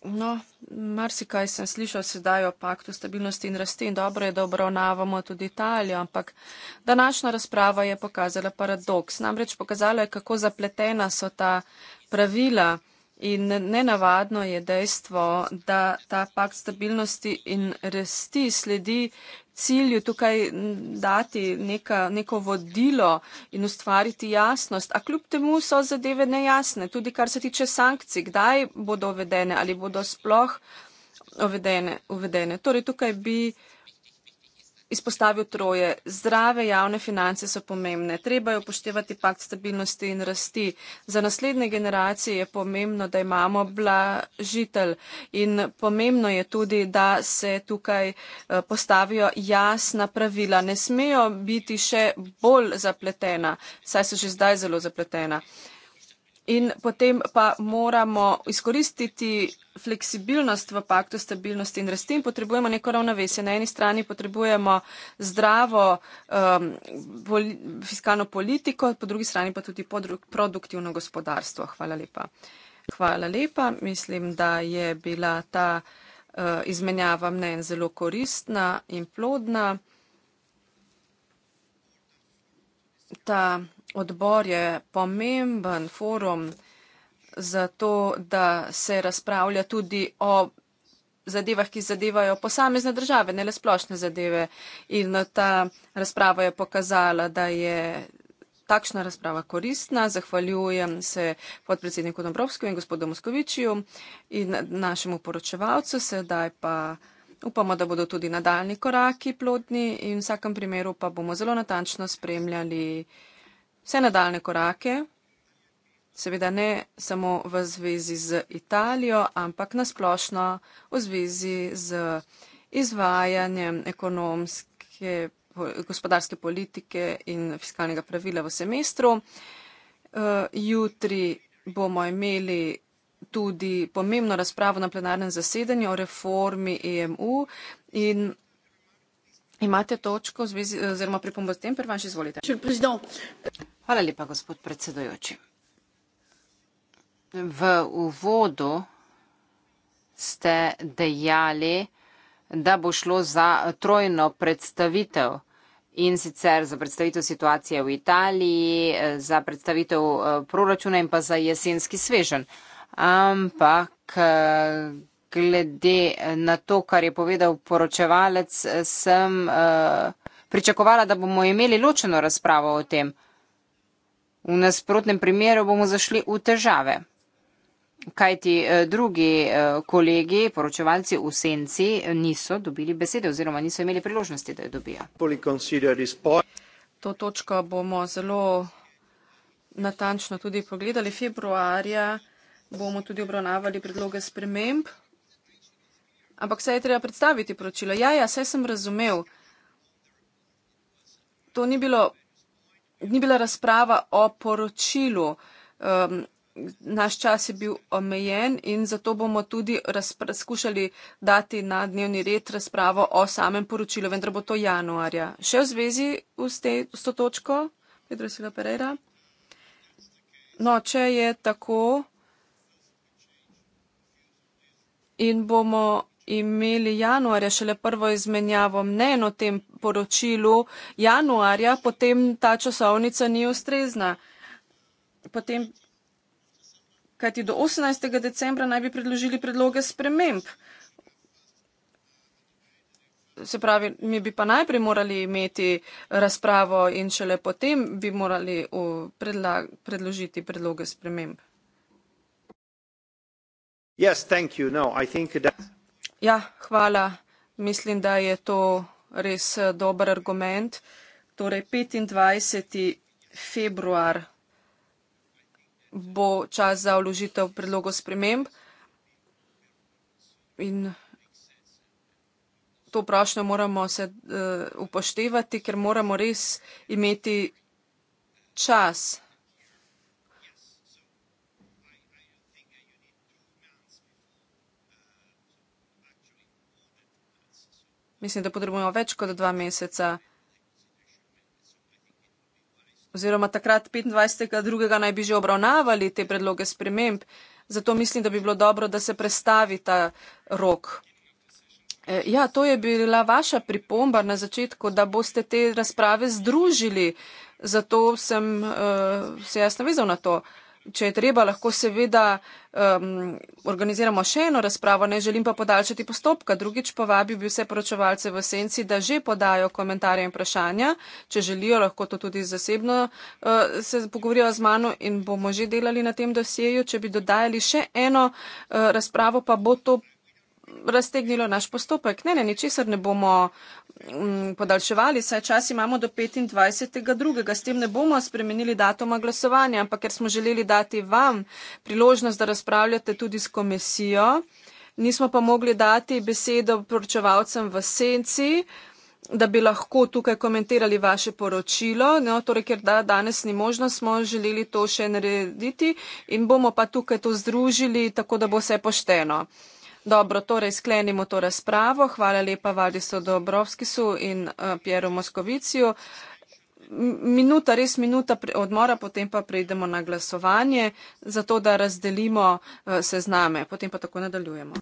No, marsikaj sem slišal sedaj o paktu stabilnosti in rasti in dobro je, da obravnavamo tudi Italijo, ampak današnja razprava je pokazala paradoks. Namreč pokazala je, kako zapletena so ta pravila in nenavadno je dejstvo, da ta pakt stabilnosti in rasti sledi cilju tukaj dati neka, neko vodilo in ustvariti jasnost. A kljub temu so zadeve nejasne, tudi kar se tiče sankcij, kdaj bodo uvedene ali bodo sploh uvedene. uvedene. Torej, tukaj bi uh, izpostavil troje. Zdrave javne finance so pomembne, treba je upoštevati pakt stabilnosti in rasti. Za naslednje generacije je pomembno, da imamo blažitelj in pomembno je tudi, da se tukaj eh, postavijo jasna pravila. Ne smejo biti še bolj zapletena, saj so že zdaj zelo zapletena. In potem pa moramo izkoristiti fleksibilnost v paktu stabilnosti in rasti in potrebujemo neko ravnovesje. Na eni strani potrebujemo zdravo um, boli, fiskalno politiko, po drugi strani pa tudi produktivno gospodarstvo. Hvala lepa. Hvala lepa. Mislim, da je bila ta uh, izmenjava mnen zelo koristna in plodna. Ta, odbor je pomemben forum za to, da se razpravlja tudi o zadevah, ki zadevajo posamezne države, ne le splošne zadeve. In ta razprava je pokazala, da je takšna razprava koristna. Zahvaljujem se podpredsedniku Dombrovsku in gospodu Moskovičiju in našemu poročevalcu. Sedaj pa upamo, da bodo tudi nadaljni koraki plodni in v vsakem primeru pa bomo zelo natančno spremljali vse nadaljne korake, seveda ne samo v zvezi z Italijo, ampak nasplošno v zvezi z izvajanjem ekonomske, gospodarske politike in fiskalnega pravila v semestru. Eh, jutri bomo imeli tudi pomembno razpravo na plenarnem zasedanju o reformi EMU in imate točko v zvezi oziroma pripombo s tem pri vaš izvolite hvala lepa gospod predsedujoči v uvodu ste dejali da bo šlo za trojno predstavitev in sicer za predstavitev situacije v italiji za predstavitev eh, proračuna in pa za jesenski svežen ampak eh, glede eh, na to, kar je povedal poročevalec, eh, sem uh, pričakovala, da bomo imeli ločeno razpravo o tem. V nasprotnem primeru bomo zašli v težave. Kaj ti drugi kolegi, poročevalci v senci, niso dobili besede oziroma niso imeli priložnosti, da jo dobijo. To točko bomo zelo natančno tudi pogledali. Februarja bomo tudi obravnavali predloge sprememb Ampak se je treba predstaviti poročilo. Ja, ja, vse sem razumel. To ni, bilo, ni bila razprava o poročilu. Um, naš čas je bil omejen in zato bomo tudi skušali dati na dnevni red razpravo o samem poročilu. Vendar bo to januarja. Še v zvezi s, te, s to točko, Pedro Sila Pereira. No, če je tako. In bomo imeli januarja šele prvo izmenjavo mnen o tem poročilu januarja, potem ta časovnica ni ustrezna. Potem, kajti do 18. decembra naj bi predložili predloge sprememb. Se pravi, mi bi pa najprej morali imeti razpravo in šele potem bi morali predložiti predloge sprememb. Yes, thank you. No, I think that. Ja, hvala. Mislim, da je to res eh, dober argument. Torej, 25. februar bo čas za vložitev predlogov sprememb in to prošnjo moramo se uh, upoštevati, ker moramo res imeti čas Mislim, da potrebujemo več kot dva meseca. Oziroma takrat 25.2. naj bi že obravnavali te predloge sprememb. Zato mislim, da bi bilo dobro, da se prestavi ta rok. E, ja, to je bila vaša pripomba na začetku, da boste te razprave združili. Zato sem uh, se jaz navezal na to. Uh, če je treba, lahko seveda um, organiziramo še eno razpravo, ne želim pa podaljšati postopka. Drugič pa vabim vse poročevalce v senci, da že podajo komentarje in vprašanja, če želijo, lahko to tudi zasebno uh, se pogovorijo z mano in bomo že delali na tem dosjeju. Če bi dodajali še eno uh, razpravo, pa bo to raztegnilo naš postopek. Ne, ne, ničesar ne bomo m, mm, podaljševali, saj čas imamo do 25.2. S tem ne bomo spremenili datuma glasovanja, ampak ker smo želeli dati vam priložnost, da razpravljate tudi s komisijo, nismo pa mogli dati besedo poročevalcem v senci da bi lahko tukaj komentirali vaše poročilo, no, torej, ker da, danes ni možno, smo želeli to še narediti in bomo pa tukaj to združili, tako da bo vse pošteno. Dobro, torej sklenimo to razpravo. Hvala lepa Valdisu Dobrovskisu in uh, Pieru Moskoviciju. Minuta, res minuta odmora, potem pa prejdemo na glasovanje, zato da razdelimo eh, sezname, potem pa tako nadaljujemo.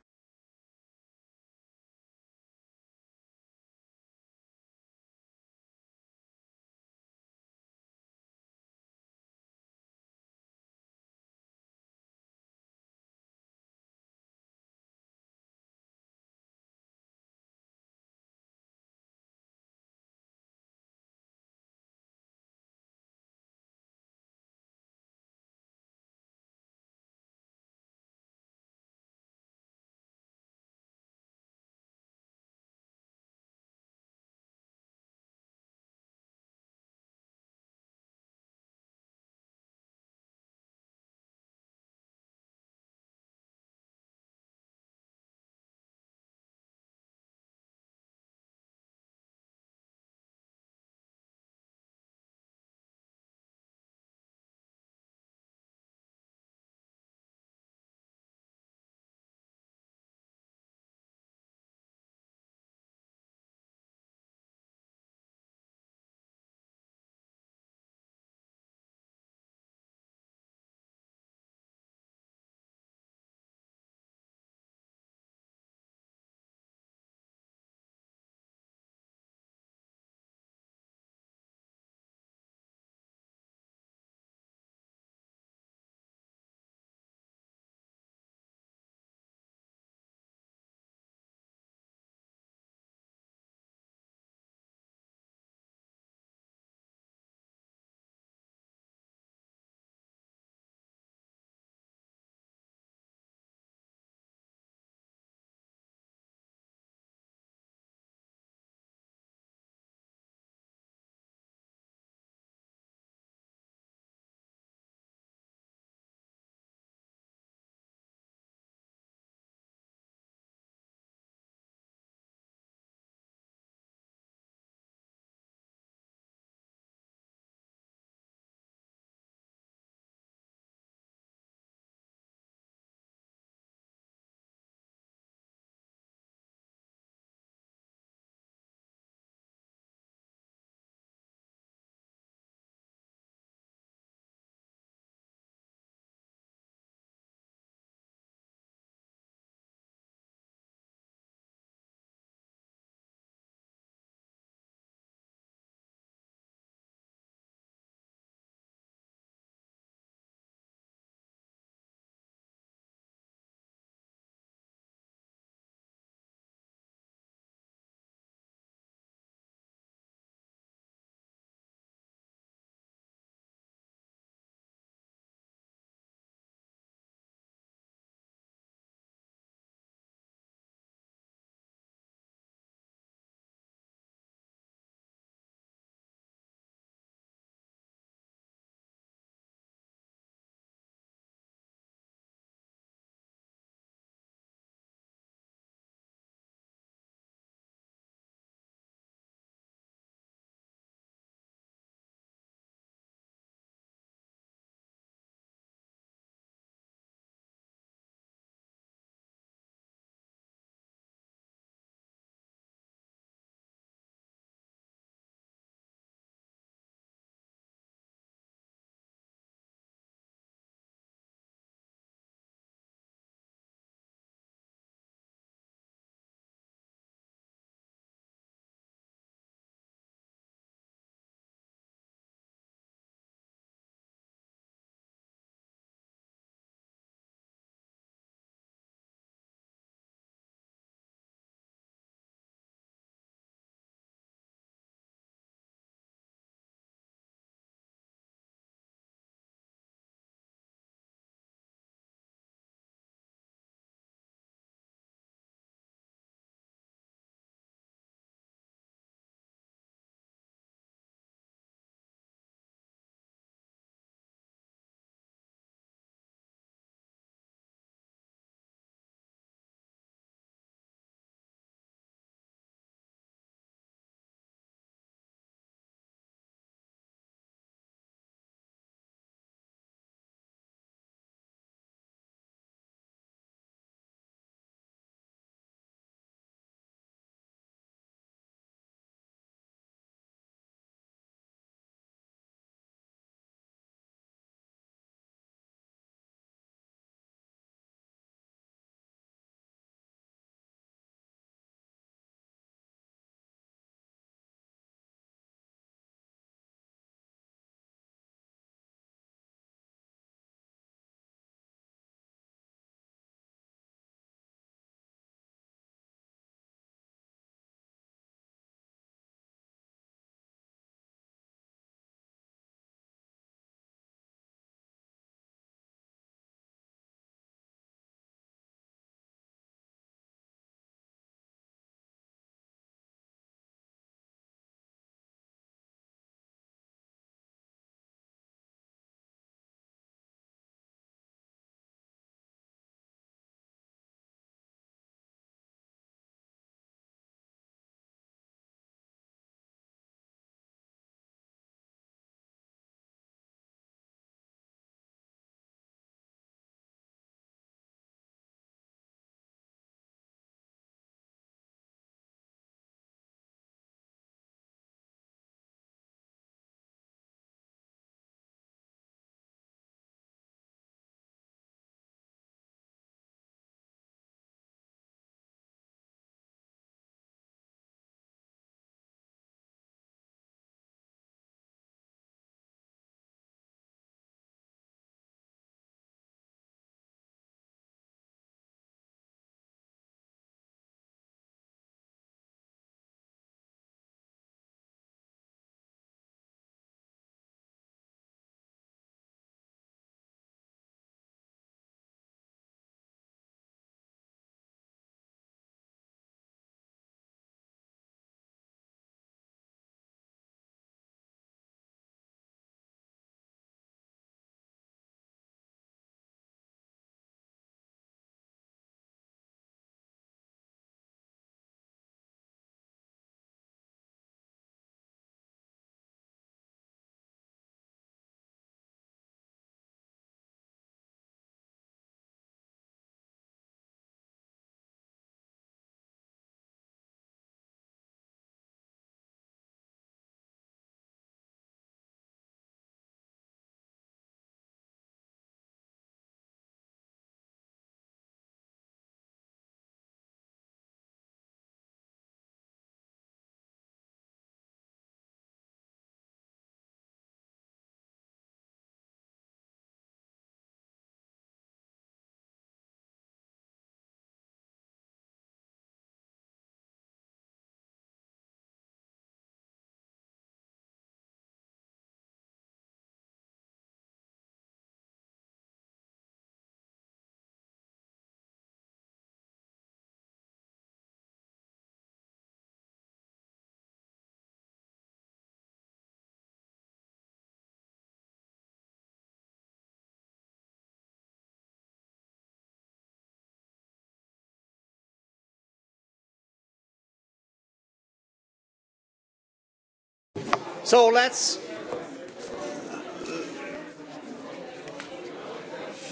So let's.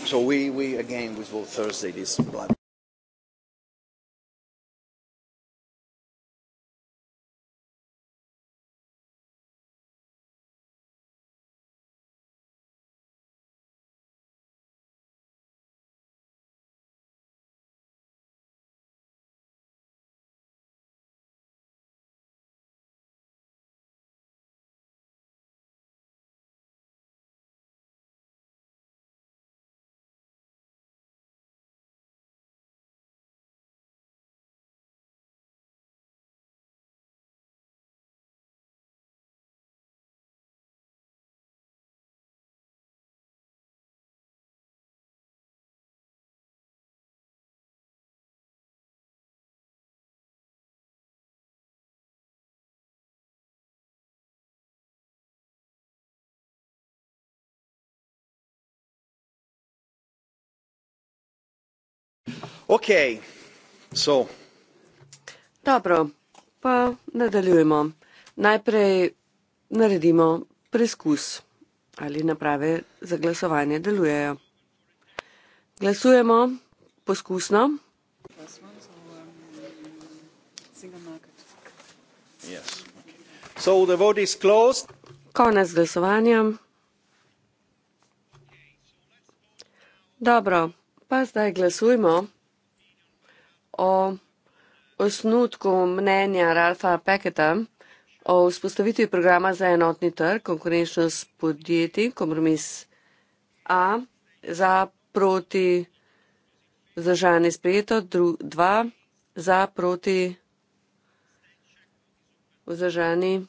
So we, we again, we will Thursday this blood. dobro pa nadaljujemo najprej naredimo preskus ali naprave za glasovanje delujejo glasujemo poskusno Yes. Okay. So the vote is Konec glasovanja. Dobro, pa zdaj glasujmo o osnutku mnenja ralpha packeta o vzpostavitvi programa za enotni trg konkurenčnost podjetij kompromis a za proti vzdržanje sprejeto dva za proti vzdržani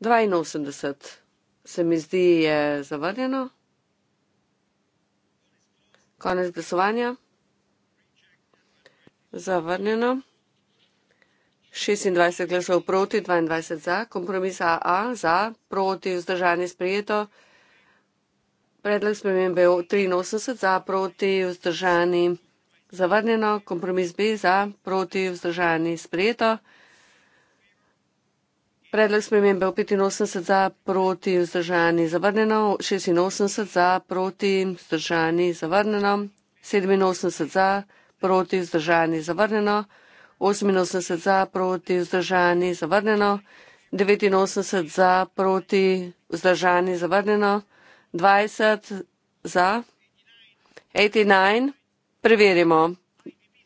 dvainosemdeset se mi zdi je zavrnjeno konec glasovanja zavrnjeno. 26 glasov proti, 22 za, kompromisa A za, proti, vzdržanje sprejeto. Predlog spremembe je 83 za, proti, vzdržanje zavrnjeno, kompromis B za, proti, vzdržanje sprejeto. Predlog spremembe je 85 za, proti, vzdržanje zavrnjeno, 86 za, proti, vzdržanje zavrnjeno, 87 za, proti, vzdržanje zavrnjeno proti vzdržani zavrnjeno, 88 za proti vzdržani zavrnjeno, 89 za proti vzdržani zavrnjeno, 20 za, 89, preverimo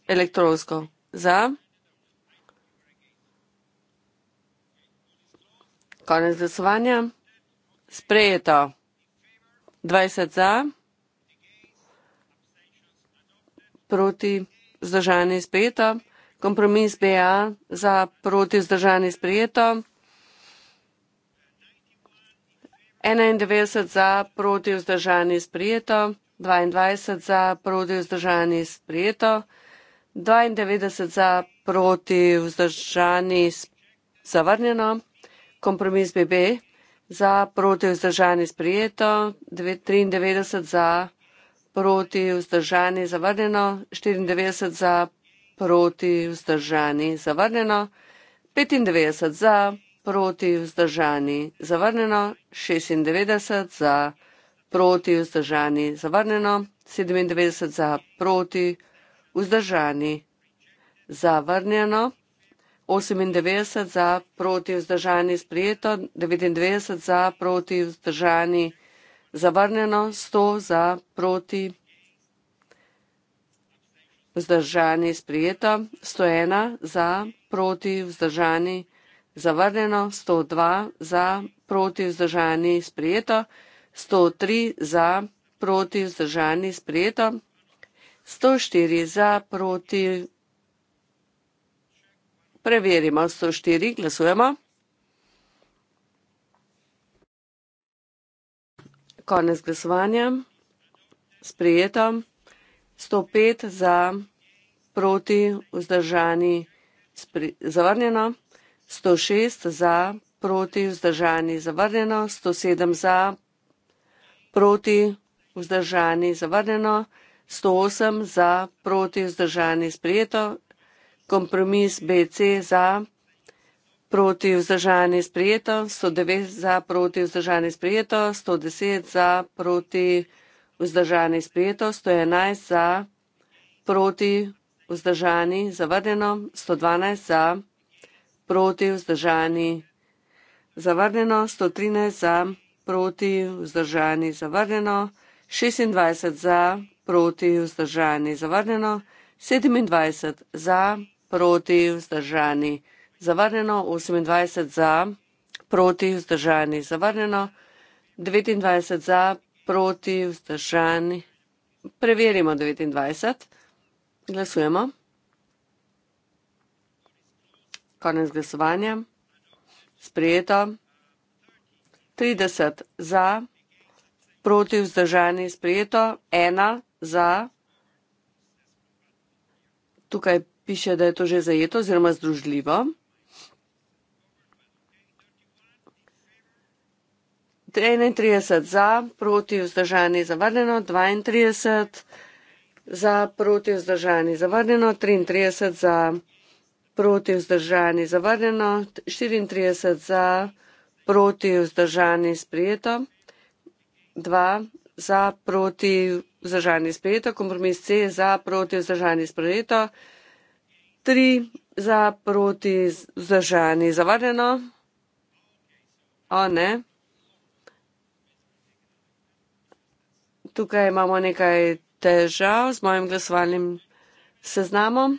elektronsko za. Konec glasovanja. Sprejeto. 20 za. proti zdržanje sprejeto. Kompromis BA za proti zdržanje sprejeto. 91 za proti vzdržani sprijeto, 22 za proti vzdržani sprijeto, 92 za proti vzdržani zavrnjeno, kompromis BB za proti vzdržani sprijeto, 93 za proti vzdržani zavrnjeno, 94 za proti vzdržani zavrnjeno, 95 za proti vzdržani zavrnjeno, 96 za proti vzdržani zavrnjeno, 97 za proti vzdržani zavrnjeno, 98 za proti vzdržani sprijeto, 99 za proti vzdržani zavrnjeno zavrnjeno, 100 za, proti, vzdržani, sprijeto, 101 za, proti, vzdržani, zavrnjeno, 102 za, proti, vzdržani, sprijeto, 103 za, proti, vzdržani, sprijeto, 104 za, proti, preverimo 104, glasujemo. Konec glasovanja. Sprejeto. 105 za, proti, vzdržani, zavrnjeno. 106 za, proti, vzdržani, zavrnjeno. 107 za, proti, vzdržani, zavrnjeno. 108 za, proti, vzdržani, sprejeto. Kompromis BC za, proti vzdržanju sprejeto, 109 za proti vzdržanju sprejeto, 110 za proti vzdržanju sprejeto, 111 za proti vzdržanju zavrnjeno, 112 za proti vzdržanju zavrnjeno, 113 za proti vzdržanju zavrnjeno, 26 za proti vzdržanju zavrnjeno, 27 za proti vzdržanju zavrnjeno zavrnjeno, 28 za, proti vzdržani, zavrnjeno, 29 za, proti vzdržani. Preverimo 29. Glasujemo. Konec glasovanja. Sprijeto. 30 za, proti vzdržani, sprijeto. 1 za. Tukaj piše, da je to že zajeto oziroma združljivo. 31 za, proti vzdržani zavrnjeno, 32 za, proti vzdržani zavrnjeno, 33 za, proti vzdržani zavrnjeno, 34 za, proti vzdržani sprijeto, 2 za, proti vzdržani sprijeto, kompromis C za, proti vzdržani sprijeto, 3 za, proti vzdržani zavrnjeno. O ne. tukaj imamo nekaj težav z mojim glasovalnim seznamom.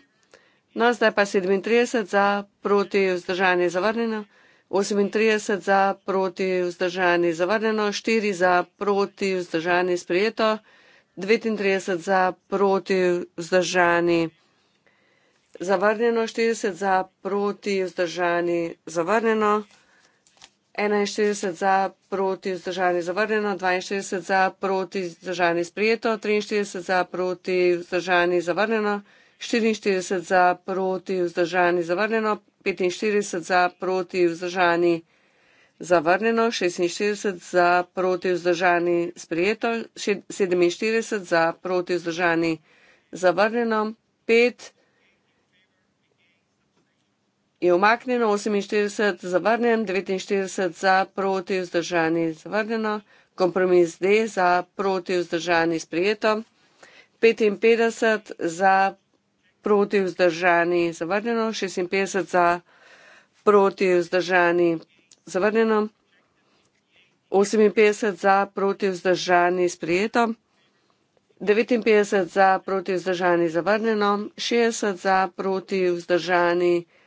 No, zdaj pa 37 za proti vzdržanje zavrnjeno, 38 za proti vzdržanje zavrnjeno, 4 za proti vzdržanje sprijeto, 39 za proti vzdržanje zavrnjeno, 40 za proti vzdržanje zavrnjeno. 41 za, proti vzdržani zavrnjeno, 42 za, proti vzdržani sprijeto, 43 za, proti vzdržani zavrnjeno, 44 za, proti vzdržani zavrnjeno, 45 za, proti vzdržani zavrnjeno, 46 za, proti vzdržani sprijeto, 47 za, proti vzdržani zavrnjeno, 5 za, je umaknjeno 48, zavrnjen 49 za, proti vzdržani zavrnjeno, kompromis D za, proti vzdržani sprijeto, 55 za, proti vzdržani zavrnjeno, 56 za, proti vzdržani zavrnjeno, 58 za, proti vzdržani sprijeto, 59 za, proti vzdržani zavrnjeno, 60 za, proti vzdržani zavrnjeno,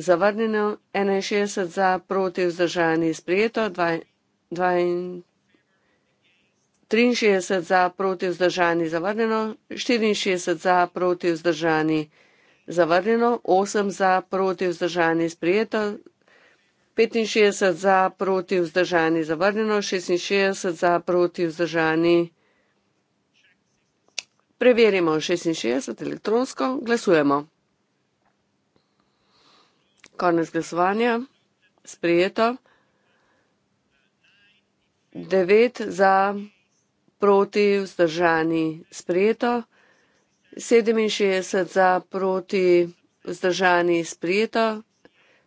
zavrnjeno, 61 za, proti vzdržani sprejeto, 63 za, proti vzdržani zavrnjeno, 64 za, proti vzdržani zavrnjeno, 8 za, proti vzdržani sprejeto, 65 za, proti vzdržani zavrnjeno, 66 za, proti vzdržani. Preverimo 66 elektronsko, glasujemo. Konec glasovanja. Sprejeto. Devet za, proti, vzdržani. Sprejeto. 67 za, proti, vzdržani. Sprejeto.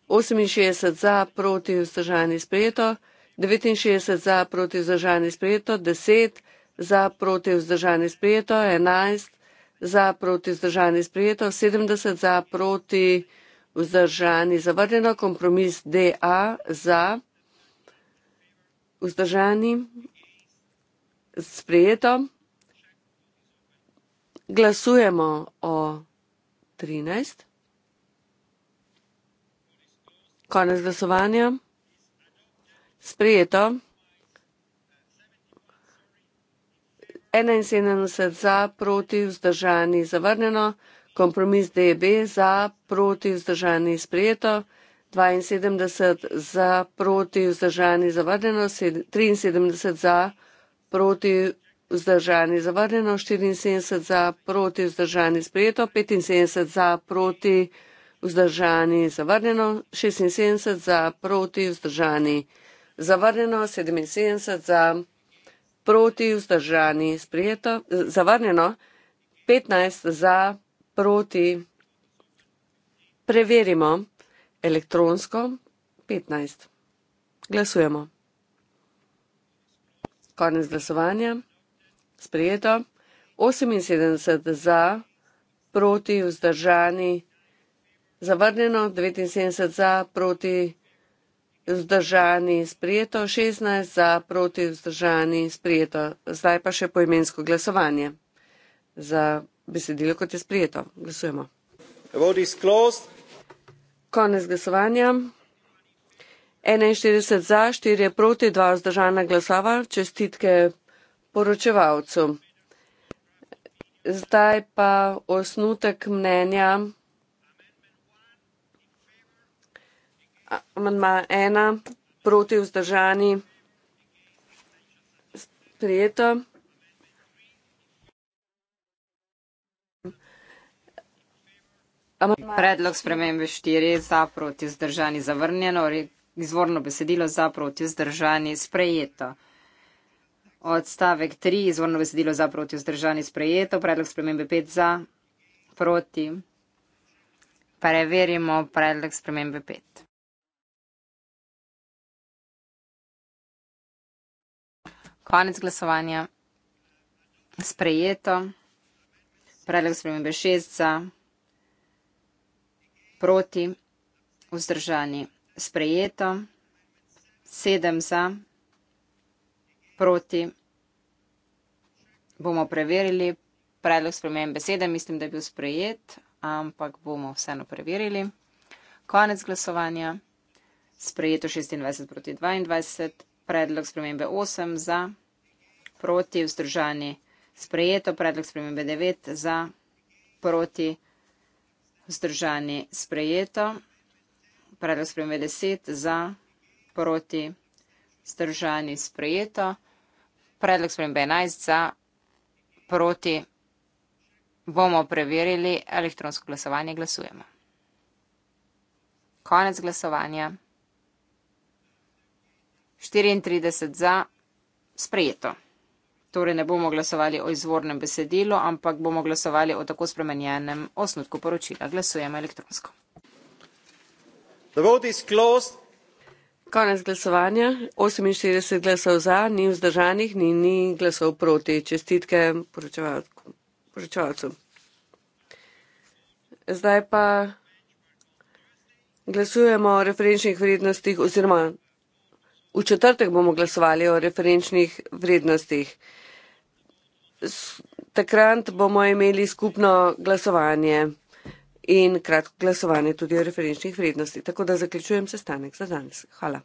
68 za, proti, vzdržani. Sprejeto. 69 za, proti, vzdržani. Sprejeto. 10 za, proti, vzdržani. Sprejeto. 11 za, proti, vzdržani. Sprejeto. 70 za, proti, vzdržani vzdržani, zavrnjeno kompromis DA za vzdržani sprejeto. Glasujemo o 13. Konec glasovanja. Sprejeto. 71 za, proti, vzdržani, zavrnjeno kompromis DB za, proti vzdržani sprejeto, 72 za, proti vzdržani zavrnjeno, 73 za, proti vzdržani zavrnjeno, 74 za, proti vzdržani sprejeto, 75 za, proti vzdržani zavrnjeno, 76 za, proti vzdržani zavrnjeno, 77 za, proti vzdržani sprejeto, zavrnjeno, 15 za, proti preverimo elektronsko 15. Glasujemo. Konec glasovanja. Sprijeto. 78 za, proti vzdržani. Zavrnjeno. 79 za, proti vzdržani. Sprijeto. 16 za, proti vzdržani. Sprijeto. Zdaj pa še poimensko glasovanje. Za besedilo kot je sprejeto. Glasujemo. Konec glasovanja. 41 za, 4 proti, 2 vzdržana glasova. Čestitke poročevalcu. Zdaj pa osnutek mnenja. Amandma 1 proti vzdržani. Sprejeto. Predlog spremembe štiri za proti vzdržani zavrnjeno, izvorno besedilo za proti vzdržani sprejeto. Odstavek tri, izvorno besedilo za proti vzdržani sprejeto, predlog spremembe pet za proti. Preverimo predlog spremembe pet. Konec glasovanja. Sprejeto. Predlog spremembe šest za proti vzdržani sprejeto sedem za proti bomo preverili predlog spremem besede mislim da je bil sprejet ampak bomo vseeno preverili konec glasovanja sprejeto 26 proti 22 predlog spremembe 8 za proti vzdržani sprejeto predlog spremembe 9 za proti vzdržani sprejeto. Predlog spremembe 10 za, proti, vzdržani sprejeto. Predlog spremembe 11 za, proti. Bomo preverili elektronsko glasovanje. Glasujemo. Konec glasovanja. 34 za, sprejeto. Torej ne bomo glasovali o izvornem besedilu, ampak bomo glasovali o tako spremenjenem osnutku poročila. Glasujemo elektronsko. Konec glasovanja. 48 glasov za, ni vzdržanih, ni, ni glasov proti. Čestitke poročevalcu. Zdaj pa glasujemo o referenčnih vrednostih oziroma v četrtek bomo glasovali o referenčnih vrednostih takrat bomo imeli skupno glasovanje in kratko glasovanje tudi o referenčnih vrednosti. Tako da zaključujem sestanek za danes. Hvala.